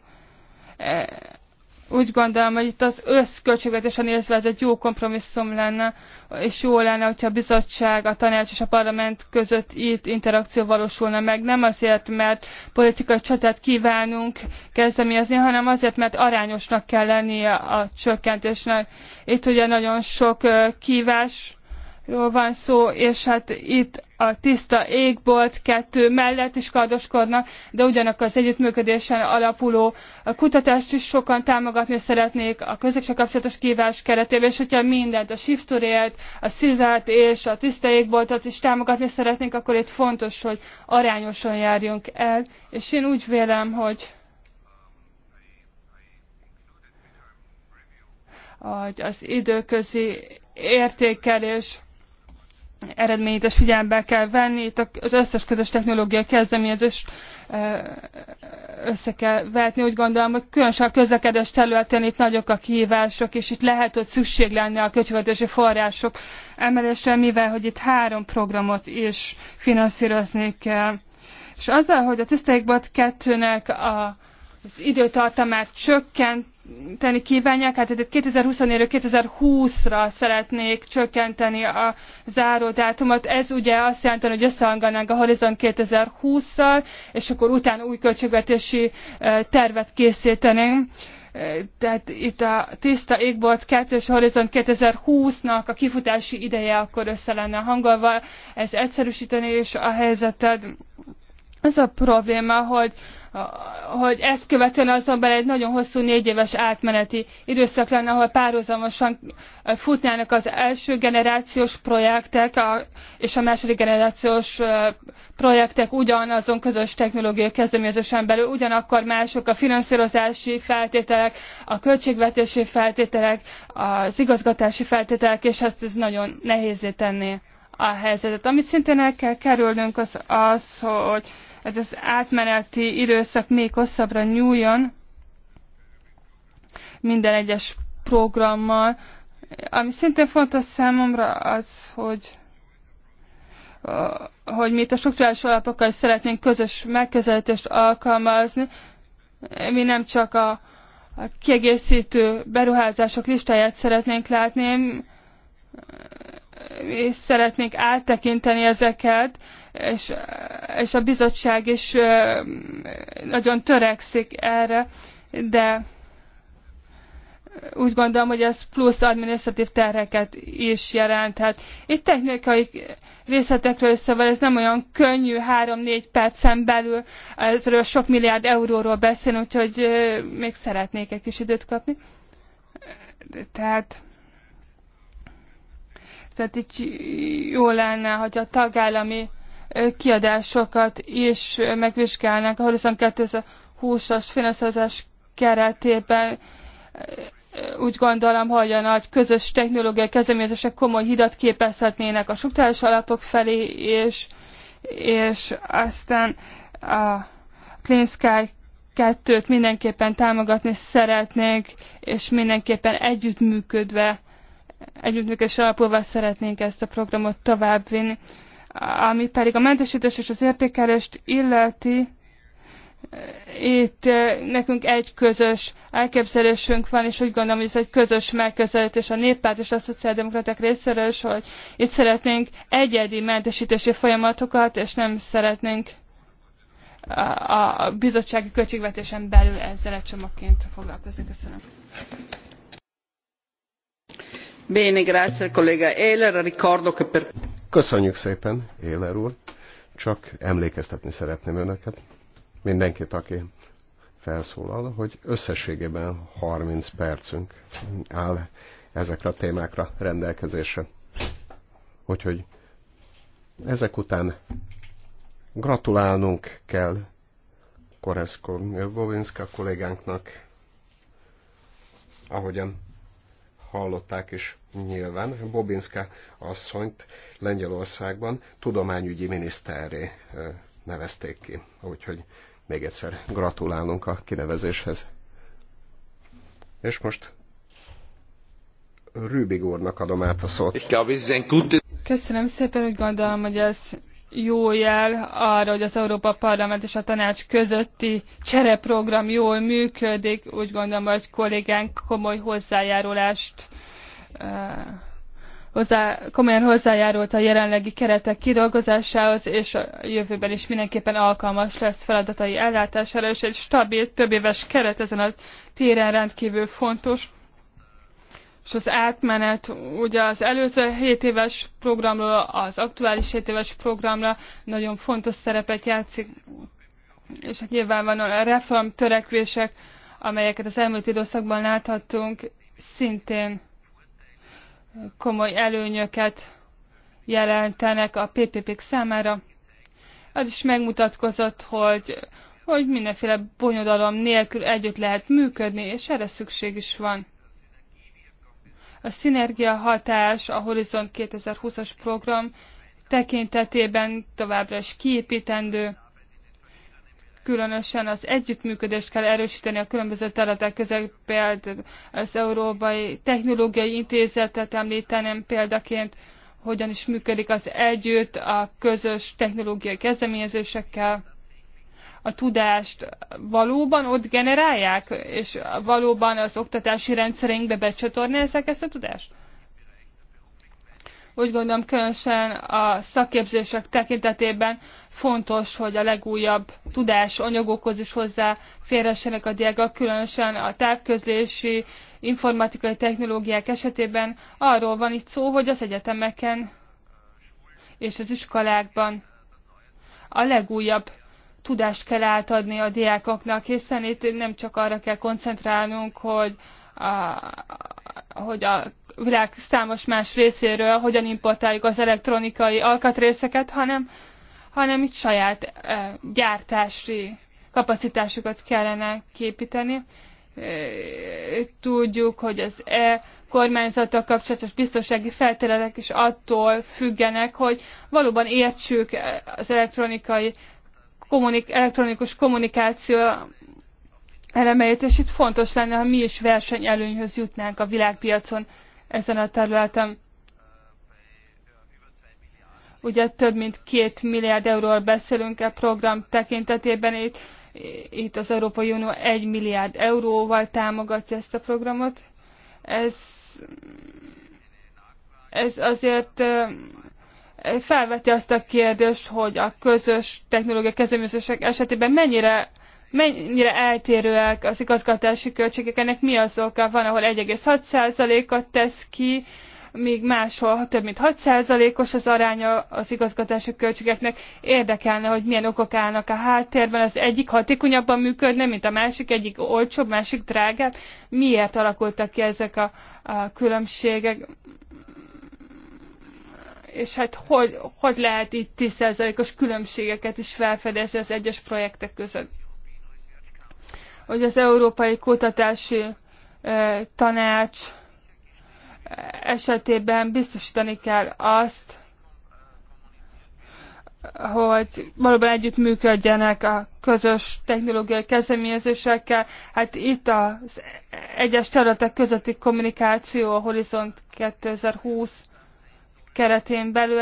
úgy gondolom, hogy itt az összköltségvetésre nézve ez egy jó kompromisszum lenne, és jó lenne, hogyha a bizottság, a tanács és a parlament között itt interakció valósulna meg. Nem azért, mert politikai csatát kívánunk kezdeményezni, hanem azért, mert arányosnak kell lennie a csökkentésnek. Itt ugye nagyon sok kívás ról van szó, és hát itt a tiszta égbolt kettő mellett is kardoskodnak, de ugyanak az együttműködésen alapuló kutatást is sokan támogatni szeretnék a közösség kapcsolatos kívás keretében, és hogyha mindent, a shiftorért, a szizát és a tiszta égboltot is támogatni szeretnénk, akkor itt fontos, hogy arányosan járjunk el, és én úgy vélem, hogy hogy az időközi értékelés eredményt is figyelembe kell venni, itt az összes közös technológiai kezdeményezést össze kell vetni. Úgy gondolom, hogy különösen a közlekedés területén itt nagyok a kihívások, és itt lehet, hogy szükség lenne a költségvetési források emelésre, mivel hogy itt három programot is finanszírozni kell. És azzal, hogy a tisztelikbot kettőnek a az időtartamát csökkenteni kívánják, hát itt 2024-ről 2020-ra szeretnék csökkenteni a záródátumot. Ez ugye azt jelenti, hogy összehanganánk a Horizon 2020-szal, és akkor utána új költségvetési tervet készítenénk tehát itt a tiszta égbolt 2 és horizont 2020-nak a kifutási ideje akkor össze lenne hangolva, ez egyszerűsíteni és a helyzeted. Ez a probléma, hogy hogy ezt követően azonban egy nagyon hosszú négy éves átmeneti időszak lenne, ahol párhuzamosan futnának az első generációs projektek a, és a második generációs projektek ugyanazon közös technológiai kezdeményezésen belül, ugyanakkor mások a finanszírozási feltételek, a költségvetési feltételek, az igazgatási feltételek, és ezt ez nagyon nehézé tenni a helyzetet. Amit szintén el kell kerülnünk az, az hogy ez az átmeneti időszak még hosszabbra nyúljon minden egyes programmal. Ami szintén fontos számomra az, hogy hogy mi itt a struktúrális alapokkal szeretnénk közös megközelítést alkalmazni. Mi nem csak a, a kiegészítő beruházások listáját szeretnénk látni, és szeretnénk áttekinteni ezeket, és, és a bizottság is nagyon törekszik erre, de úgy gondolom, hogy ez plusz administratív terheket is hát Itt technikai részletekről is szóval ez nem olyan könnyű, 3-4 percen belül ezről sok milliárd euróról beszélni, úgyhogy még szeretnék egy kis időt kapni. Tehát tehát itt jó lenne, hogy a tagállami kiadásokat is megvizsgálnak a Horizon 2020-as finanszírozás keretében. Úgy gondolom, hogy a nagy közös technológiai kezdeményezések komoly hidat képezhetnének a struktúrális alapok felé, és, és aztán a Clean Sky 2-t mindenképpen támogatni szeretnénk, és mindenképpen együttműködve együttműködés alapúval szeretnénk ezt a programot továbbvinni. Ami pedig a mentesítés és az értékelést illeti, itt eh, nekünk egy közös elképzelésünk van, és úgy gondolom, hogy ez egy közös megközelítés a néppárt és a szociáldemokraták részéről, és hogy itt szeretnénk egyedi mentesítési folyamatokat, és nem szeretnénk a, a bizottsági költségvetésen belül ezzel egy csomagként foglalkozni. Köszönöm. Köszönjük szépen, Éler úr. Csak emlékeztetni szeretném önöket, mindenkit, aki felszólal, hogy összességében 30 percünk áll ezekre a témákra rendelkezésre. Úgyhogy ezek után gratulálnunk kell Koreszko Vovinska kollégánknak, ahogyan hallották is nyilván, Bobinska asszonyt Lengyelországban tudományügyi miniszterré nevezték ki. Úgyhogy még egyszer gratulálunk a kinevezéshez. És most Rübig úrnak adom át a szót. Köszönöm szépen, hogy gondolom, hogy ez jó jel arra, hogy az Európa Parlament és a Tanács közötti csereprogram jól működik. Úgy gondolom, hogy kollégánk komoly hozzájárulást hozzá, komolyan hozzájárult a jelenlegi keretek kidolgozásához, és a jövőben is mindenképpen alkalmas lesz feladatai ellátására, és egy stabil, többéves keret ezen a téren rendkívül fontos és az átmenet ugye az előző 7 éves programról az aktuális 7 éves programra nagyon fontos szerepet játszik, és hát van a reform törekvések, amelyeket az elmúlt időszakban láthattunk, szintén komoly előnyöket jelentenek a ppp számára. Az is megmutatkozott, hogy, hogy mindenféle bonyodalom nélkül együtt lehet működni, és erre szükség is van. A szinergia hatás a Horizont 2020-as program tekintetében továbbra is kiépítendő, különösen az együttműködést kell erősíteni a különböző területek között, például az Európai Technológiai Intézetet említeném példaként, hogyan is működik az együtt a közös technológiai kezdeményezésekkel a tudást valóban ott generálják, és valóban az oktatási rendszerünkbe becsatornázzák ezt a tudást? Úgy gondolom, különösen a szakképzések tekintetében fontos, hogy a legújabb tudás anyagokhoz is hozzáférhessenek a diákok, különösen a távközlési, informatikai technológiák esetében arról van itt szó, hogy az egyetemeken és az iskolákban a legújabb tudást kell átadni a diákoknak, hiszen itt nem csak arra kell koncentrálnunk, hogy a, hogy a világ számos más részéről hogyan importáljuk az elektronikai alkatrészeket, hanem, hanem itt saját e, gyártási kapacitásukat kellene képíteni. E, tudjuk, hogy az e kormányzattal kapcsolatos biztonsági feltételek is attól függenek, hogy valóban értsük az elektronikai kommunik elektronikus kommunikáció elemeit, és itt fontos lenne, ha mi is versenyelőnyhöz jutnánk a világpiacon ezen a területen. Ugye több mint két milliárd euróról beszélünk a e program tekintetében, itt, itt az Európai Unió egy milliárd euróval támogatja ezt a programot. Ez, ez azért felveti azt a kérdést, hogy a közös technológia kezdeményezések esetében mennyire mennyire eltérőek az igazgatási költségek, ennek mi az oka? Van, ahol 1,6%-at tesz ki, míg máshol több mint 6%-os az aránya az igazgatási költségeknek. Érdekelne, hogy milyen okok állnak a háttérben. Az egyik hatékonyabban működne, mint a másik, egyik olcsóbb, másik drágább. Miért alakultak ki ezek a, a különbségek? és hát hogy, hogy lehet itt 10%-os különbségeket is felfedezni az egyes projektek között. Hogy az Európai Kutatási Tanács esetében biztosítani kell azt, hogy valóban együttműködjenek a közös technológiai kezdeményezésekkel. Hát itt az egyes területek közötti kommunikáció a Horizont 2020 keretén belül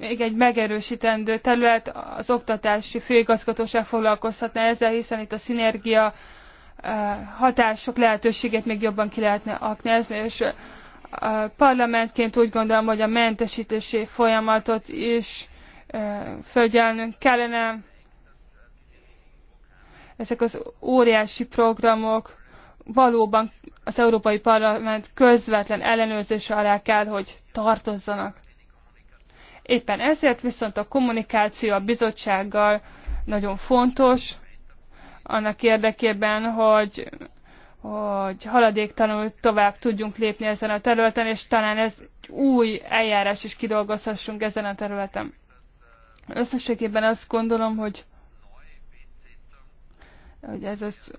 még egy megerősítendő terület, az oktatási főigazgatóság foglalkozhatna ezzel, hiszen itt a szinergia eh, hatások lehetőséget még jobban ki lehetne aknázni, és a eh, parlamentként úgy gondolom, hogy a mentesítési folyamatot is eh, fölgyelnünk kellene. Ezek az óriási programok valóban az Európai Parlament közvetlen ellenőrzése alá kell, hogy tartozzanak. Éppen ezért viszont a kommunikáció a bizottsággal nagyon fontos, annak érdekében, hogy, hogy haladéktalanul tovább tudjunk lépni ezen a területen, és talán ez új eljárás is kidolgozhassunk ezen a területen. Összességében azt gondolom, hogy, hogy ez az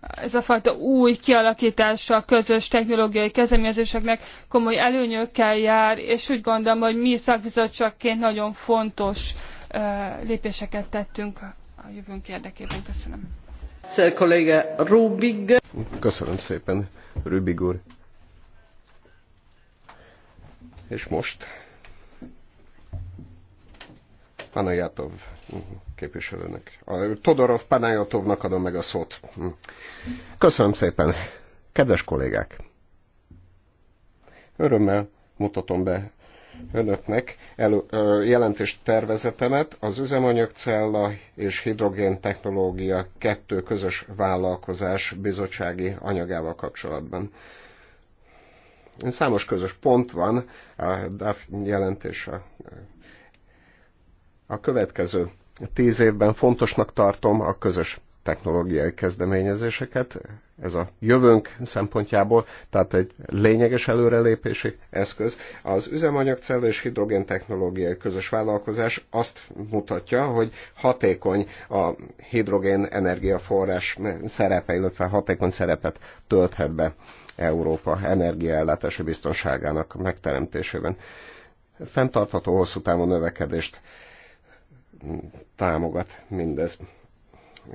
ez a fajta új kialakítása a közös technológiai kezdeményezéseknek komoly előnyökkel jár, és úgy gondolom, hogy mi szakbizottságként nagyon fontos lépéseket tettünk a jövőnk érdekében. Köszönöm. Rubig. Köszönöm szépen, Rubig úr. És most Panajatov mhm, képviselőnek. A Todorov Panajatovnak adom meg a szót. Mhm. Köszönöm szépen. Kedves kollégák! Örömmel mutatom be önöknek elő, ö, jelentést tervezetemet az üzemanyagcella és hidrogén technológia kettő közös vállalkozás bizottsági anyagával kapcsolatban. Számos közös pont van a DAF jelentése a következő tíz évben fontosnak tartom a közös technológiai kezdeményezéseket, ez a jövőnk szempontjából, tehát egy lényeges előrelépési eszköz. Az üzemanyagcell és hidrogén technológiai közös vállalkozás azt mutatja, hogy hatékony a hidrogén energiaforrás szerepe, illetve hatékony szerepet tölthet be Európa energiaellátási biztonságának megteremtésében. Fentartható hosszú távú növekedést támogat mindez.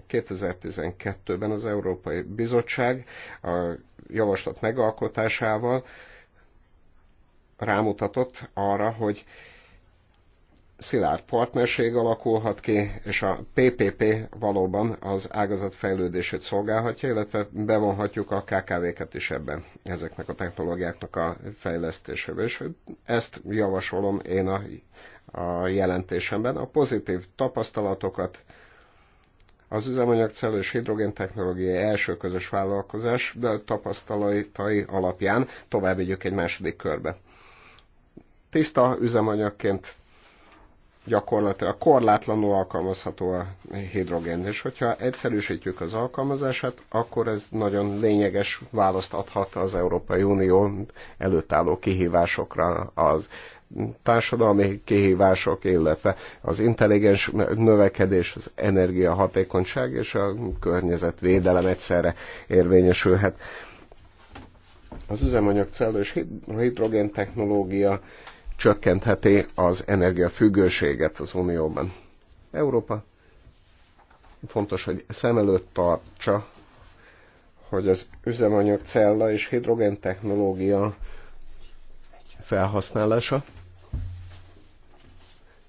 2012-ben az Európai Bizottság a javaslat megalkotásával rámutatott arra, hogy szilárd partnerség alakulhat ki, és a PPP valóban az ágazat fejlődését szolgálhatja, illetve bevonhatjuk a KKV-ket is ebben ezeknek a technológiáknak a fejlesztésébe. És ezt javasolom én a a jelentésemben. A pozitív tapasztalatokat az üzemanyagcellő és hidrogén technológiai első közös vállalkozás de tapasztalatai alapján tovább vigyük egy második körbe. Tiszta üzemanyagként gyakorlatilag korlátlanul alkalmazható a hidrogén, és hogyha egyszerűsítjük az alkalmazását, akkor ez nagyon lényeges választ adhat az Európai Unió előtt álló kihívásokra az társadalmi kihívások, illetve az intelligens növekedés, az energiahatékonyság és a környezetvédelem egyszerre érvényesülhet. Az üzemanyag és hidrogén technológia csökkentheti az energiafüggőséget az Unióban. Európa fontos, hogy szem előtt tartsa, hogy az üzemanyag cella és hidrogén technológia felhasználása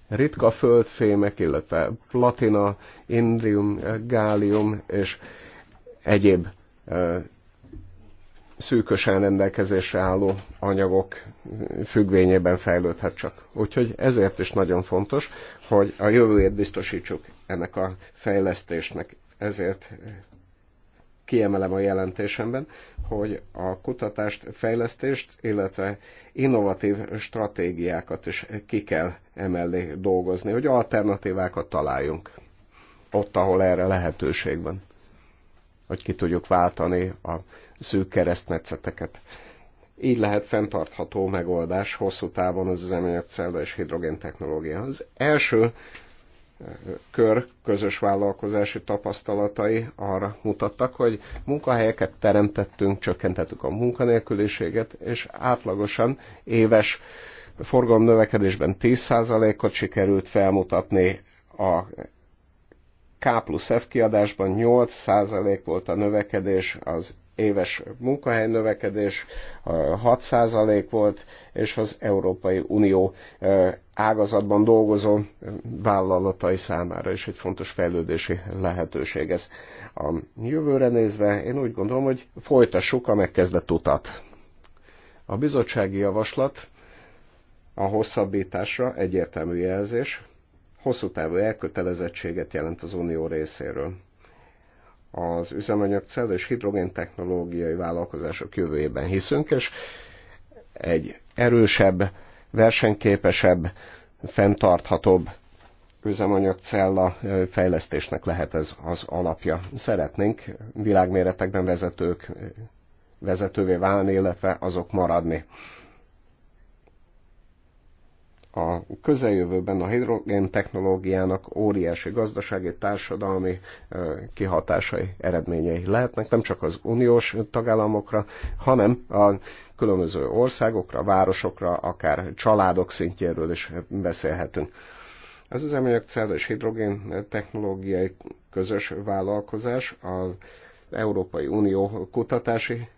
ritka földfémek, illetve platina, indrium, gálium és egyéb szűkösen rendelkezésre álló anyagok függvényében fejlődhet csak. Úgyhogy ezért is nagyon fontos, hogy a jövőjét biztosítsuk ennek a fejlesztésnek. Ezért kiemelem a jelentésemben, hogy a kutatást, fejlesztést, illetve innovatív stratégiákat is ki kell emellé dolgozni, hogy alternatívákat találjunk ott, ahol erre lehetőség van, hogy ki tudjuk váltani a szűk keresztmetszeteket. Így lehet fenntartható megoldás hosszú távon az üzemanyag cella és hidrogén technológia. Az első eh, kör közös vállalkozási tapasztalatai arra mutattak, hogy munkahelyeket teremtettünk, csökkentettük a munkanélküliséget, és átlagosan éves forgalom növekedésben 10%-ot sikerült felmutatni, a K plusz F kiadásban 8% volt a növekedés, az éves munkahely növekedés 6% volt, és az Európai Unió ágazatban dolgozó vállalatai számára is egy fontos fejlődési lehetőség ez. A jövőre nézve én úgy gondolom, hogy folytassuk a megkezdett utat. A bizottsági javaslat a hosszabbításra egyértelmű jelzés, hosszú távú elkötelezettséget jelent az Unió részéről. Az üzemanyag cell és hidrogén technológiai vállalkozások jövőjében hiszünk, és egy erősebb, versenyképesebb, fenntarthatóbb üzemanyagcella fejlesztésnek lehet ez az alapja. Szeretnénk világméretekben vezetők, vezetővé válni, illetve azok maradni a közeljövőben a hidrogén technológiának óriási gazdasági, társadalmi kihatásai, eredményei lehetnek, nem csak az uniós tagállamokra, hanem a különböző országokra, városokra, akár családok szintjéről is beszélhetünk. Ez az üzemanyag cél és hidrogén technológiai közös vállalkozás az Európai Unió kutatási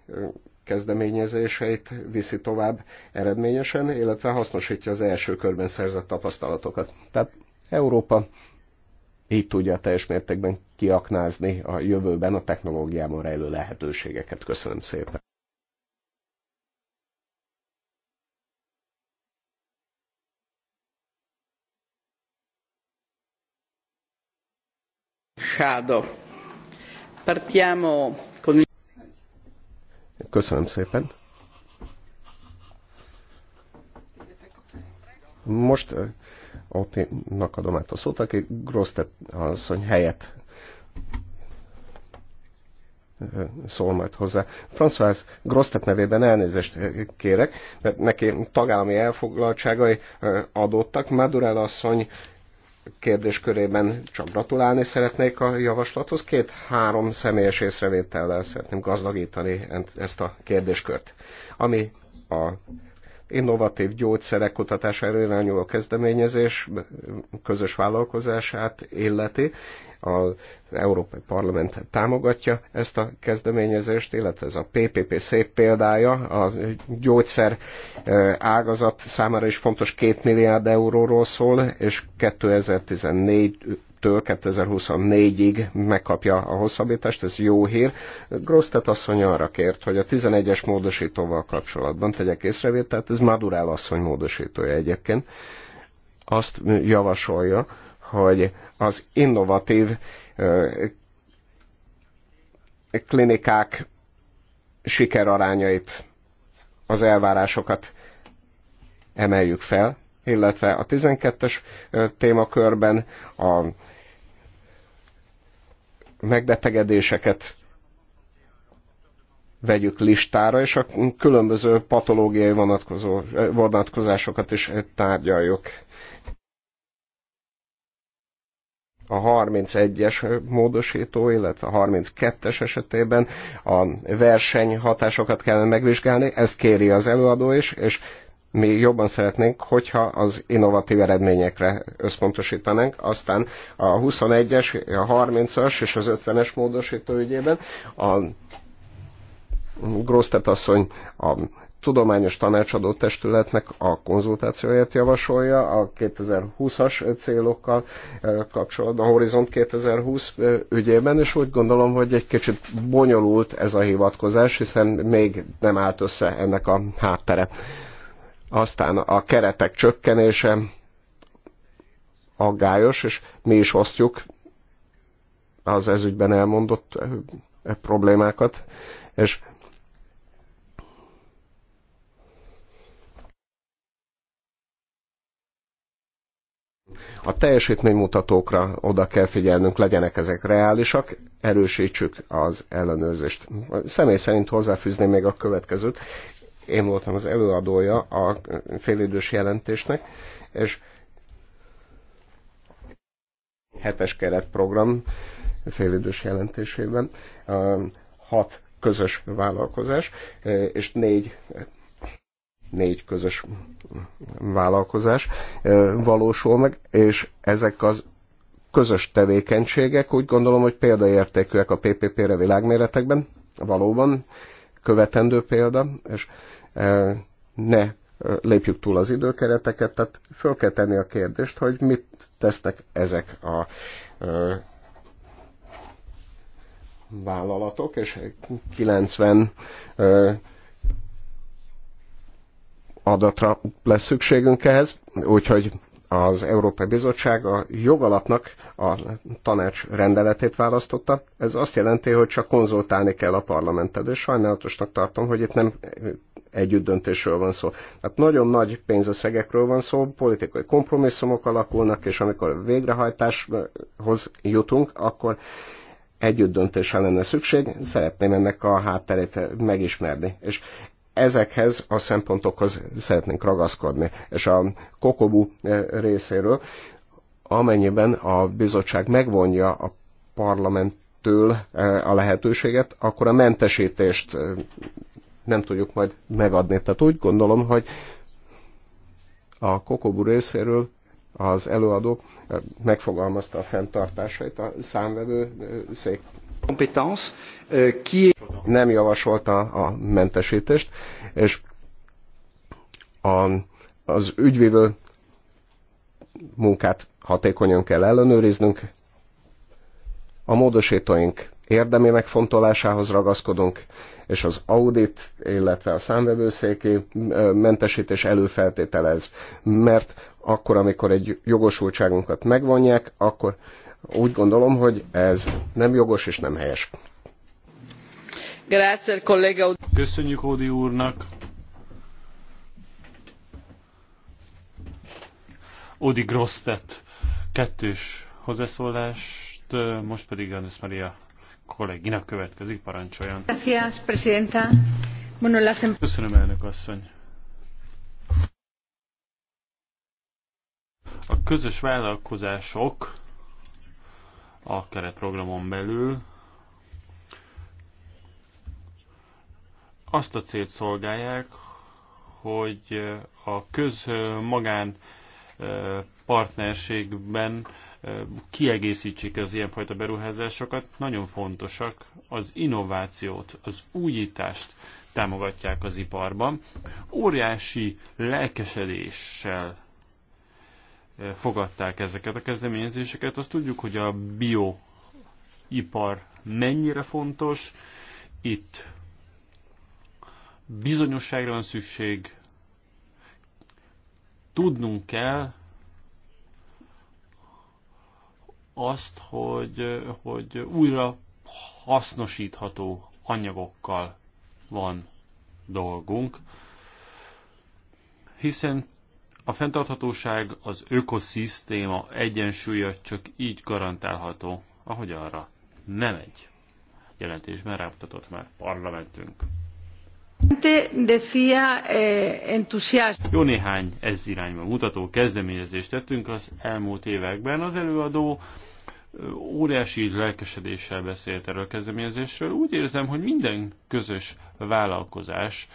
kezdeményezéseit viszi tovább eredményesen, illetve hasznosítja az első körben szerzett tapasztalatokat. Tehát Európa így tudja teljes mértékben kiaknázni a jövőben a technológiában rejlő lehetőségeket. Köszönöm szépen! Partiamo Köszönöm szépen. Most Otinak adom át a szót, aki Grosztet asszony helyett szól majd hozzá. François Grosztet nevében elnézést kérek, mert neki tagállami elfoglaltságai adottak. Madurell asszony kérdéskörében csak gratulálni szeretnék a javaslathoz. Két-három személyes észrevétellel szeretném gazdagítani ezt a kérdéskört. Ami a innovatív gyógyszerek kutatására irányuló kezdeményezés közös vállalkozását illeti. Az Európai Parlament támogatja ezt a kezdeményezést, illetve ez a PPP szép példája, a gyógyszer e, ágazat számára is fontos 2 milliárd euróról szól, és 2014 től 2024-ig megkapja a hosszabbítást, ez jó hír. Grosztet asszony arra kért, hogy a 11-es módosítóval kapcsolatban tegyek észrevételt, ez Madurál asszony módosítója egyébként. Azt javasolja, hogy az innovatív klinikák sikerarányait, az elvárásokat emeljük fel, illetve a 12-es témakörben a megbetegedéseket vegyük listára, és a különböző patológiai vonatkozó, eh, vonatkozásokat is tárgyaljuk. A 31-es módosító, illetve a 32-es esetében a versenyhatásokat kellene megvizsgálni, ezt kéri az előadó is, és mi jobban szeretnénk, hogyha az innovatív eredményekre összpontosítanánk, aztán a 21-es, a 30-as és az 50-es módosító ügyében a Grosztet asszony a tudományos tanácsadó testületnek a konzultációját javasolja a 2020-as célokkal eh, kapcsolatban, a Horizont 2020 eh, ügyében, és úgy gondolom, hogy egy kicsit bonyolult ez a hivatkozás, hiszen még nem állt össze ennek a háttere. Aztán a keretek csökkenése aggályos, és mi is osztjuk az ezügyben elmondott eh, e problémákat, és a teljesítménymutatókra oda kell figyelnünk, legyenek ezek reálisak, erősítsük az ellenőrzést. Személy szerint hozzáfűzném még a következőt. Én voltam az előadója a félidős jelentésnek, és hetes keretprogram félidős jelentésében hat közös vállalkozás, és négy négy közös vállalkozás valósul meg, és ezek az közös tevékenységek úgy gondolom, hogy példaértékűek a PPP-re világméretekben, valóban követendő példa, és ne lépjük túl az időkereteket, tehát föl kell tenni a kérdést, hogy mit tesznek ezek a vállalatok, és 90 adatra lesz szükségünk ehhez, úgyhogy az Európai Bizottság a jogalapnak a tanács rendeletét választotta. Ez azt jelenti, hogy csak konzultálni kell a parlamenttel, és sajnálatosnak tartom, hogy itt nem együtt döntésről van szó. Tehát nagyon nagy pénzösszegekről van szó, politikai kompromisszumok alakulnak, és amikor végrehajtáshoz jutunk, akkor együtt döntésre lenne szükség, szeretném ennek a hátterét megismerni. És ezekhez a szempontokhoz szeretnénk ragaszkodni. És a Kokobu eh, részéről, amennyiben a bizottság megvonja a parlamenttől eh, a lehetőséget, akkor a mentesítést eh, nem tudjuk majd megadni. Tehát úgy gondolom, hogy a Kokobu részéről az előadó eh, megfogalmazta a fenntartásait a számvevő eh, szék. Eh, ki nem javasolta a mentesítést, és a, az ügyvívő munkát hatékonyan kell ellenőriznünk. A módosítóink érdemi megfontolásához ragaszkodunk, és az audit, illetve a számvevőszéki mentesítés előfeltételez. Mert akkor, amikor egy jogosultságunkat megvonják, akkor úgy gondolom, hogy ez nem jogos és nem helyes. Köszönjük Ódi úrnak! Odi Grosztet kettős hozzászólást, most pedig Janusz Maria kolléginak következik, parancsoljon. Köszönöm, elnök asszony. A közös vállalkozások a keretprogramon belül azt a célt szolgálják, hogy a köz-magán eh, partnerségben kiegészítsék az ilyenfajta beruházásokat, nagyon fontosak az innovációt, az újítást támogatják az iparban. Óriási lelkesedéssel eh, fogadták ezeket a kezdeményezéseket. Azt tudjuk, hogy a bioipar mennyire fontos. Itt bizonyosságra van szükség, tudnunk kell, azt, hogy, hogy újra hasznosítható anyagokkal van dolgunk, hiszen a fenntarthatóság az ökoszisztéma egyensúlya csak így garantálható, ahogy arra nem egy jelentésben rámutatott már parlamentünk. Eh, Jó néhány ez irányba mutató kezdeményezést tettünk az elmúlt években. Az előadó óriási lelkesedéssel beszélt erről a kezdeményezésről. Úgy érzem, hogy minden közös vállalkozás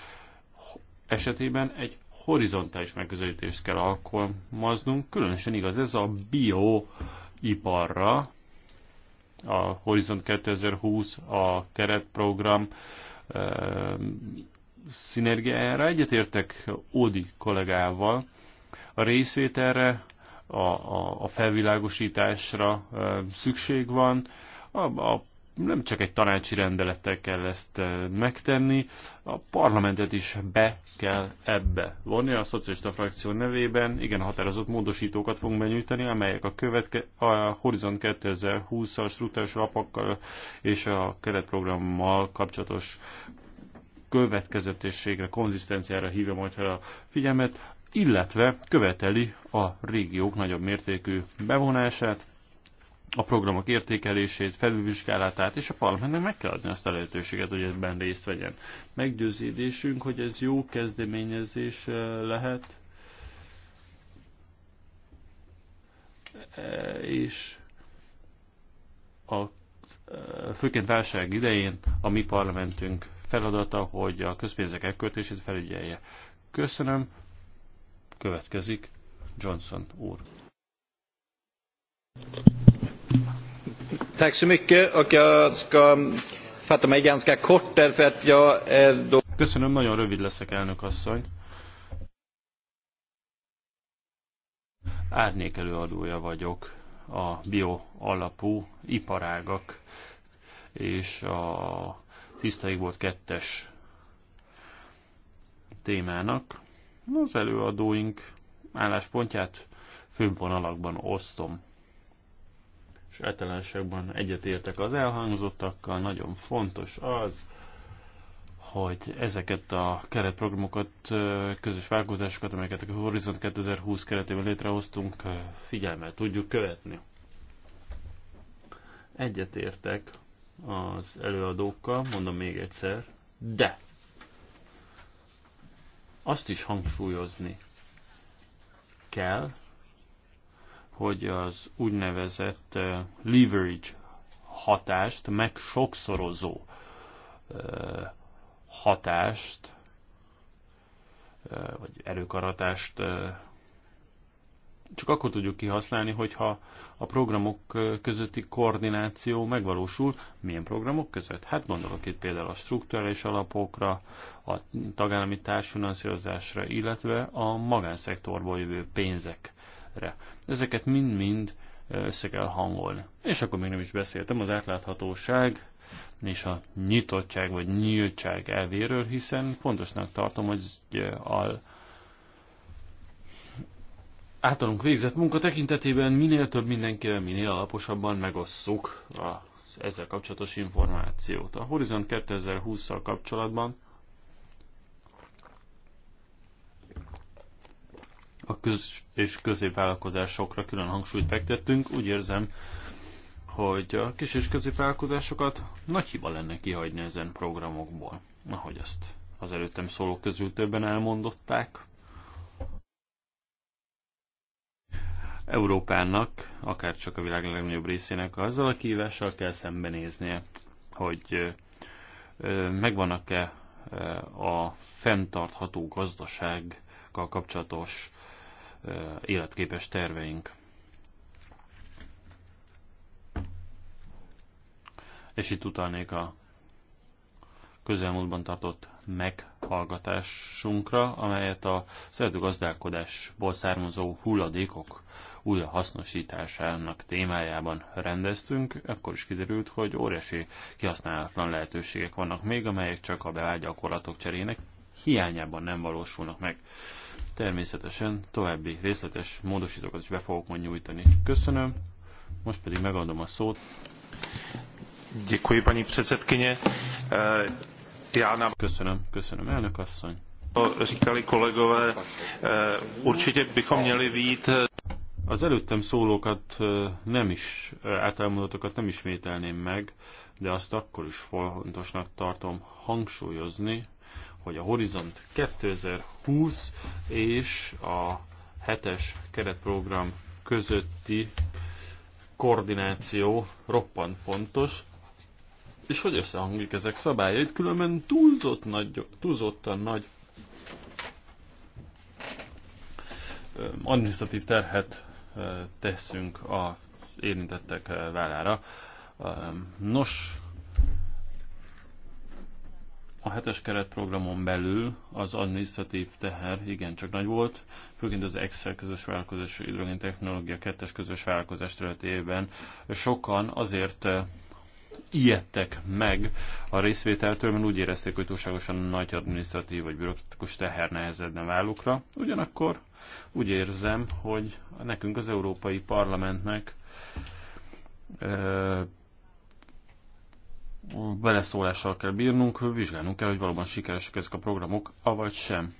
esetében egy horizontális megközelítést kell alkalmaznunk. Különösen igaz ez a bioiparra, a Horizont 2020, a keretprogram, szinergiájára. Egyetértek Ódi kollégával. A részvételre, a, a, a felvilágosításra szükség van. A, a nem csak egy tanácsi rendelettel kell ezt megtenni, a parlamentet is be kell ebbe vonni. A szocialista frakció nevében igen határozott módosítókat fogunk benyújtani, amelyek a, követke, a Horizon 2020-as struktúrás lapokkal és a keretprogrammal kapcsolatos következetességre, konzisztenciára hívja majd fel a figyelmet, illetve követeli a régiók nagyobb mértékű bevonását, a programok értékelését, felülvizsgálatát, és a parlamentnek meg kell adni azt a lehetőséget, hogy ebben részt vegyen. Meggyőződésünk, hogy ez jó kezdeményezés eh, lehet, eh, és a eh, főként válság idején a mi parlamentünk feladata, hogy a közpénzek elköltését felügyelje. Köszönöm. Következik Johnson úr. Tack så mycket och jag ska fatta mig ganska kort därför att jag då... Köszönöm, nagyon rövid leszek elnök asszony. Árnyék előadója vagyok a bio alapú iparágak és a tisztaig volt kettes témának. Az előadóink álláspontját vonalakban osztom. És általánosságban egyetértek az elhangzottakkal. Nagyon fontos az, hogy ezeket a keretprogramokat, közös vállalkozásokat, amelyeket a Horizont 2020 keretében létrehoztunk, figyelmel tudjuk követni. Egyetértek az előadókkal, mondom még egyszer, de azt is hangsúlyozni kell, hogy az úgynevezett leverage hatást, meg sokszorozó hatást, vagy erőkaratást csak akkor tudjuk kihasználni, hogyha a programok közötti koordináció megvalósul. Milyen programok között? Hát gondolok itt például a struktúrális alapokra, a tagállami társfinanszírozásra, illetve a magánszektorból jövő pénzekre. Ezeket mind-mind össze kell hangolni. És akkor még nem is beszéltem az átláthatóság és a nyitottság vagy nyíltság elvéről, hiszen fontosnak tartom, hogy a általunk végzett munka tekintetében minél több mindenkivel, minél alaposabban megosszuk a ezzel kapcsolatos információt. A horizont 2020-szal kapcsolatban a köz- és középvállalkozásokra külön hangsúlyt fektettünk. Úgy érzem, hogy a kis és középvállalkozásokat nagy hiba lenne kihagyni ezen programokból, ahogy azt az előttem szólók közül többen elmondották. Európának, akár csak a világ legnagyobb részének azzal a kihívással kell szembenéznie, hogy megvannak-e a fenntartható gazdasággal kapcsolatos életképes terveink. És itt utalnék a közelmúltban tartott meghallgatásunkra, amelyet a szerdőgazdálkodásból származó hulladékok hasznosításának témájában rendeztünk, akkor is kiderült, hogy óriási kihasználatlan lehetőségek vannak még, amelyek csak a beállt gyakorlatok cserének hiányában nem valósulnak meg. Természetesen további részletes módosítókat is be fogok majd nyújtani. Köszönöm, most pedig megadom a szót. Děkuji, paní předsedkyně. Köszönöm, köszönöm, elnök asszony. Říkali kolegové, eh, určitě bychom měli vít. Eh, Az előttem szólókat eh, nem is, általában nem ismételném meg, de azt akkor is fontosnak tartom hangsúlyozni, hogy a Horizont 2020 és a hetes keretprogram közötti koordináció roppant fontos, és hogy összehanglik ezek szabályait, különben túlzott nagy, túlzottan nagy administratív terhet teszünk az érintettek vállára. Nos, a hetes keretprogramon belül az administratív teher igencsak nagy volt, főként az Excel közös vállalkozás és hidrogén technológia kettes közös vállalkozás területében sokan azért ijedtek meg a részvételtől, mert úgy érezték, hogy túlságosan nagy adminisztratív vagy bürokratikus teher nehezedne vállukra. Ugyanakkor úgy érzem, hogy nekünk az Európai Parlamentnek ö, beleszólással kell bírnunk, vizsgálnunk kell, hogy valóban sikeresek ezek a programok, avagy sem.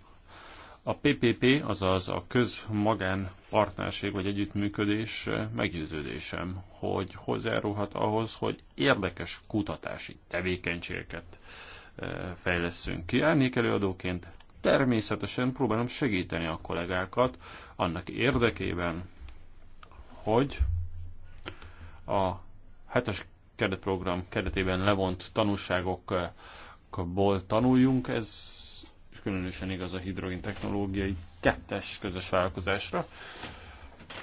A PPP, azaz a közmagán partnerség vagy együttműködés eh, meggyőződésem, hogy hozzárulhat ahhoz, hogy érdekes kutatási tevékenységeket eh, fejleszünk ki. Árnyék előadóként természetesen próbálom segíteni a kollégákat annak érdekében, hogy a hetes keretprogram keretében levont tanulságokból tanuljunk. Ez különösen igaz a hidrogén technológiai kettes közös vállalkozásra.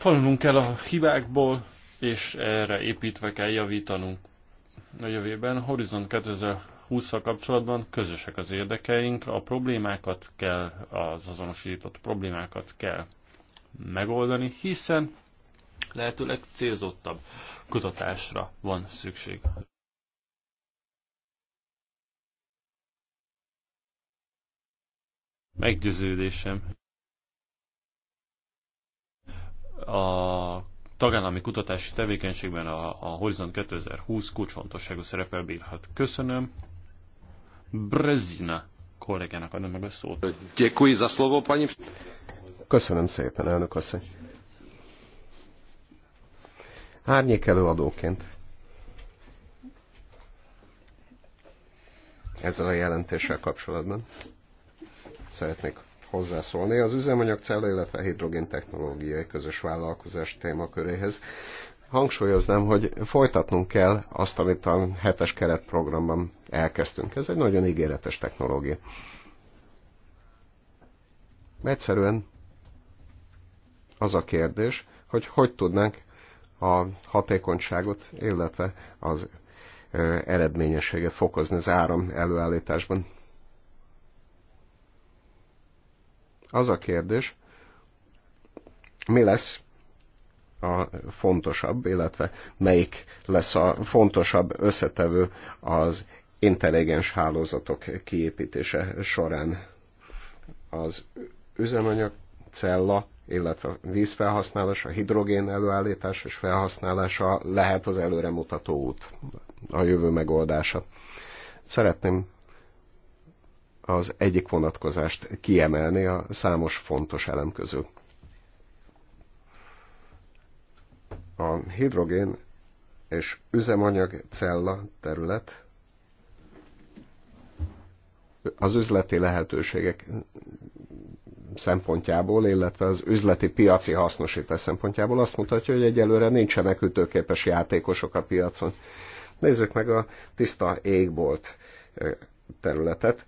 Tanulnunk kell a hibákból, és erre építve kell javítanunk a jövőben. Horizon 2020-szal kapcsolatban közösek az érdekeink, a problémákat kell, az azonosított problémákat kell megoldani, hiszen lehetőleg célzottabb kutatásra van szükség. Meggyőződésem. A tagállami kutatási tevékenységben a, a Horizon 2020 kulcsfontosságú szerepel bírhat. Köszönöm. Brezina kollégának adom meg a szót. Köszönöm szépen, elnök asszony. Árnyék előadóként. Ezzel a jelentéssel kapcsolatban szeretnék hozzászólni az üzemanyag cella, illetve hidrogén technológiai közös vállalkozás témaköréhez. Hangsúlyoznám, hogy folytatnunk kell azt, amit a hetes keretprogramban elkezdtünk. Ez egy nagyon ígéretes technológia. Egyszerűen az a kérdés, hogy hogy tudnánk a hatékonyságot, illetve az eredményességet fokozni az áram előállításban Az a kérdés, mi lesz a fontosabb, illetve melyik lesz a fontosabb összetevő az intelligens hálózatok kiépítése során. Az üzemanyag cella, illetve vízfelhasználás, a hidrogén előállítás és felhasználása lehet az előremutató út, a jövő megoldása. Szeretném az egyik vonatkozást kiemelni a számos fontos elem közül. A hidrogén és üzemanyag cella terület az üzleti lehetőségek szempontjából, illetve az üzleti piaci hasznosítás szempontjából azt mutatja, hogy egyelőre nincsenek ütőképes játékosok a piacon. Nézzük meg a tiszta égbolt eh, területet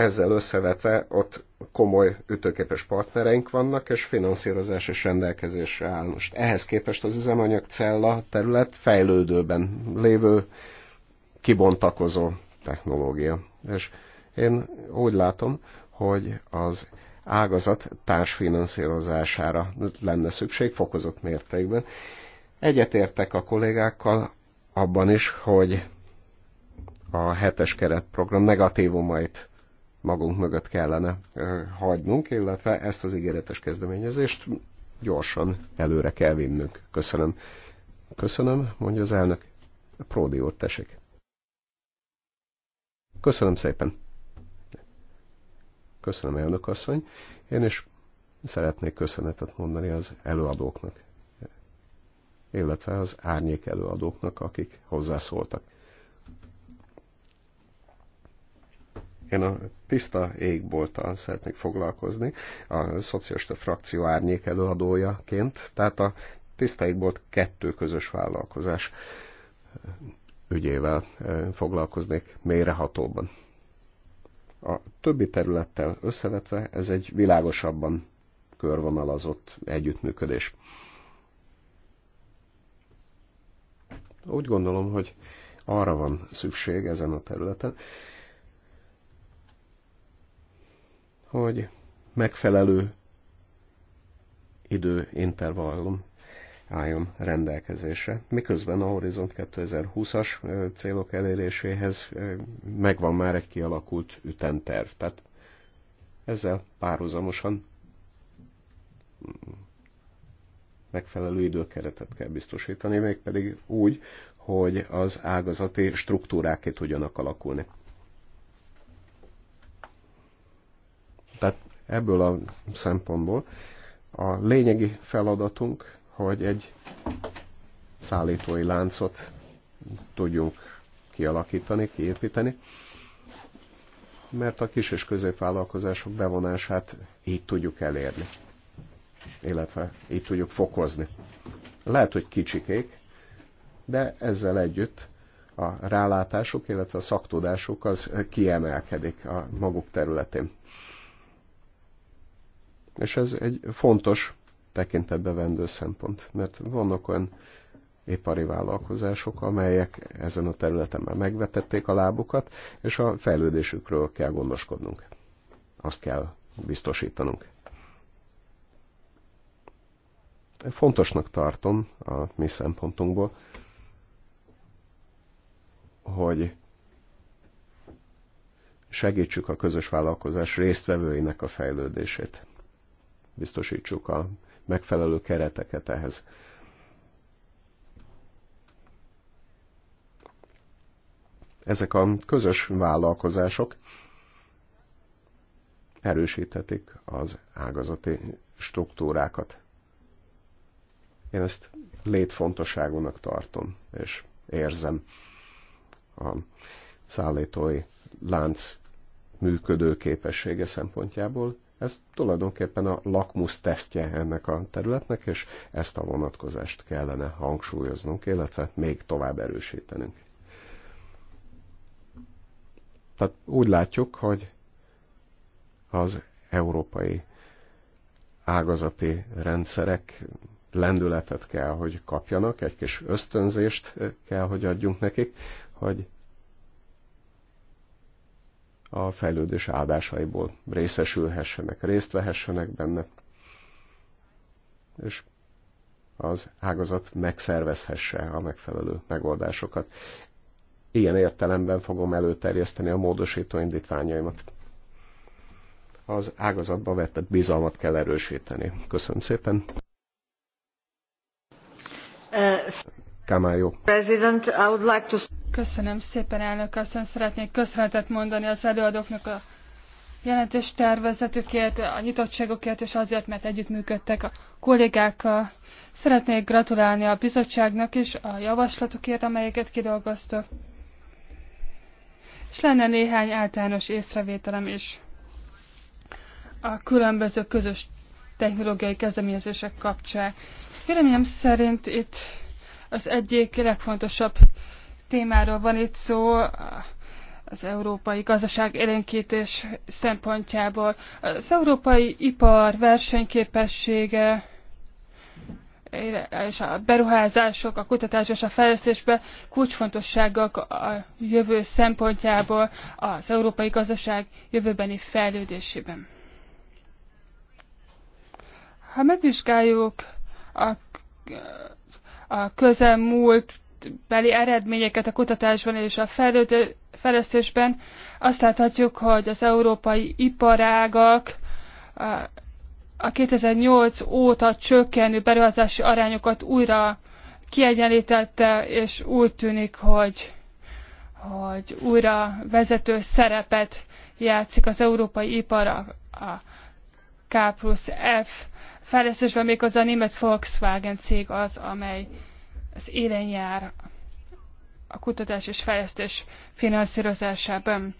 ezzel összevetve ott komoly ütőképes partnereink vannak, és finanszírozás és rendelkezésre áll. Most ehhez képest az üzemanyag cella terület fejlődőben lévő kibontakozó technológia. És én úgy látom, hogy az ágazat társfinanszírozására lenne szükség fokozott mértékben. Egyetértek a kollégákkal abban is, hogy a hetes keretprogram negatívumait magunk mögött kellene hagynunk, illetve ezt az ígéretes kezdeményezést gyorsan előre kell vinnünk. Köszönöm. Köszönöm, mondja az elnök. Pródi úr, tessék. Köszönöm szépen. Köszönöm, elnök asszony. Én is szeretnék köszönetet mondani az előadóknak, illetve az árnyék előadóknak, akik hozzászóltak. Én a tiszta égbolttal szeretnék foglalkozni, a szocialista frakció árnyék előadójaként, tehát a tiszta égbolt kettő közös vállalkozás ügyével eh, foglalkoznék mélyrehatóban. A többi területtel összevetve ez egy világosabban körvonalazott együttműködés. Úgy gondolom, hogy arra van szükség ezen a területen, hogy megfelelő idő intervallum álljon rendelkezésre. Miközben a Horizont 2020-as célok eléréséhez megvan már egy kialakult ütemterv. Tehát ezzel párhuzamosan megfelelő időkeretet kell biztosítani, mégpedig úgy, hogy az ágazati struktúrák ki tudjanak alakulni. Tehát ebből a szempontból a lényegi feladatunk, hogy egy szállítói láncot tudjunk kialakítani, kiépíteni, mert a kis és középvállalkozások bevonását így tudjuk elérni, illetve így tudjuk fokozni. Lehet, hogy kicsikék, de ezzel együtt a rálátásuk, illetve a szaktudásuk az kiemelkedik a maguk területén. És ez egy fontos tekintetbe vendő szempont, mert vannak olyan ipari vállalkozások, amelyek ezen a területen már megvetették a lábukat, és a fejlődésükről kell gondoskodnunk. Azt kell biztosítanunk. Fontosnak tartom a mi szempontunkból, hogy segítsük a közös vállalkozás résztvevőinek a fejlődését biztosítsuk a megfelelő kereteket ehhez. Ezek a közös vállalkozások erősíthetik az ágazati struktúrákat. Én ezt létfontosságúnak tartom, és érzem a szállítói lánc működő képessége szempontjából, ez tulajdonképpen a lakmus tesztje ennek a területnek, és ezt a vonatkozást kellene hangsúlyoznunk, illetve még tovább erősítenünk. Tehát úgy látjuk, hogy az európai ágazati rendszerek lendületet kell, hogy kapjanak, egy kis ösztönzést kell, hogy adjunk nekik, hogy a fejlődés áldásaiból részesülhessenek, részt vehessenek benne, és az ágazat megszervezhesse a megfelelő megoldásokat. Ilyen értelemben fogom előterjeszteni a módosító indítványaimat. Az ágazatba vettett bizalmat kell erősíteni. Köszönöm szépen! Köszönöm szépen, elnök asszony. Szeretnék köszönetet mondani az előadóknak a jelentős tervezetükért, a nyitottságokért és azért, mert együttműködtek a kollégákkal. Szeretnék gratulálni a bizottságnak is a javaslatokért, amelyeket kidolgoztak. És lenne néhány általános észrevételem is a különböző közös technológiai kezdeményezések kapcsán. Véleményem szerint itt az egyik legfontosabb témáról van itt szó, az európai gazdaság élénkítés szempontjából. Az európai ipar versenyképessége és a beruházások, a kutatás és a fejlesztésbe kulcsfontosságok a jövő szempontjából az európai gazdaság jövőbeni fejlődésében. Ha megvizsgáljuk a a közelmúlt beli eredményeket a kutatásban és a fejlesztésben, azt láthatjuk, hogy az európai iparágak a 2008 óta csökkenő beruházási arányokat újra kiegyenlítette, és úgy tűnik, hogy, hogy újra vezető szerepet játszik az európai ipar a K plusz F fejlesztésben méghozzá a német Volkswagen cég az, amely az élen jár a kutatás és fejlesztés finanszírozásában.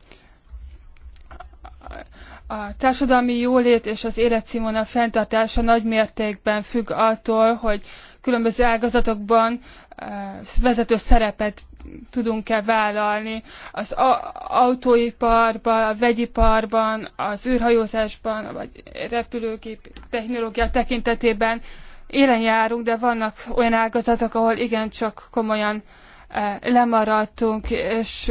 A társadalmi jólét és az életszínvonal fenntartása nagy mértékben függ attól, hogy különböző ágazatokban vezető szerepet tudunk-e vállalni az autóiparban, a vegyiparban, az űrhajózásban, vagy repülőgép technológia tekintetében élen járunk, de vannak olyan ágazatok, ahol igencsak komolyan eh, lemaradtunk, és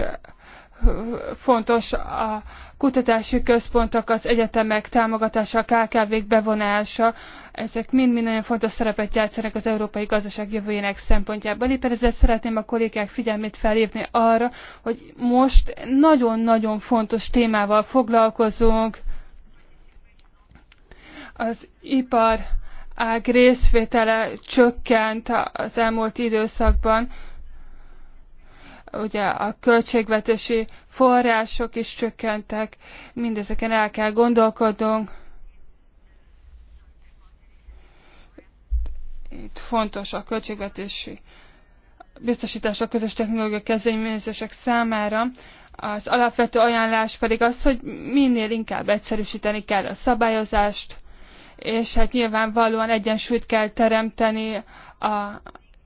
fontos a kutatási központok, az egyetemek támogatása, a KKV-k bevonása, ezek mind-mind nagyon fontos szerepet játszanak az európai gazdaság jövőjének szempontjából. Éppen ezért szeretném a kollégák figyelmét felhívni arra, hogy most nagyon-nagyon fontos témával foglalkozunk, az ipar ág részvétele csökkent az elmúlt időszakban, ugye a költségvetési források is csökkentek, mindezeken el kell gondolkodnunk. Itt fontos a költségvetési biztosítás, a közös technológia kezdeményezések számára. Az alapvető ajánlás pedig az, hogy minél inkább egyszerűsíteni kell a szabályozást, és hát nyilvánvalóan egyensúlyt kell teremteni a,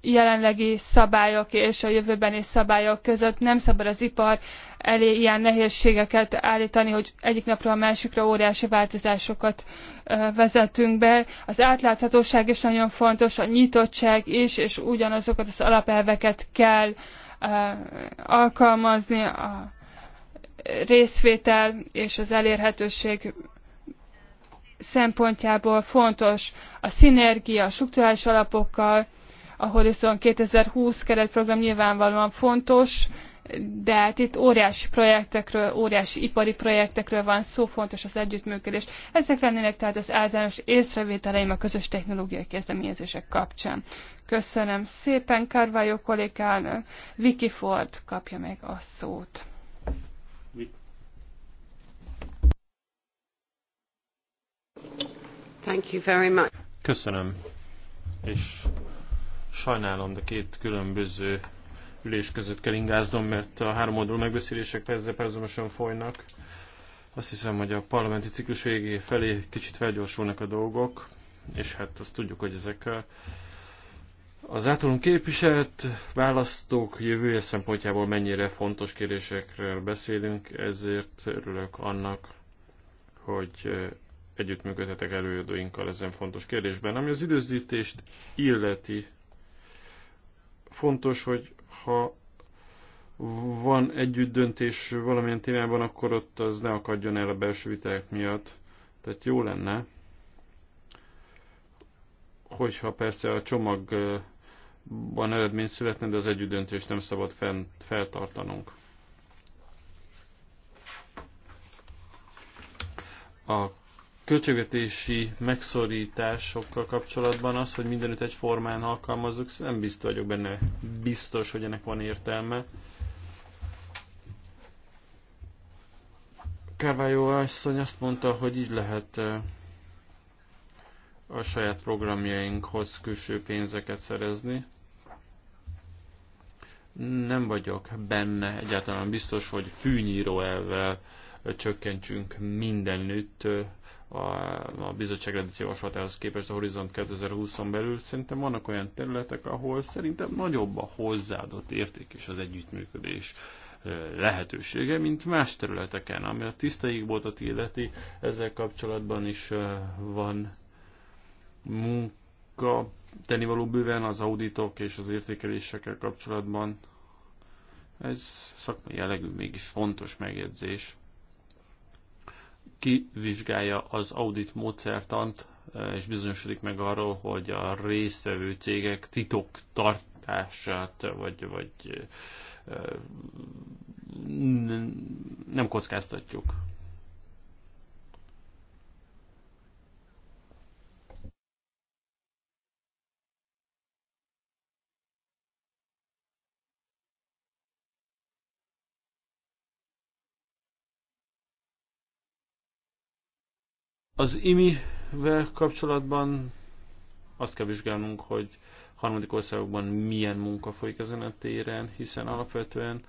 jelenlegi szabályok és a jövőbeni szabályok között nem szabad az ipar elé ilyen nehézségeket állítani, hogy egyik napról a másikra óriási változásokat vezetünk be. Az átláthatóság is nagyon fontos, a nyitottság is, és ugyanazokat az alapelveket kell alkalmazni, a részvétel és az elérhetőség szempontjából fontos a szinergia a strukturális alapokkal, a Horizon 2020 keretprogram nyilvánvalóan fontos, de hát itt óriási projektekről, óriási ipari projektekről van szó, fontos az együttműködés. Ezek lennének tehát az általános észrevételeim a közös technológiai kezdeményezések kapcsán. Köszönöm szépen Carvalho kollégának. Vicky Ford kapja meg a szót. Thank you very much. Köszönöm. És Sajnálom, de két különböző ülés között kell ingáznom, mert a három oldalú megbeszélések persze párhuzamosan folynak. Azt hiszem, hogy a parlamenti ciklus végé felé kicsit felgyorsulnak a dolgok, és hát azt tudjuk, hogy ezek az általunk képviselt választók jövője szempontjából mennyire fontos kérdésekről beszélünk, ezért örülök annak, hogy együttműködhetek előadóinkkal ezen fontos kérdésben. Ami az időzítést illeti, fontos, hogy ha van együtt döntés valamilyen témában, akkor ott az ne akadjon el a belső viták miatt. Tehát jó lenne, hogyha persze a csomagban eredmény születne, de az döntést nem szabad fent, feltartanunk. A költségvetési megszorításokkal kapcsolatban az, hogy mindenütt egyformán alkalmazzuk, szóval nem biztos vagyok benne biztos, hogy ennek van értelme. Kárvályó asszony azt mondta, hogy így lehet a saját programjainkhoz külső pénzeket szerezni. Nem vagyok benne egyáltalán biztos, hogy fűnyíró elvel csökkentsünk mindenütt a bizottság eredeti javaslatához képest a Horizont 2020-on belül, szerintem vannak olyan területek, ahol szerintem nagyobb a hozzáadott érték és az együttműködés lehetősége, mint más területeken. Ami a tiszta égboltot illeti, ezzel kapcsolatban is van munka, tennivaló bőven az auditok és az értékelésekkel kapcsolatban. Ez szakmai jellegű, mégis fontos megjegyzés kivizsgálja az audit módszertant, eh, és bizonyosodik meg arról, hogy a résztvevő cégek titok tartását, vagy, vagy eh, nem kockáztatjuk. Az imi kapcsolatban azt kell vizsgálnunk, hogy harmadik országokban milyen munka folyik ezen a téren, hiszen alapvetően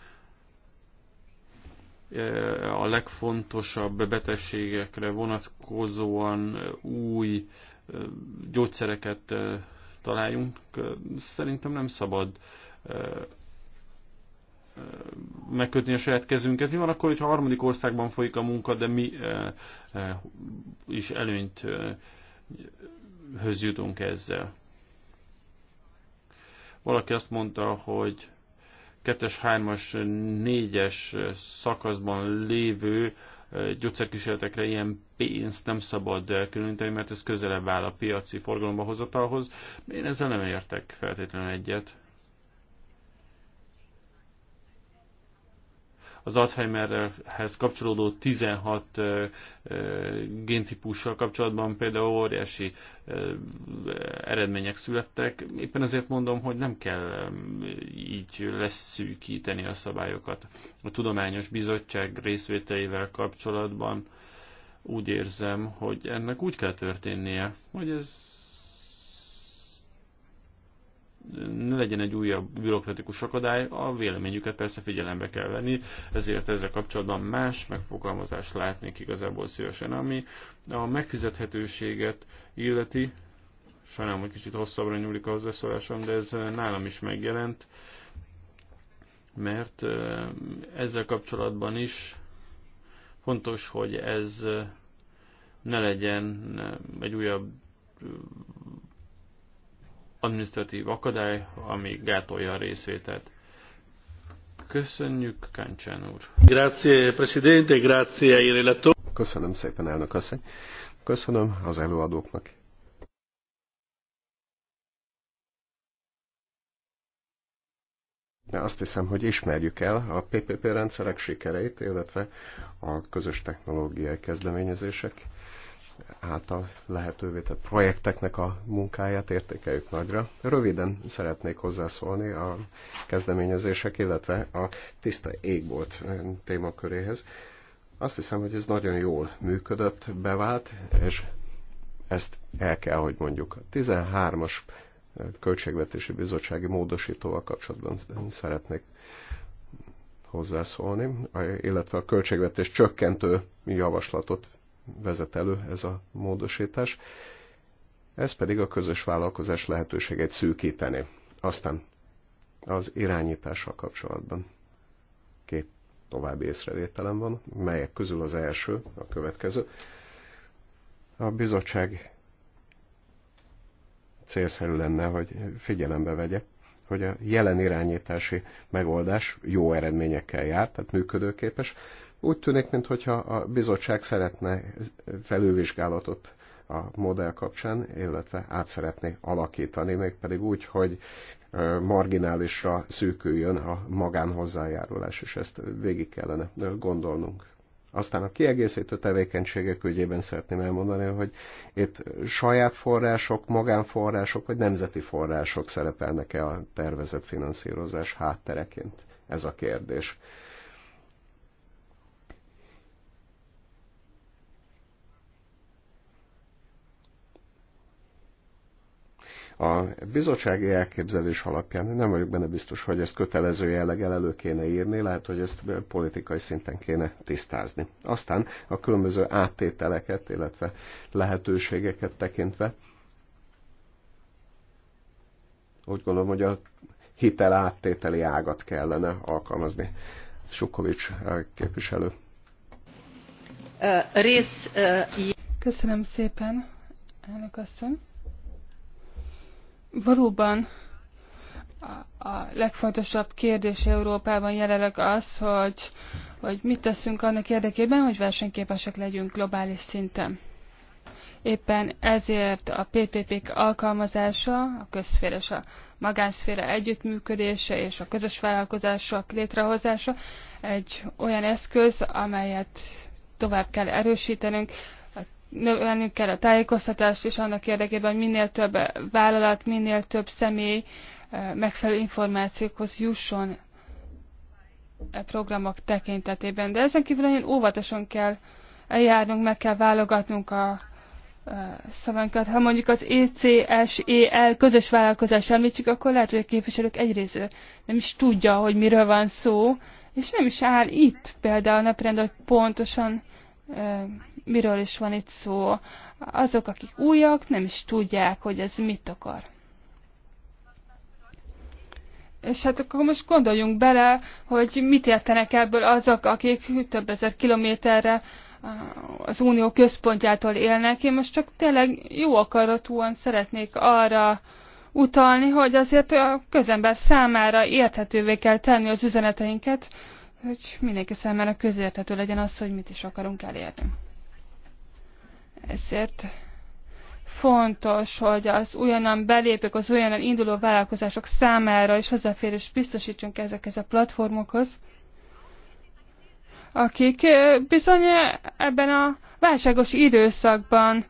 e, a legfontosabb betegségekre vonatkozóan e, új e, gyógyszereket találjunk. Szerintem nem szabad megkötni a saját kezünket. Mi van akkor, hogyha harmadik országban folyik a munka, de mi eh, eh, is előnyt eh, höz jutunk ezzel? Valaki azt mondta, hogy 2-es, 3-as, 4-es szakaszban lévő gyógyszerkísérletekre ilyen pénzt nem szabad különíteni, mert ez közelebb áll a piaci forgalomba hozatalhoz. Én ezzel nem értek feltétlenül egyet. az Alzheimerhez kapcsolódó 16 géntípussal kapcsolatban például óriási eredmények születtek. Éppen azért mondom, hogy nem kell így leszűkíteni a szabályokat. A Tudományos Bizottság részvételével kapcsolatban úgy érzem, hogy ennek úgy kell történnie, hogy ez ne legyen egy újabb bürokratikus akadály, a véleményüket persze figyelembe kell venni, ezért ezzel kapcsolatban más megfogalmazást látnék igazából szívesen, ami a megfizethetőséget illeti, sajnálom, hogy kicsit hosszabbra nyúlik a hozzászólásom, de ez nálam is megjelent, mert ezzel kapcsolatban is fontos, hogy ez ne legyen egy újabb administratív akadály, ami gátolja a részvételt. Köszönjük, Kancsán úr! Grazie, Presidente, grazie, ai Köszönöm szépen, elnök asszony. Köszönöm az előadóknak. De azt hiszem, hogy ismerjük el a PPP rendszerek sikereit, illetve a közös technológiai kezdeményezések által lehetővé tett projekteknek a munkáját értékeljük nagyra. Röviden szeretnék hozzászólni a kezdeményezések, illetve a tiszta égbolt témaköréhez. Azt hiszem, hogy ez nagyon jól működött, bevált, és ezt el kell, hogy mondjuk. A 13-as költségvetési bizottsági módosítóval kapcsolatban szeretnék hozzászólni, illetve a költségvetés csökkentő javaslatot vezet elő ez a módosítás. Ez pedig a közös vállalkozás lehetőséget szűkíteni. Aztán az irányítással kapcsolatban két további észrevételem van, melyek közül az első, a következő. A bizottság célszerű lenne, hogy figyelembe vegye, hogy a jelen irányítási megoldás jó eredményekkel jár, tehát működőképes, úgy tűnik, mintha a bizottság szeretne felülvizsgálatot a modell kapcsán, illetve át szeretné alakítani, pedig úgy, hogy marginálisra szűküljön a magánhozzájárulás, és ezt végig kellene gondolnunk. Aztán a kiegészítő tevékenységek ügyében szeretném elmondani, hogy itt saját források, magánforrások vagy nemzeti források szerepelnek-e a tervezett finanszírozás háttereként? Ez a kérdés. A bizottsági elképzelés alapján nem vagyok benne biztos, hogy ezt kötelező jelleggel elő kéne írni, lehet, hogy ezt politikai szinten kéne tisztázni. Aztán a különböző áttételeket, illetve lehetőségeket tekintve úgy gondolom, hogy a hitel áttételi ágat kellene alkalmazni. Sukovics eh, képviselő. Eh, rész. Eh, Köszönöm szépen, elnök asszony valóban a legfontosabb kérdés Európában jelenleg az, hogy, hogy mit teszünk annak érdekében, hogy versenyképesek legyünk globális szinten. Éppen ezért a PPP-k alkalmazása, a közszféra és a magánszféra együttműködése és a közös vállalkozások létrehozása egy olyan eszköz, amelyet tovább kell erősítenünk, növelni kell a tájékoztatást, és annak érdekében, hogy minél több vállalat, minél több személy eh, megfelelő információkhoz jusson e programok tekintetében. De ezen kívül nagyon óvatosan kell eljárnunk, meg kell válogatnunk a eh, szavainkat. Ha mondjuk az ECSEL közös vállalkozás említsük, akkor lehet, hogy a képviselők egyrészt nem is tudja, hogy miről van szó, és nem is áll itt például a napirend, hogy pontosan eh, miről is van itt szó. Azok, akik újak, nem is tudják, hogy ez mit akar. És hát akkor most gondoljunk bele, hogy mit értenek ebből azok, akik több ezer kilométerre az unió központjától élnek. Én most csak tényleg jó akaratúan szeretnék arra utalni, hogy azért a közember számára érthetővé kell tenni az üzeneteinket, hogy mindenki számára közérthető legyen az, hogy mit is akarunk elérni. Ezért fontos, hogy az újonnan belépők, az újonnan induló vállalkozások számára is hozzáférés biztosítsunk ezekhez a platformokhoz, akik bizony ebben a válságos időszakban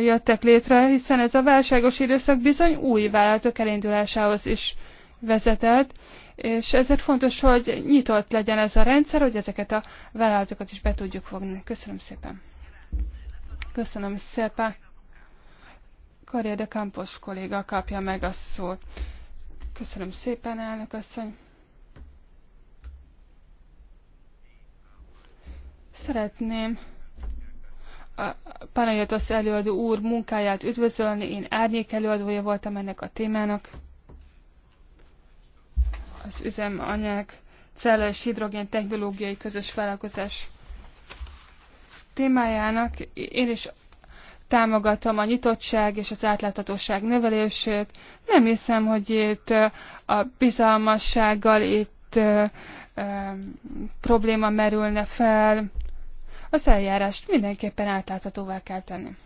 jöttek létre, hiszen ez a válságos időszak bizony új vállalatok elindulásához is vezetett, és ezért fontos, hogy nyitott legyen ez a rendszer, hogy ezeket a vállalatokat is be tudjuk fogni. Köszönöm szépen! Köszönöm szépen. Karia de Campos kolléga kapja meg a szót. Köszönöm szépen, elnök asszony. Szeretném a az előadó úr munkáját üdvözölni. Én árnyék előadója voltam ennek a témának. Az üzemanyag cella és hidrogén technológiai közös vállalkozás témájának. Én is támogatom a nyitottság és az átláthatóság növelését. Nem hiszem, hogy itt a bizalmassággal itt probléma merülne fel. Az eljárást mindenképpen átláthatóvá kell tenni.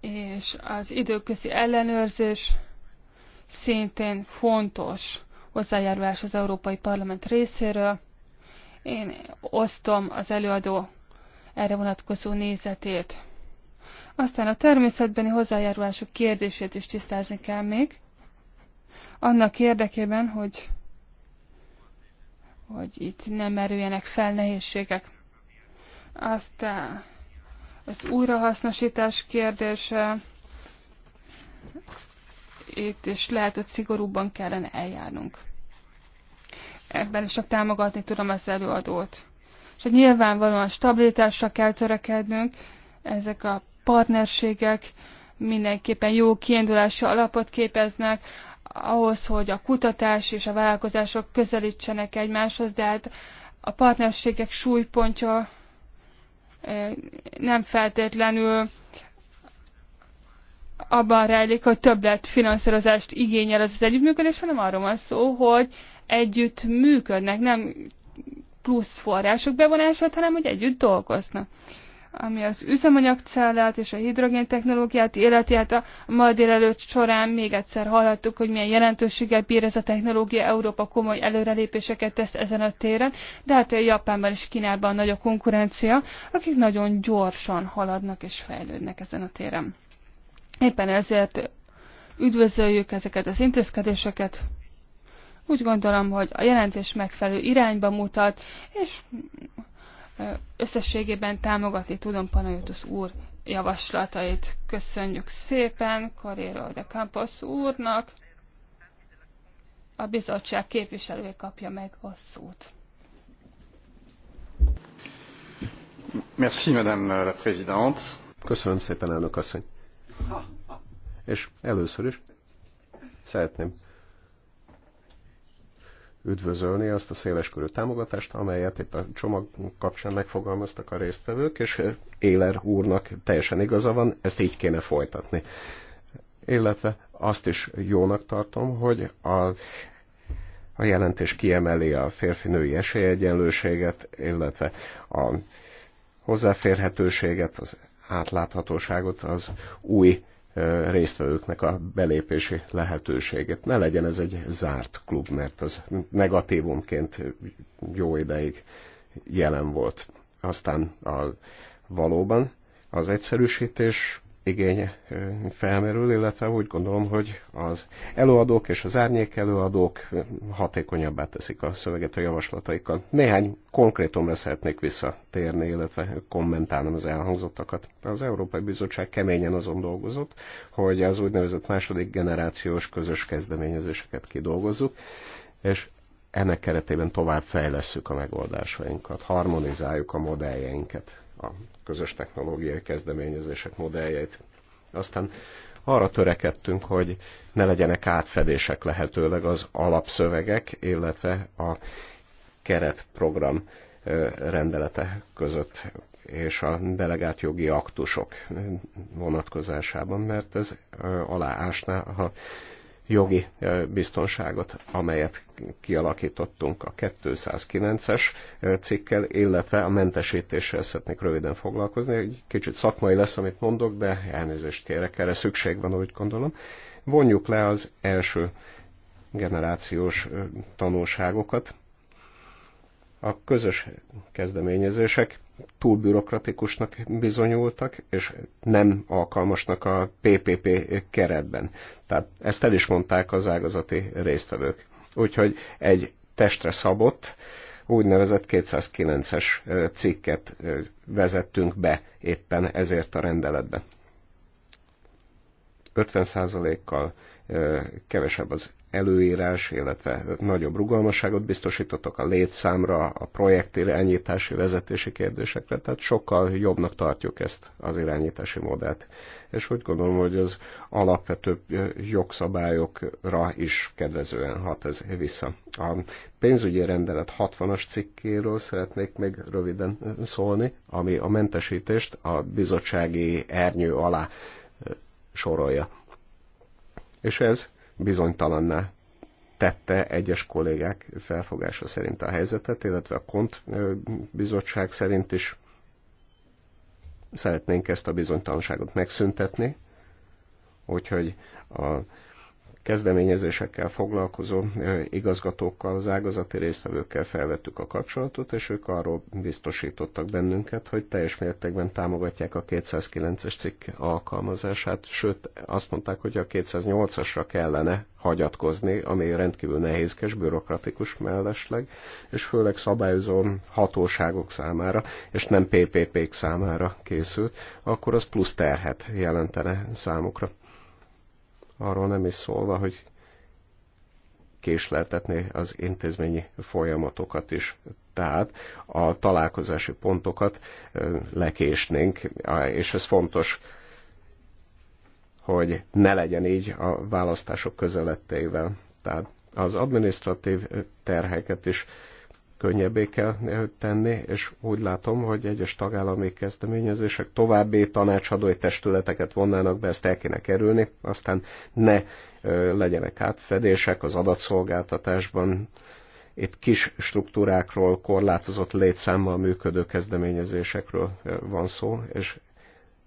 És az időközi ellenőrzés szintén fontos hozzájárulás az Európai Parlament részéről. Én osztom az előadó erre vonatkozó nézetét. Aztán a természetbeni hozzájárulások kérdését is tisztázni kell még, annak érdekében, hogy, hogy itt nem merüljenek fel nehézségek. Aztán az újrahasznosítás kérdése, itt is lehet, hogy szigorúbban kellene eljárnunk. Ebben is csak támogatni tudom az előadót. És hát nyilvánvalóan stabilitásra kell törekednünk, ezek a partnerségek mindenképpen jó kiindulási alapot képeznek, ahhoz, hogy a kutatás és a vállalkozások közelítsenek egymáshoz, de hát a partnerségek súlypontja eh, nem feltétlenül abban rejlik, hogy többlet finanszírozást igényel az, az együttműködés, hanem arról van szó, hogy együtt működnek, nem plusz források bevonását, hanem hogy együtt dolgoznak ami az üzemanyagcellát és a hidrogén technológiát illeti. Hát a ma délelőtt során még egyszer hallhattuk, hogy milyen jelentőséggel bír ez a technológia. Európa komoly előrelépéseket tesz ezen a téren, de hát a Japánban és Kínában nagy a konkurencia, akik nagyon gyorsan haladnak és fejlődnek ezen a téren. Éppen ezért üdvözöljük ezeket az intézkedéseket, úgy gondolom, hogy a jelentés megfelelő irányba mutat, és összességében támogatni tudom Panajotus úr javaslatait. Köszönjük szépen Correro de Campos úrnak. A bizottság képviselője kapja meg a szót. Merci, Madame la Présidente. Köszönöm szépen, elnök asszony. És először is szeretném üdvözölni azt a széleskörű támogatást, amelyet itt a csomag kapcsán megfogalmaztak a résztvevők, és eh, Éler úrnak teljesen igaza van, ezt így kéne folytatni. Illetve azt is jónak tartom, hogy a a jelentés kiemeli a férfi-női esélyegyenlőséget, illetve a hozzáférhetőséget, az átláthatóságot az új résztvevőknek a belépési lehetőséget. Ne legyen ez egy zárt klub, mert az negatívumként jó ideig jelen volt. Aztán a, valóban az egyszerűsítés igény felmerül, illetve úgy gondolom, hogy az előadók és az árnyék előadók hatékonyabbá teszik a szöveget a javaslataikkal. Néhány konkrétumra szeretnék visszatérni, illetve kommentálnom az elhangzottakat. Az Európai Bizottság keményen azon dolgozott, hogy az úgynevezett második generációs közös kezdeményezéseket kidolgozzuk, és ennek keretében tovább fejlesszük a megoldásainkat, harmonizáljuk a modelljeinket a közös technológiai kezdeményezések modelljeit. Aztán arra törekedtünk, hogy ne legyenek átfedések lehetőleg az alapszövegek, illetve a keretprogram rendelete között és a delegált jogi aktusok vonatkozásában, mert ez aláásná a jogi biztonságot, amelyet kialakítottunk a 209-es cikkel, illetve a mentesítéssel szeretnék röviden foglalkozni. Egy kicsit szakmai lesz, amit mondok, de elnézést kérek, erre szükség van, úgy gondolom. Vonjuk le az első generációs tanulságokat, a közös kezdeményezések túl bürokratikusnak bizonyultak, és nem alkalmasnak a PPP keretben. Tehát ezt el is mondták az ágazati résztvevők. Úgyhogy egy testre szabott, úgynevezett 209-es cikket vezettünk be éppen ezért a rendeletbe. 50%-kal kevesebb az előírás, illetve nagyobb rugalmasságot biztosítottak a létszámra, a projekt irányítási, vezetési kérdésekre, tehát sokkal jobbnak tartjuk ezt az irányítási modellt. És úgy gondolom, hogy az alapvető jogszabályokra is kedvezően hat ez vissza. A pénzügyi rendelet 60-as cikkéről szeretnék még röviden szólni, ami a mentesítést a bizottsági ernyő alá sorolja. És ez bizonytalanná tette egyes kollégák felfogása szerint a helyzetet, illetve a Kont bizottság szerint is szeretnénk ezt a bizonytalanságot megszüntetni, úgyhogy a kezdeményezésekkel foglalkozó igazgatókkal, az ágazati résztvevőkkel felvettük a kapcsolatot, és ők arról biztosítottak bennünket, hogy teljes mértékben támogatják a 209-es cikk alkalmazását, sőt azt mondták, hogy a 208-asra kellene hagyatkozni, ami rendkívül nehézkes, bürokratikus mellesleg, és főleg szabályozó hatóságok számára, és nem PPP-k számára készült, akkor az plusz terhet jelentene számukra arról nem is szólva, hogy késleltetni az intézményi folyamatokat is. Tehát a találkozási pontokat lekésnénk, és ez fontos, hogy ne legyen így a választások közelettével. Tehát az administratív terheket is könnyebbé kell eh, tenni, és úgy látom, hogy egyes tagállami kezdeményezések további tanácsadói testületeket vonnának be, ezt el kéne kerülni, aztán ne eh, legyenek átfedések az adatszolgáltatásban, itt kis struktúrákról, korlátozott létszámmal működő kezdeményezésekről eh, van szó, és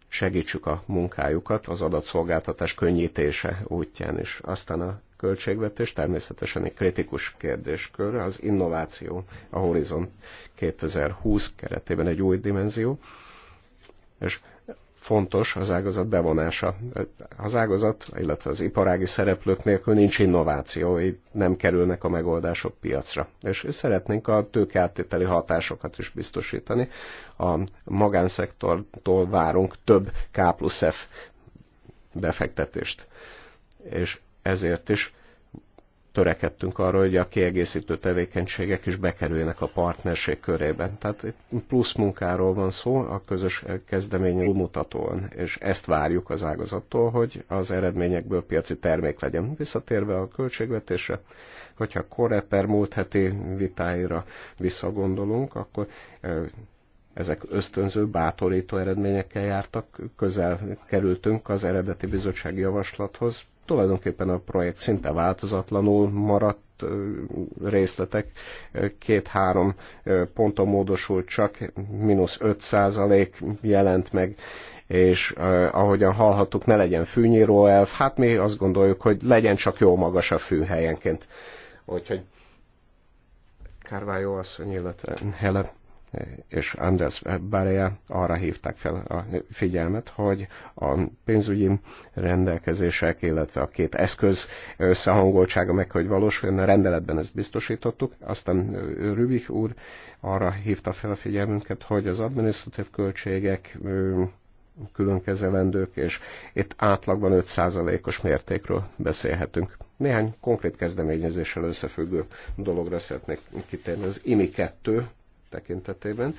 segítsük a munkájukat az adatszolgáltatás könnyítése útján is. Aztán a költségvetés természetesen egy kritikus kérdéskör, az innováció, a Horizon 2020 keretében egy új dimenzió, és fontos az ágazat bevonása. Az ágazat, illetve az iparági szereplők nélkül nincs innováció, így nem kerülnek a megoldások piacra. És szeretnénk a tőkeáttételi hatásokat is biztosítani. A magánszektortól várunk több K plusz F befektetést. És ezért is törekedtünk arra, hogy a kiegészítő tevékenységek is bekerüljenek a partnerség körében. Tehát itt plusz munkáról van szó, a közös kezdemény mutatóan, és ezt várjuk az ágazattól, hogy az eredményekből piaci termék legyen. Visszatérve a költségvetésre, hogyha Koreper múlt heti vitáira visszagondolunk, akkor ezek ösztönző, bátorító eredményekkel jártak, közel kerültünk az eredeti bizottsági javaslathoz, tulajdonképpen a projekt szinte változatlanul maradt, részletek két-három ponton módosult, csak mínusz 5% jelent meg, és eh, ahogyan hallhattuk, ne legyen fűnyíró elf, hát mi azt gondoljuk, hogy legyen csak jó magas a fű helyenként. Úgyhogy Kárvályó asszony, illetve Hele és András Barea arra hívták fel a figyelmet, hogy a pénzügyi rendelkezések, illetve a két eszköz összehangoltsága meg, hogy valósuljon, a rendeletben ezt biztosítottuk. Aztán Rübik úr arra hívta fel a figyelmünket, hogy az adminisztratív költségek különkezelendők és itt átlagban 5%-os mértékről beszélhetünk. Néhány konkrét kezdeményezéssel összefüggő dologra szeretnék kitérni. Az IMI 2 tekintetében.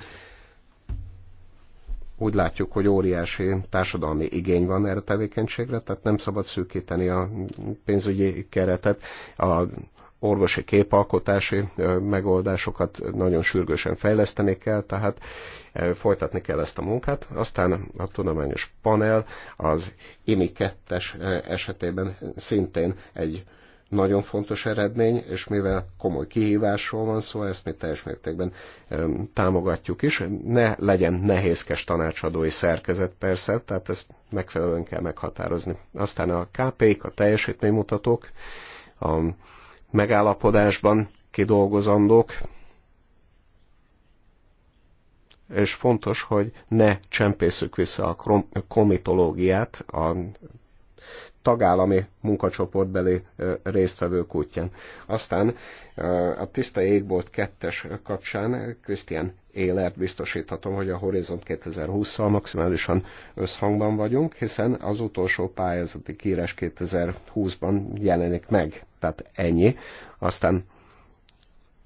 Úgy látjuk, hogy óriási társadalmi igény van erre a tevékenységre, tehát nem szabad szűkíteni a pénzügyi keretet. A orvosi képalkotási megoldásokat nagyon sürgősen fejleszteni kell, tehát folytatni kell ezt a munkát. Aztán a tudományos panel az IMI 2 esetében szintén egy nagyon fontos eredmény, és mivel komoly kihívásról van szó, ezt mi teljes mértékben támogatjuk is. Ne legyen nehézkes tanácsadói szerkezet persze, tehát ezt megfelelően kell meghatározni. Aztán a KP-k, a teljesítménymutatók, a megállapodásban kidolgozandók, és fontos, hogy ne csempészük vissza a komitológiát a tagállami munkacsoportbeli résztvevők útján. Aztán a Tiszta Égbolt 2-es kapcsán Krisztián Élert biztosíthatom, hogy a Horizont 2020-szal maximálisan összhangban vagyunk, hiszen az utolsó pályázati kírás 2020-ban jelenik meg. Tehát ennyi. Aztán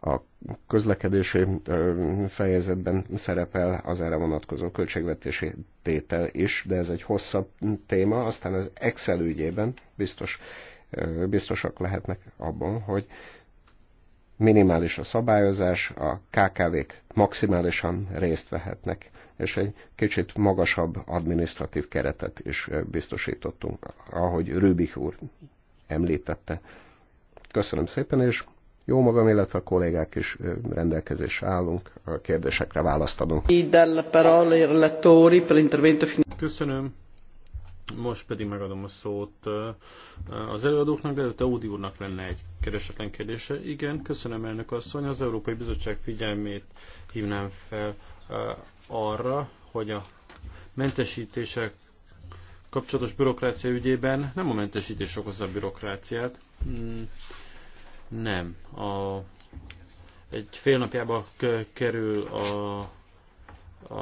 a közlekedési fejezetben szerepel az erre vonatkozó költségvetési tétel is, de ez egy hosszabb téma. Aztán az Excel ügyében biztos, biztosak lehetnek abban, hogy minimális a szabályozás, a KKV-k maximálisan részt vehetnek, és egy kicsit magasabb administratív keretet is biztosítottunk, ahogy Rübik úr említette. Köszönöm szépen, és jó magam, illetve a kollégák is rendelkezésre állunk, a kérdésekre választ adunk. Köszönöm. Most pedig megadom a szót az előadóknak, de előtte Údi úrnak lenne egy keresetlen kérdése. Igen, köszönöm elnök asszony, az Európai Bizottság figyelmét hívnám fel arra, hogy a mentesítések kapcsolatos bürokrácia ügyében nem a mentesítés okozza a bürokráciát, hmm. Nem. A, egy fél napjába kerül a, a,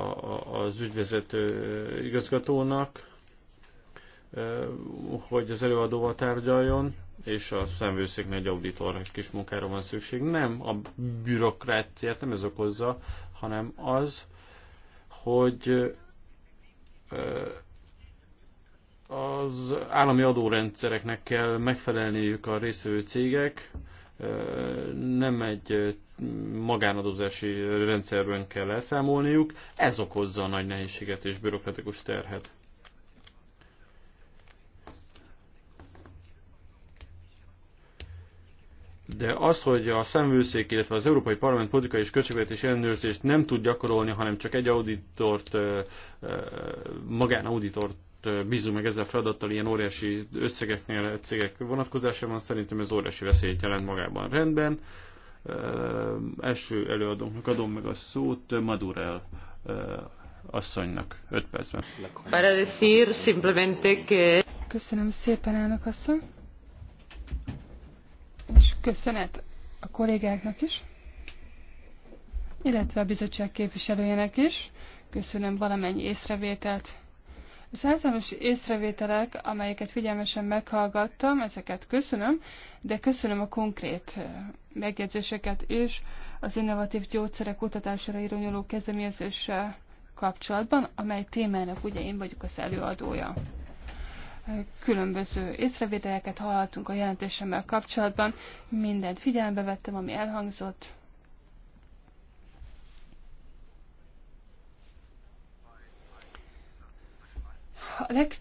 az ügyvezető igazgatónak, hogy az előadóval tárgyaljon, és a szemvőszéknél egy auditor kis munkára van szükség. Nem a bürokráciát, nem ez okozza, hanem az, hogy az állami adórendszereknek kell megfelelniük a részvevő cégek, nem egy magánadózási rendszerben kell elszámolniuk, ez okozza a nagy nehézséget és bürokratikus terhet. De az, hogy a szemvőszék, illetve az Európai Parlament politikai és költségvetési ellenőrzést nem tud gyakorolni, hanem csak egy auditort, magánauditort bízunk meg ezzel feladattal ilyen óriási összegeknél cégek vonatkozásában, szerintem ez óriási veszélyt jelent magában. Rendben, első előadónknak adom meg a szót Madurel asszonynak 5 percben. Para decir simplemente que... Köszönöm szépen, elnök asszony. És köszönet a kollégáknak is, illetve a bizottság képviselőjének is. Köszönöm valamennyi észrevételt, a általános észrevételek, amelyeket figyelmesen meghallgattam, ezeket köszönöm, de köszönöm a konkrét megjegyzéseket is az innovatív gyógyszerek kutatására irányuló kezdeményezéssel kapcsolatban, amely témának ugye én vagyok az előadója. Különböző észrevételeket hallhatunk a jelentésemmel kapcsolatban, mindent figyelembe vettem, ami elhangzott, a leg,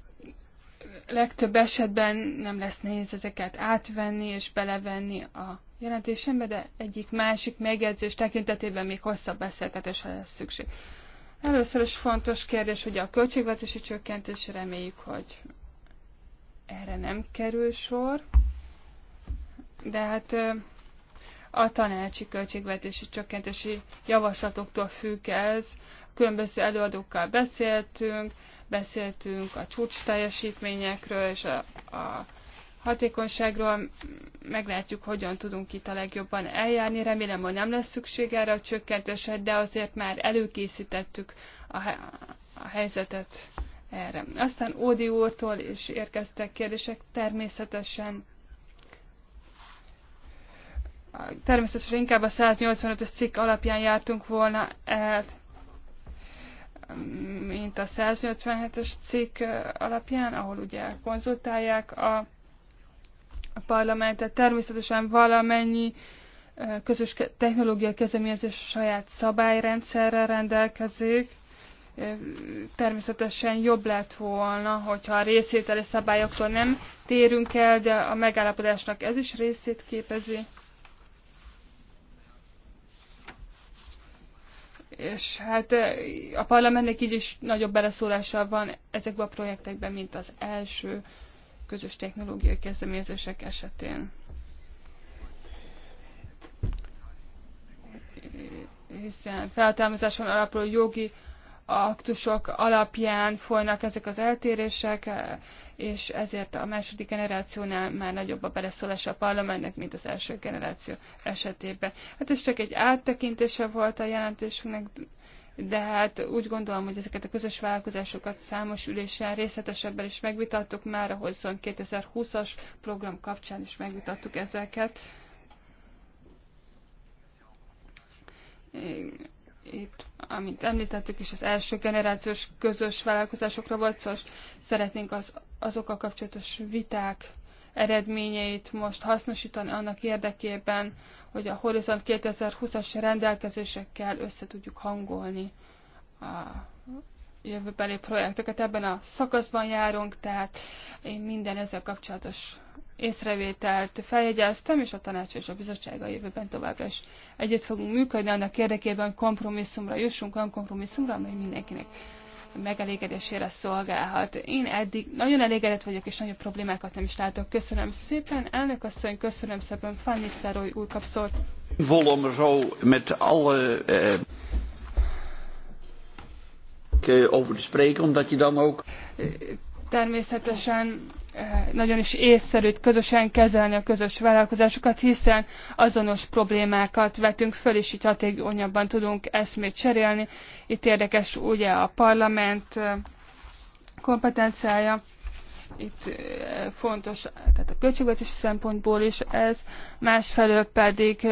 legtöbb esetben nem lesz nehéz ezeket átvenni és belevenni a jelentésembe, de egyik másik megjegyzés tekintetében még hosszabb beszélgetésre lesz szükség. Először is fontos kérdés, hogy a költségvetési csökkentés, reméljük, hogy erre nem kerül sor, de hát a tanácsi költségvetési csökkentési javaslatoktól függ ez. Különböző előadókkal beszéltünk, beszéltünk, a csúcs teljesítményekről és a, a hatékonyságról meglátjuk, hogyan tudunk itt a legjobban eljárni. Remélem, hogy nem lesz szükség erre a csökkentésre, de azért már előkészítettük a, a helyzetet erre. Aztán Ódi úrtól is érkeztek kérdések, természetesen természetesen inkább a 185-ös cikk alapján jártunk volna el, mint a 157-es cikk alapján, ahol ugye konzultálják a, a parlamentet. Természetesen valamennyi közös technológia kezdeményezés saját szabályrendszerrel rendelkezik. Természetesen jobb lett volna, hogyha a részvételi szabályoktól nem térünk el, de a megállapodásnak ez is részét képezi. és hát a parlamentnek így is nagyobb beleszólása van ezekben a projektekben, mint az első közös technológiai kezdeményezések esetén. Hiszen feltámozáson alapuló jogi aktusok alapján folynak ezek az eltérések, eh, és ezért a második generációnál már nagyobb a beleszólás a parlamentnek, mint az első generáció esetében. Hát ez csak egy áttekintése volt a jelentésünknek, de hát úgy gondolom, hogy ezeket a közös vállalkozásokat számos ülésen részletesebben is megvitattuk, már a Horizon 2020-as program kapcsán is megvitattuk ezeket itt, amit említettük is, az első generációs közös vállalkozásokra volt szó, szóval szeretnénk az, azokkal kapcsolatos viták eredményeit most hasznosítani annak érdekében, hogy a Horizont 2020-as rendelkezésekkel össze tudjuk hangolni a jövőbeli projekteket. Ebben a szakaszban járunk, tehát én minden ezzel kapcsolatos észrevételt feljegyeztem, és a tanács és a bizottság a jövőben továbbra is együtt fogunk működni, annak érdekében kompromisszumra jussunk, olyan kompromisszumra, amely mindenkinek megelégedésére szolgálhat. Én eddig nagyon elégedett vagyok, és nagyon problémákat nem is látok. Köszönöm szépen, elnök asszony, köszönöm szépen, Fanny Szeroly úr Volom zsó, met alle... Eh, Eh, over te spreken, omdat je dan ook... Természetesen eh, nagyon is észszerűt közösen kezelni a közös vállalkozásokat, hiszen azonos problémákat vetünk föl, és így hatékonyabban tudunk eszmét cserélni. Itt érdekes ugye a parlament eh, kompetenciája, itt fontos, tehát a költségvetési szempontból is ez, másfelől pedig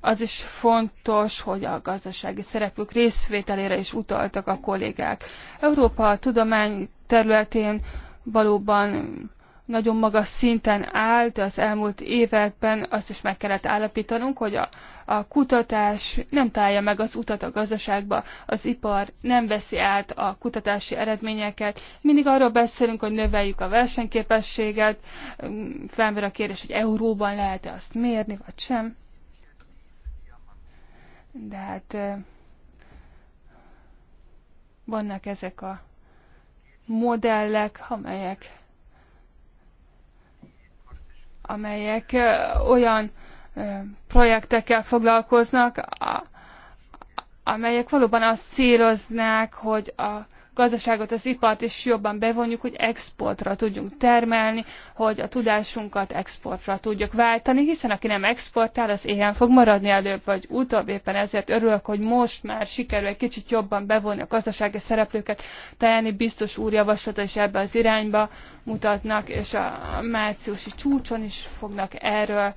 az is fontos, hogy a gazdasági szereplők részvételére is utaltak a kollégák. Európa a tudomány területén valóban nagyon magas szinten állt az elmúlt években, azt is meg kellett állapítanunk, hogy a, a kutatás nem találja meg az utat a gazdaságba, az ipar nem veszi át a kutatási eredményeket. Mindig arról beszélünk, hogy növeljük a versenyképességet, mm, felmerül a kérdés, hogy euróban lehet-e azt mérni, vagy sem. De hát vannak ezek a modellek, amelyek amelyek olyan projektekkel foglalkoznak, amelyek valóban azt céloznák, hogy a gazdaságot, az ipart is jobban bevonjuk, hogy exportra tudjunk termelni, hogy a tudásunkat exportra tudjuk váltani, hiszen aki nem exportál, az éhen fog maradni előbb vagy utóbb. Éppen ezért örülök, hogy most már sikerül egy kicsit jobban bevonni a gazdasági szereplőket. tajáni biztos úr javaslata is ebbe az irányba mutatnak, és a márciusi csúcson is fognak erről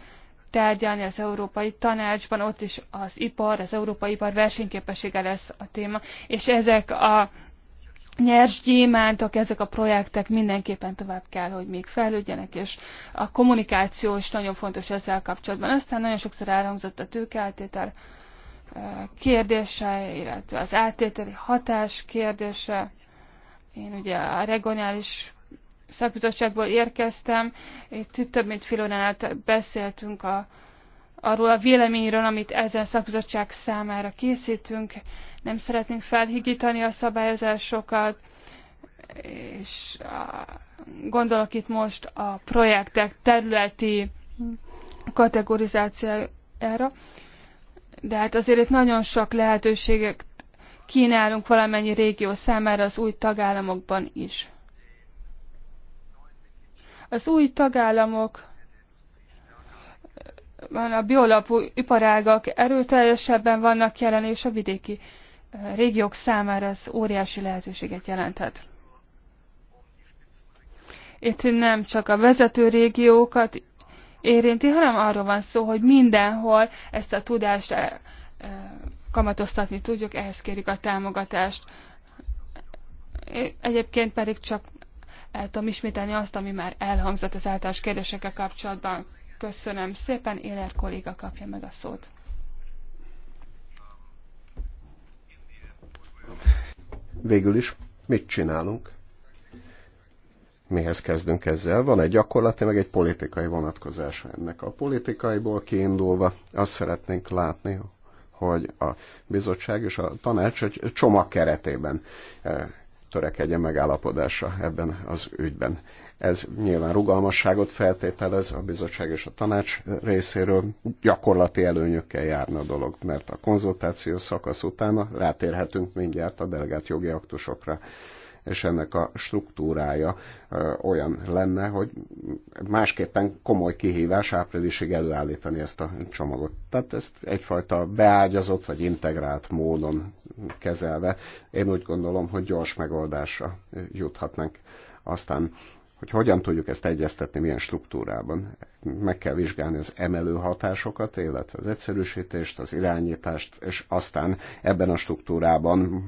tárgyalni az Európai Tanácsban, ott is az ipar, az európai ipar versenyképessége lesz a téma, és ezek a nyers gyémántok, ezek a projektek mindenképpen tovább kell, hogy még fejlődjenek, és a kommunikáció is nagyon fontos ezzel kapcsolatban. Aztán nagyon sokszor elhangzott a tőkeáltétel kérdése, illetve az áttételi hatás kérdése. Én ugye a regionális szakbizottságból érkeztem, itt több mint fél beszéltünk a, arról a véleményről, amit ezen szakbizottság számára készítünk. Nem szeretnénk felhigítani a szabályozásokat, és gondolok itt most a projektek területi kategorizációjára, de hát azért itt nagyon sok lehetőséget kínálunk valamennyi régió számára az új tagállamokban is. Az új tagállamok a biolapú iparágak erőteljesebben vannak jelen, és a vidéki eh, régiók számára az óriási lehetőséget jelenthet. Itt nem csak a vezető régiókat érinti, hanem arról van szó, hogy mindenhol ezt a tudást eh, eh, kamatoztatni tudjuk, ehhez kérjük a támogatást. Egyébként pedig csak el tudom ismételni azt, ami már elhangzott az általános kérdésekkel kapcsolatban. Köszönöm szépen, Éler kolléga kapja meg a szót. Végül is mit csinálunk? mihez kezdünk ezzel. Van egy gyakorlati, meg egy politikai vonatkozása ennek. A politikaiból kiindulva azt szeretnénk látni, hogy a bizottság és a tanács egy csomag keretében eh, törekedjen megállapodásra ebben az ügyben. Ez nyilván rugalmasságot feltételez a bizottság és a tanács részéről, gyakorlati előnyökkel járna a dolog, mert a konzultáció szakasz után rátérhetünk mindjárt a delegált jogi aktusokra és ennek a struktúrája olyan lenne, hogy másképpen komoly kihívás áprilisig előállítani ezt a csomagot. Tehát ezt egyfajta beágyazott vagy integrált módon kezelve, én úgy gondolom, hogy gyors megoldásra juthatnánk. Aztán hogy hogyan tudjuk ezt egyeztetni, milyen struktúrában meg kell vizsgálni az emelő hatásokat, illetve az egyszerűsítést, az irányítást, és aztán ebben a struktúrában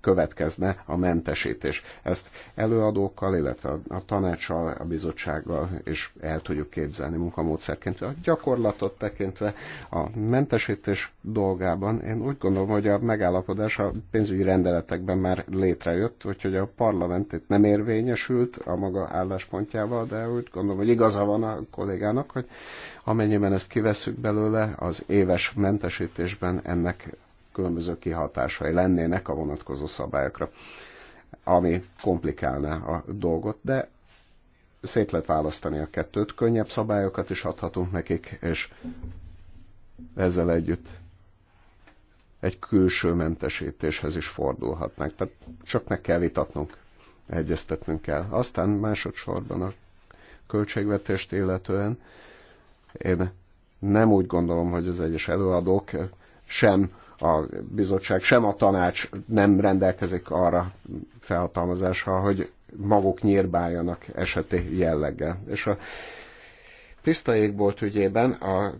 következne a mentesítés. Ezt előadókkal, illetve a tanácssal, a bizottsággal is el tudjuk képzelni munkamódszerként. A gyakorlatot tekintve a mentesítés dolgában én úgy gondolom, hogy a megállapodás a pénzügyi rendeletekben már létrejött, úgyhogy a parlament itt nem érvényesült a maga álláspontjával, de úgy gondolom, hogy igaza van a kollégának, annak, hogy amennyiben ezt kiveszük belőle, az éves mentesítésben ennek különböző kihatásai lennének a vonatkozó szabályokra, ami komplikálná a dolgot, de szét lehet választani a kettőt, könnyebb szabályokat is adhatunk nekik, és ezzel együtt egy külső mentesítéshez is fordulhatnánk. Tehát csak meg kell vitatnunk, egyeztetnünk kell. Aztán másodszorban a költségvetést illetően. Én nem úgy gondolom, hogy az egyes előadók sem a bizottság, sem a tanács nem rendelkezik arra felhatalmazással, hogy maguk nyírbáljanak eseti jelleggel. És a tiszta égbolt ügyében a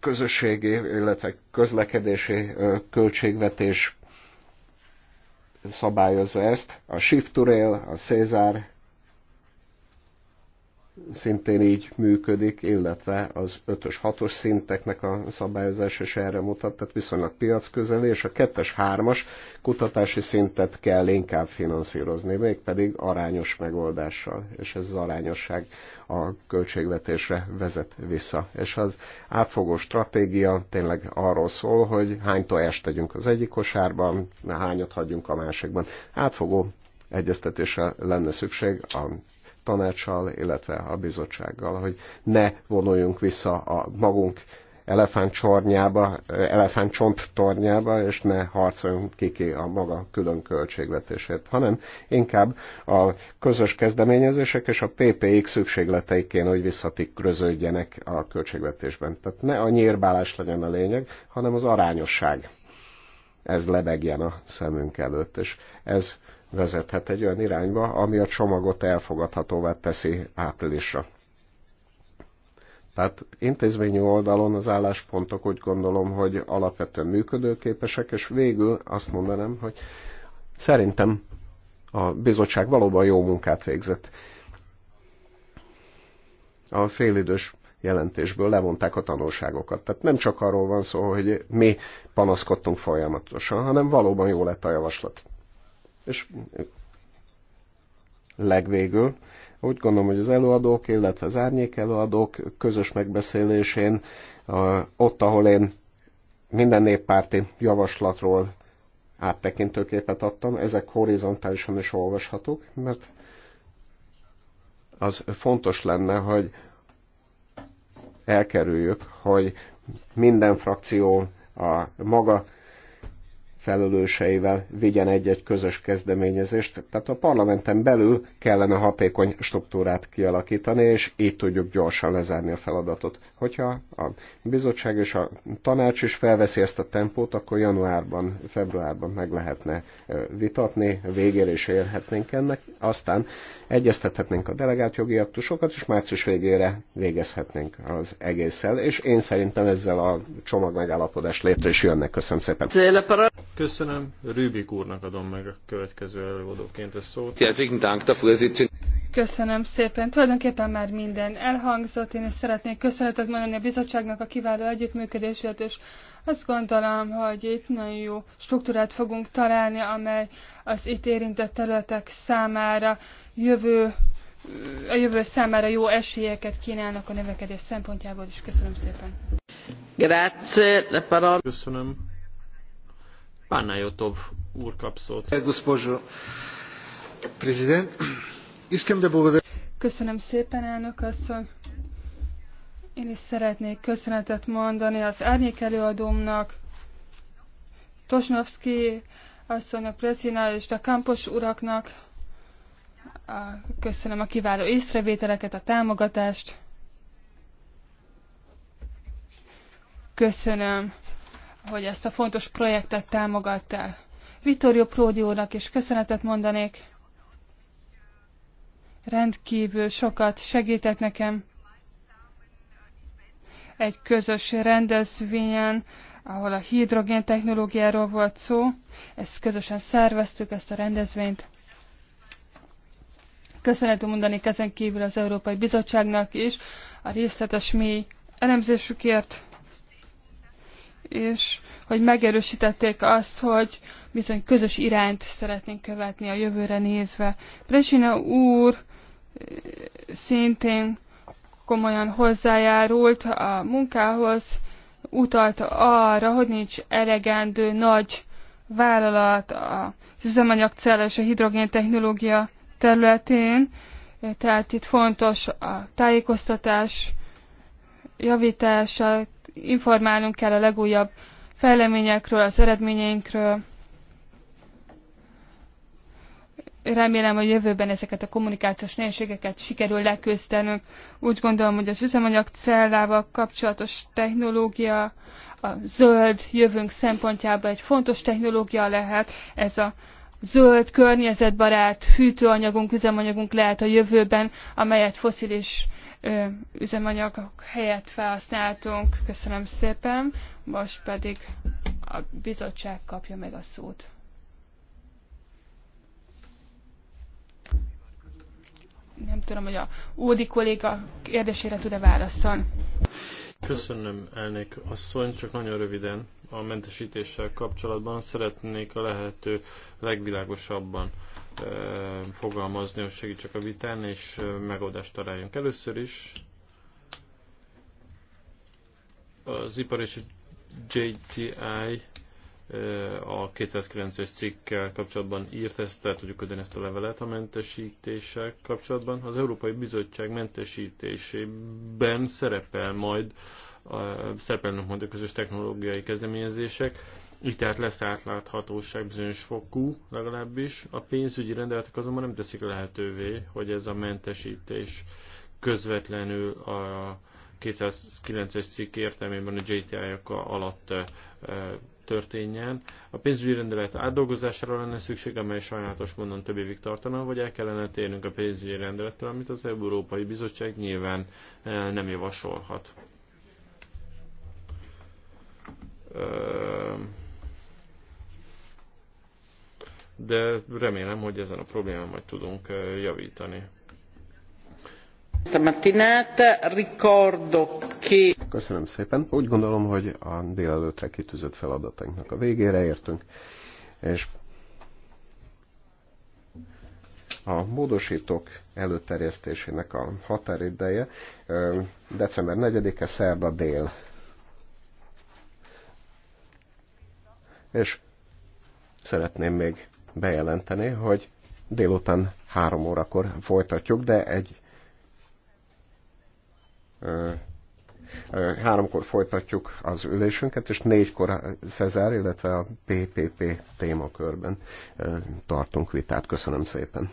közösségi, illetve közlekedési költségvetés szabályozza ezt. A Shift to Rail, a Cézár szintén így működik, illetve az 5-ös, 6-os szinteknek a szabályozása is erre mutat, tehát viszonylag közeli, és a 2-es, 3-as kutatási szintet kell inkább finanszírozni, mégpedig arányos megoldással, és ez az arányosság a költségvetésre vezet vissza. És az átfogó stratégia tényleg arról szól, hogy hány tojást tegyünk az egyik kosárban, hányat hagyjunk a másikban. Átfogó egyeztetésre lenne szükség a tanácssal, illetve a bizottsággal, hogy ne vonuljunk vissza a magunk elefántcsornyába, csornyába, eh, tornyába, és ne harcoljunk kiki a maga külön költségvetését, hanem inkább a közös kezdeményezések és a PPX szükségletei kéne, hogy visszatikröződjenek a költségvetésben. Tehát ne a nyírbálás legyen a lényeg, hanem az arányosság. Ez lebegjen a szemünk előtt, és ez vezethet egy olyan irányba, ami a csomagot elfogadhatóvá teszi áprilisra. Tehát intézményi oldalon az álláspontok úgy gondolom, hogy alapvetően működőképesek, és végül azt mondanám, hogy szerintem a bizottság valóban jó munkát végzett. A félidős jelentésből levonták a tanulságokat. Tehát nem csak arról van szó, hogy mi panaszkodtunk folyamatosan, hanem valóban jó lett a javaslat. És legvégül úgy gondolom, hogy az előadók, illetve az árnyék előadók közös megbeszélésén, ott, ahol én minden néppárti javaslatról áttekintő képet adtam, ezek horizontálisan is olvashatók, mert az fontos lenne, hogy elkerüljük, hogy minden frakció a maga felelőseivel vigyen egy-egy közös kezdeményezést. Tehát a parlamenten belül kellene hatékony struktúrát kialakítani, és így tudjuk gyorsan lezárni a feladatot. Hogyha a bizottság és a tanács is felveszi ezt a tempót, akkor januárban, februárban meg lehetne vitatni, végére is érhetnénk ennek. Aztán egyeztethetnénk a delegált jogi aktusokat, és március végére végezhetnénk az egésszel, és én szerintem ezzel a csomag megállapodás létre is jönnek. Köszönöm szépen. Köszönöm. Rübik úrnak adom meg a következő előadóként a szót. Köszönöm szépen. Tulajdonképpen már minden elhangzott. Én is szeretnék köszönetet mondani a bizottságnak a kiváló együttműködését, és azt gondolom, hogy itt nagyon jó struktúrát fogunk találni, amely az itt érintett területek számára jövő a jövő számára jó esélyeket kínálnak a növekedés szempontjából is. Köszönöm szépen. Grazie, la parola. Köszönöm. Pána Jotov úr kap szót. Prezident. Köszönöm szépen, elnök asszony. Én is szeretnék köszönetet mondani az árnyék előadómnak, Tosnovszki asszonynak, Prezina és a Kampos uraknak. Köszönöm a kiváló észrevételeket, a támogatást. Köszönöm, hogy ezt a fontos projektet támogatták. Vittorio Pródiónak is köszönetet mondanék rendkívül sokat segített nekem egy közös rendezvényen, ahol a hidrogén technológiáról volt szó. Ezt közösen szerveztük, ezt a rendezvényt. Köszönetet mondanék ezen kívül az Európai Bizottságnak is a részletes mély elemzésükért, és hogy megerősítették azt, hogy bizony közös irányt szeretnénk követni a jövőre nézve. Presina úr szintén komolyan hozzájárult a munkához, utalt arra, hogy nincs elegendő nagy vállalat az üzemanyagcella és a hidrogén technológia területén, tehát itt fontos a tájékoztatás javítása, informálnunk kell a legújabb fejleményekről, az eredményeinkről, remélem, hogy jövőben ezeket a kommunikációs nehézségeket sikerül leküzdenünk. Úgy gondolom, hogy az üzemanyag cellával kapcsolatos technológia a zöld jövőnk szempontjából egy fontos technológia lehet. Ez a zöld, környezetbarát fűtőanyagunk, üzemanyagunk lehet a jövőben, amelyet foszilis üzemanyagok helyett felhasználtunk. Köszönöm szépen. Most pedig a bizottság kapja meg a szót. nem tudom, hogy a Ódi kolléga kérdésére tud-e válaszolni. Köszönöm, Elnék asszony, csak nagyon röviden a mentesítéssel kapcsolatban szeretnék a lehető legvilágosabban e, fogalmazni, hogy segítsek a vitán, és eh, megoldást találjunk. Először is az ipar és a JTI a 209-es cikkkel kapcsolatban írt ezt, tehát tudjuk ödön ezt a levelet a mentesítéssel kapcsolatban. Az Európai Bizottság mentesítésében szerepel majd szerepelnek majd a közös technológiai kezdeményezések, így tehát lesz átláthatóság bizonyos fokú legalábbis. A pénzügyi rendeletek azonban nem teszik lehetővé, hogy ez a mentesítés közvetlenül a 209-es cikk értelmében a JTI-ok alatt történjen. A pénzügyi rendelet átdolgozására lenne szükség, amely sajnálatos módon több évig tartana, vagy el kellene térnünk a pénzügyi rendelettel, amit az Európai Bizottság nyilván eh, nem javasolhat. De remélem, hogy ezen a problémán majd tudunk eh, javítani. Stamattinata ricordo che Köszönöm szépen. Úgy gondolom, hogy a délelőtre kitűzött feladatainknak a végére értünk, és a módosítók előterjesztésének a határideje december 4-e szerda dél. És szeretném még bejelenteni, hogy délután három órakor folytatjuk, de egy Háromkor folytatjuk az ülésünket, és négykor a Cezár, illetve a PPP témakörben tartunk vitát. Köszönöm szépen.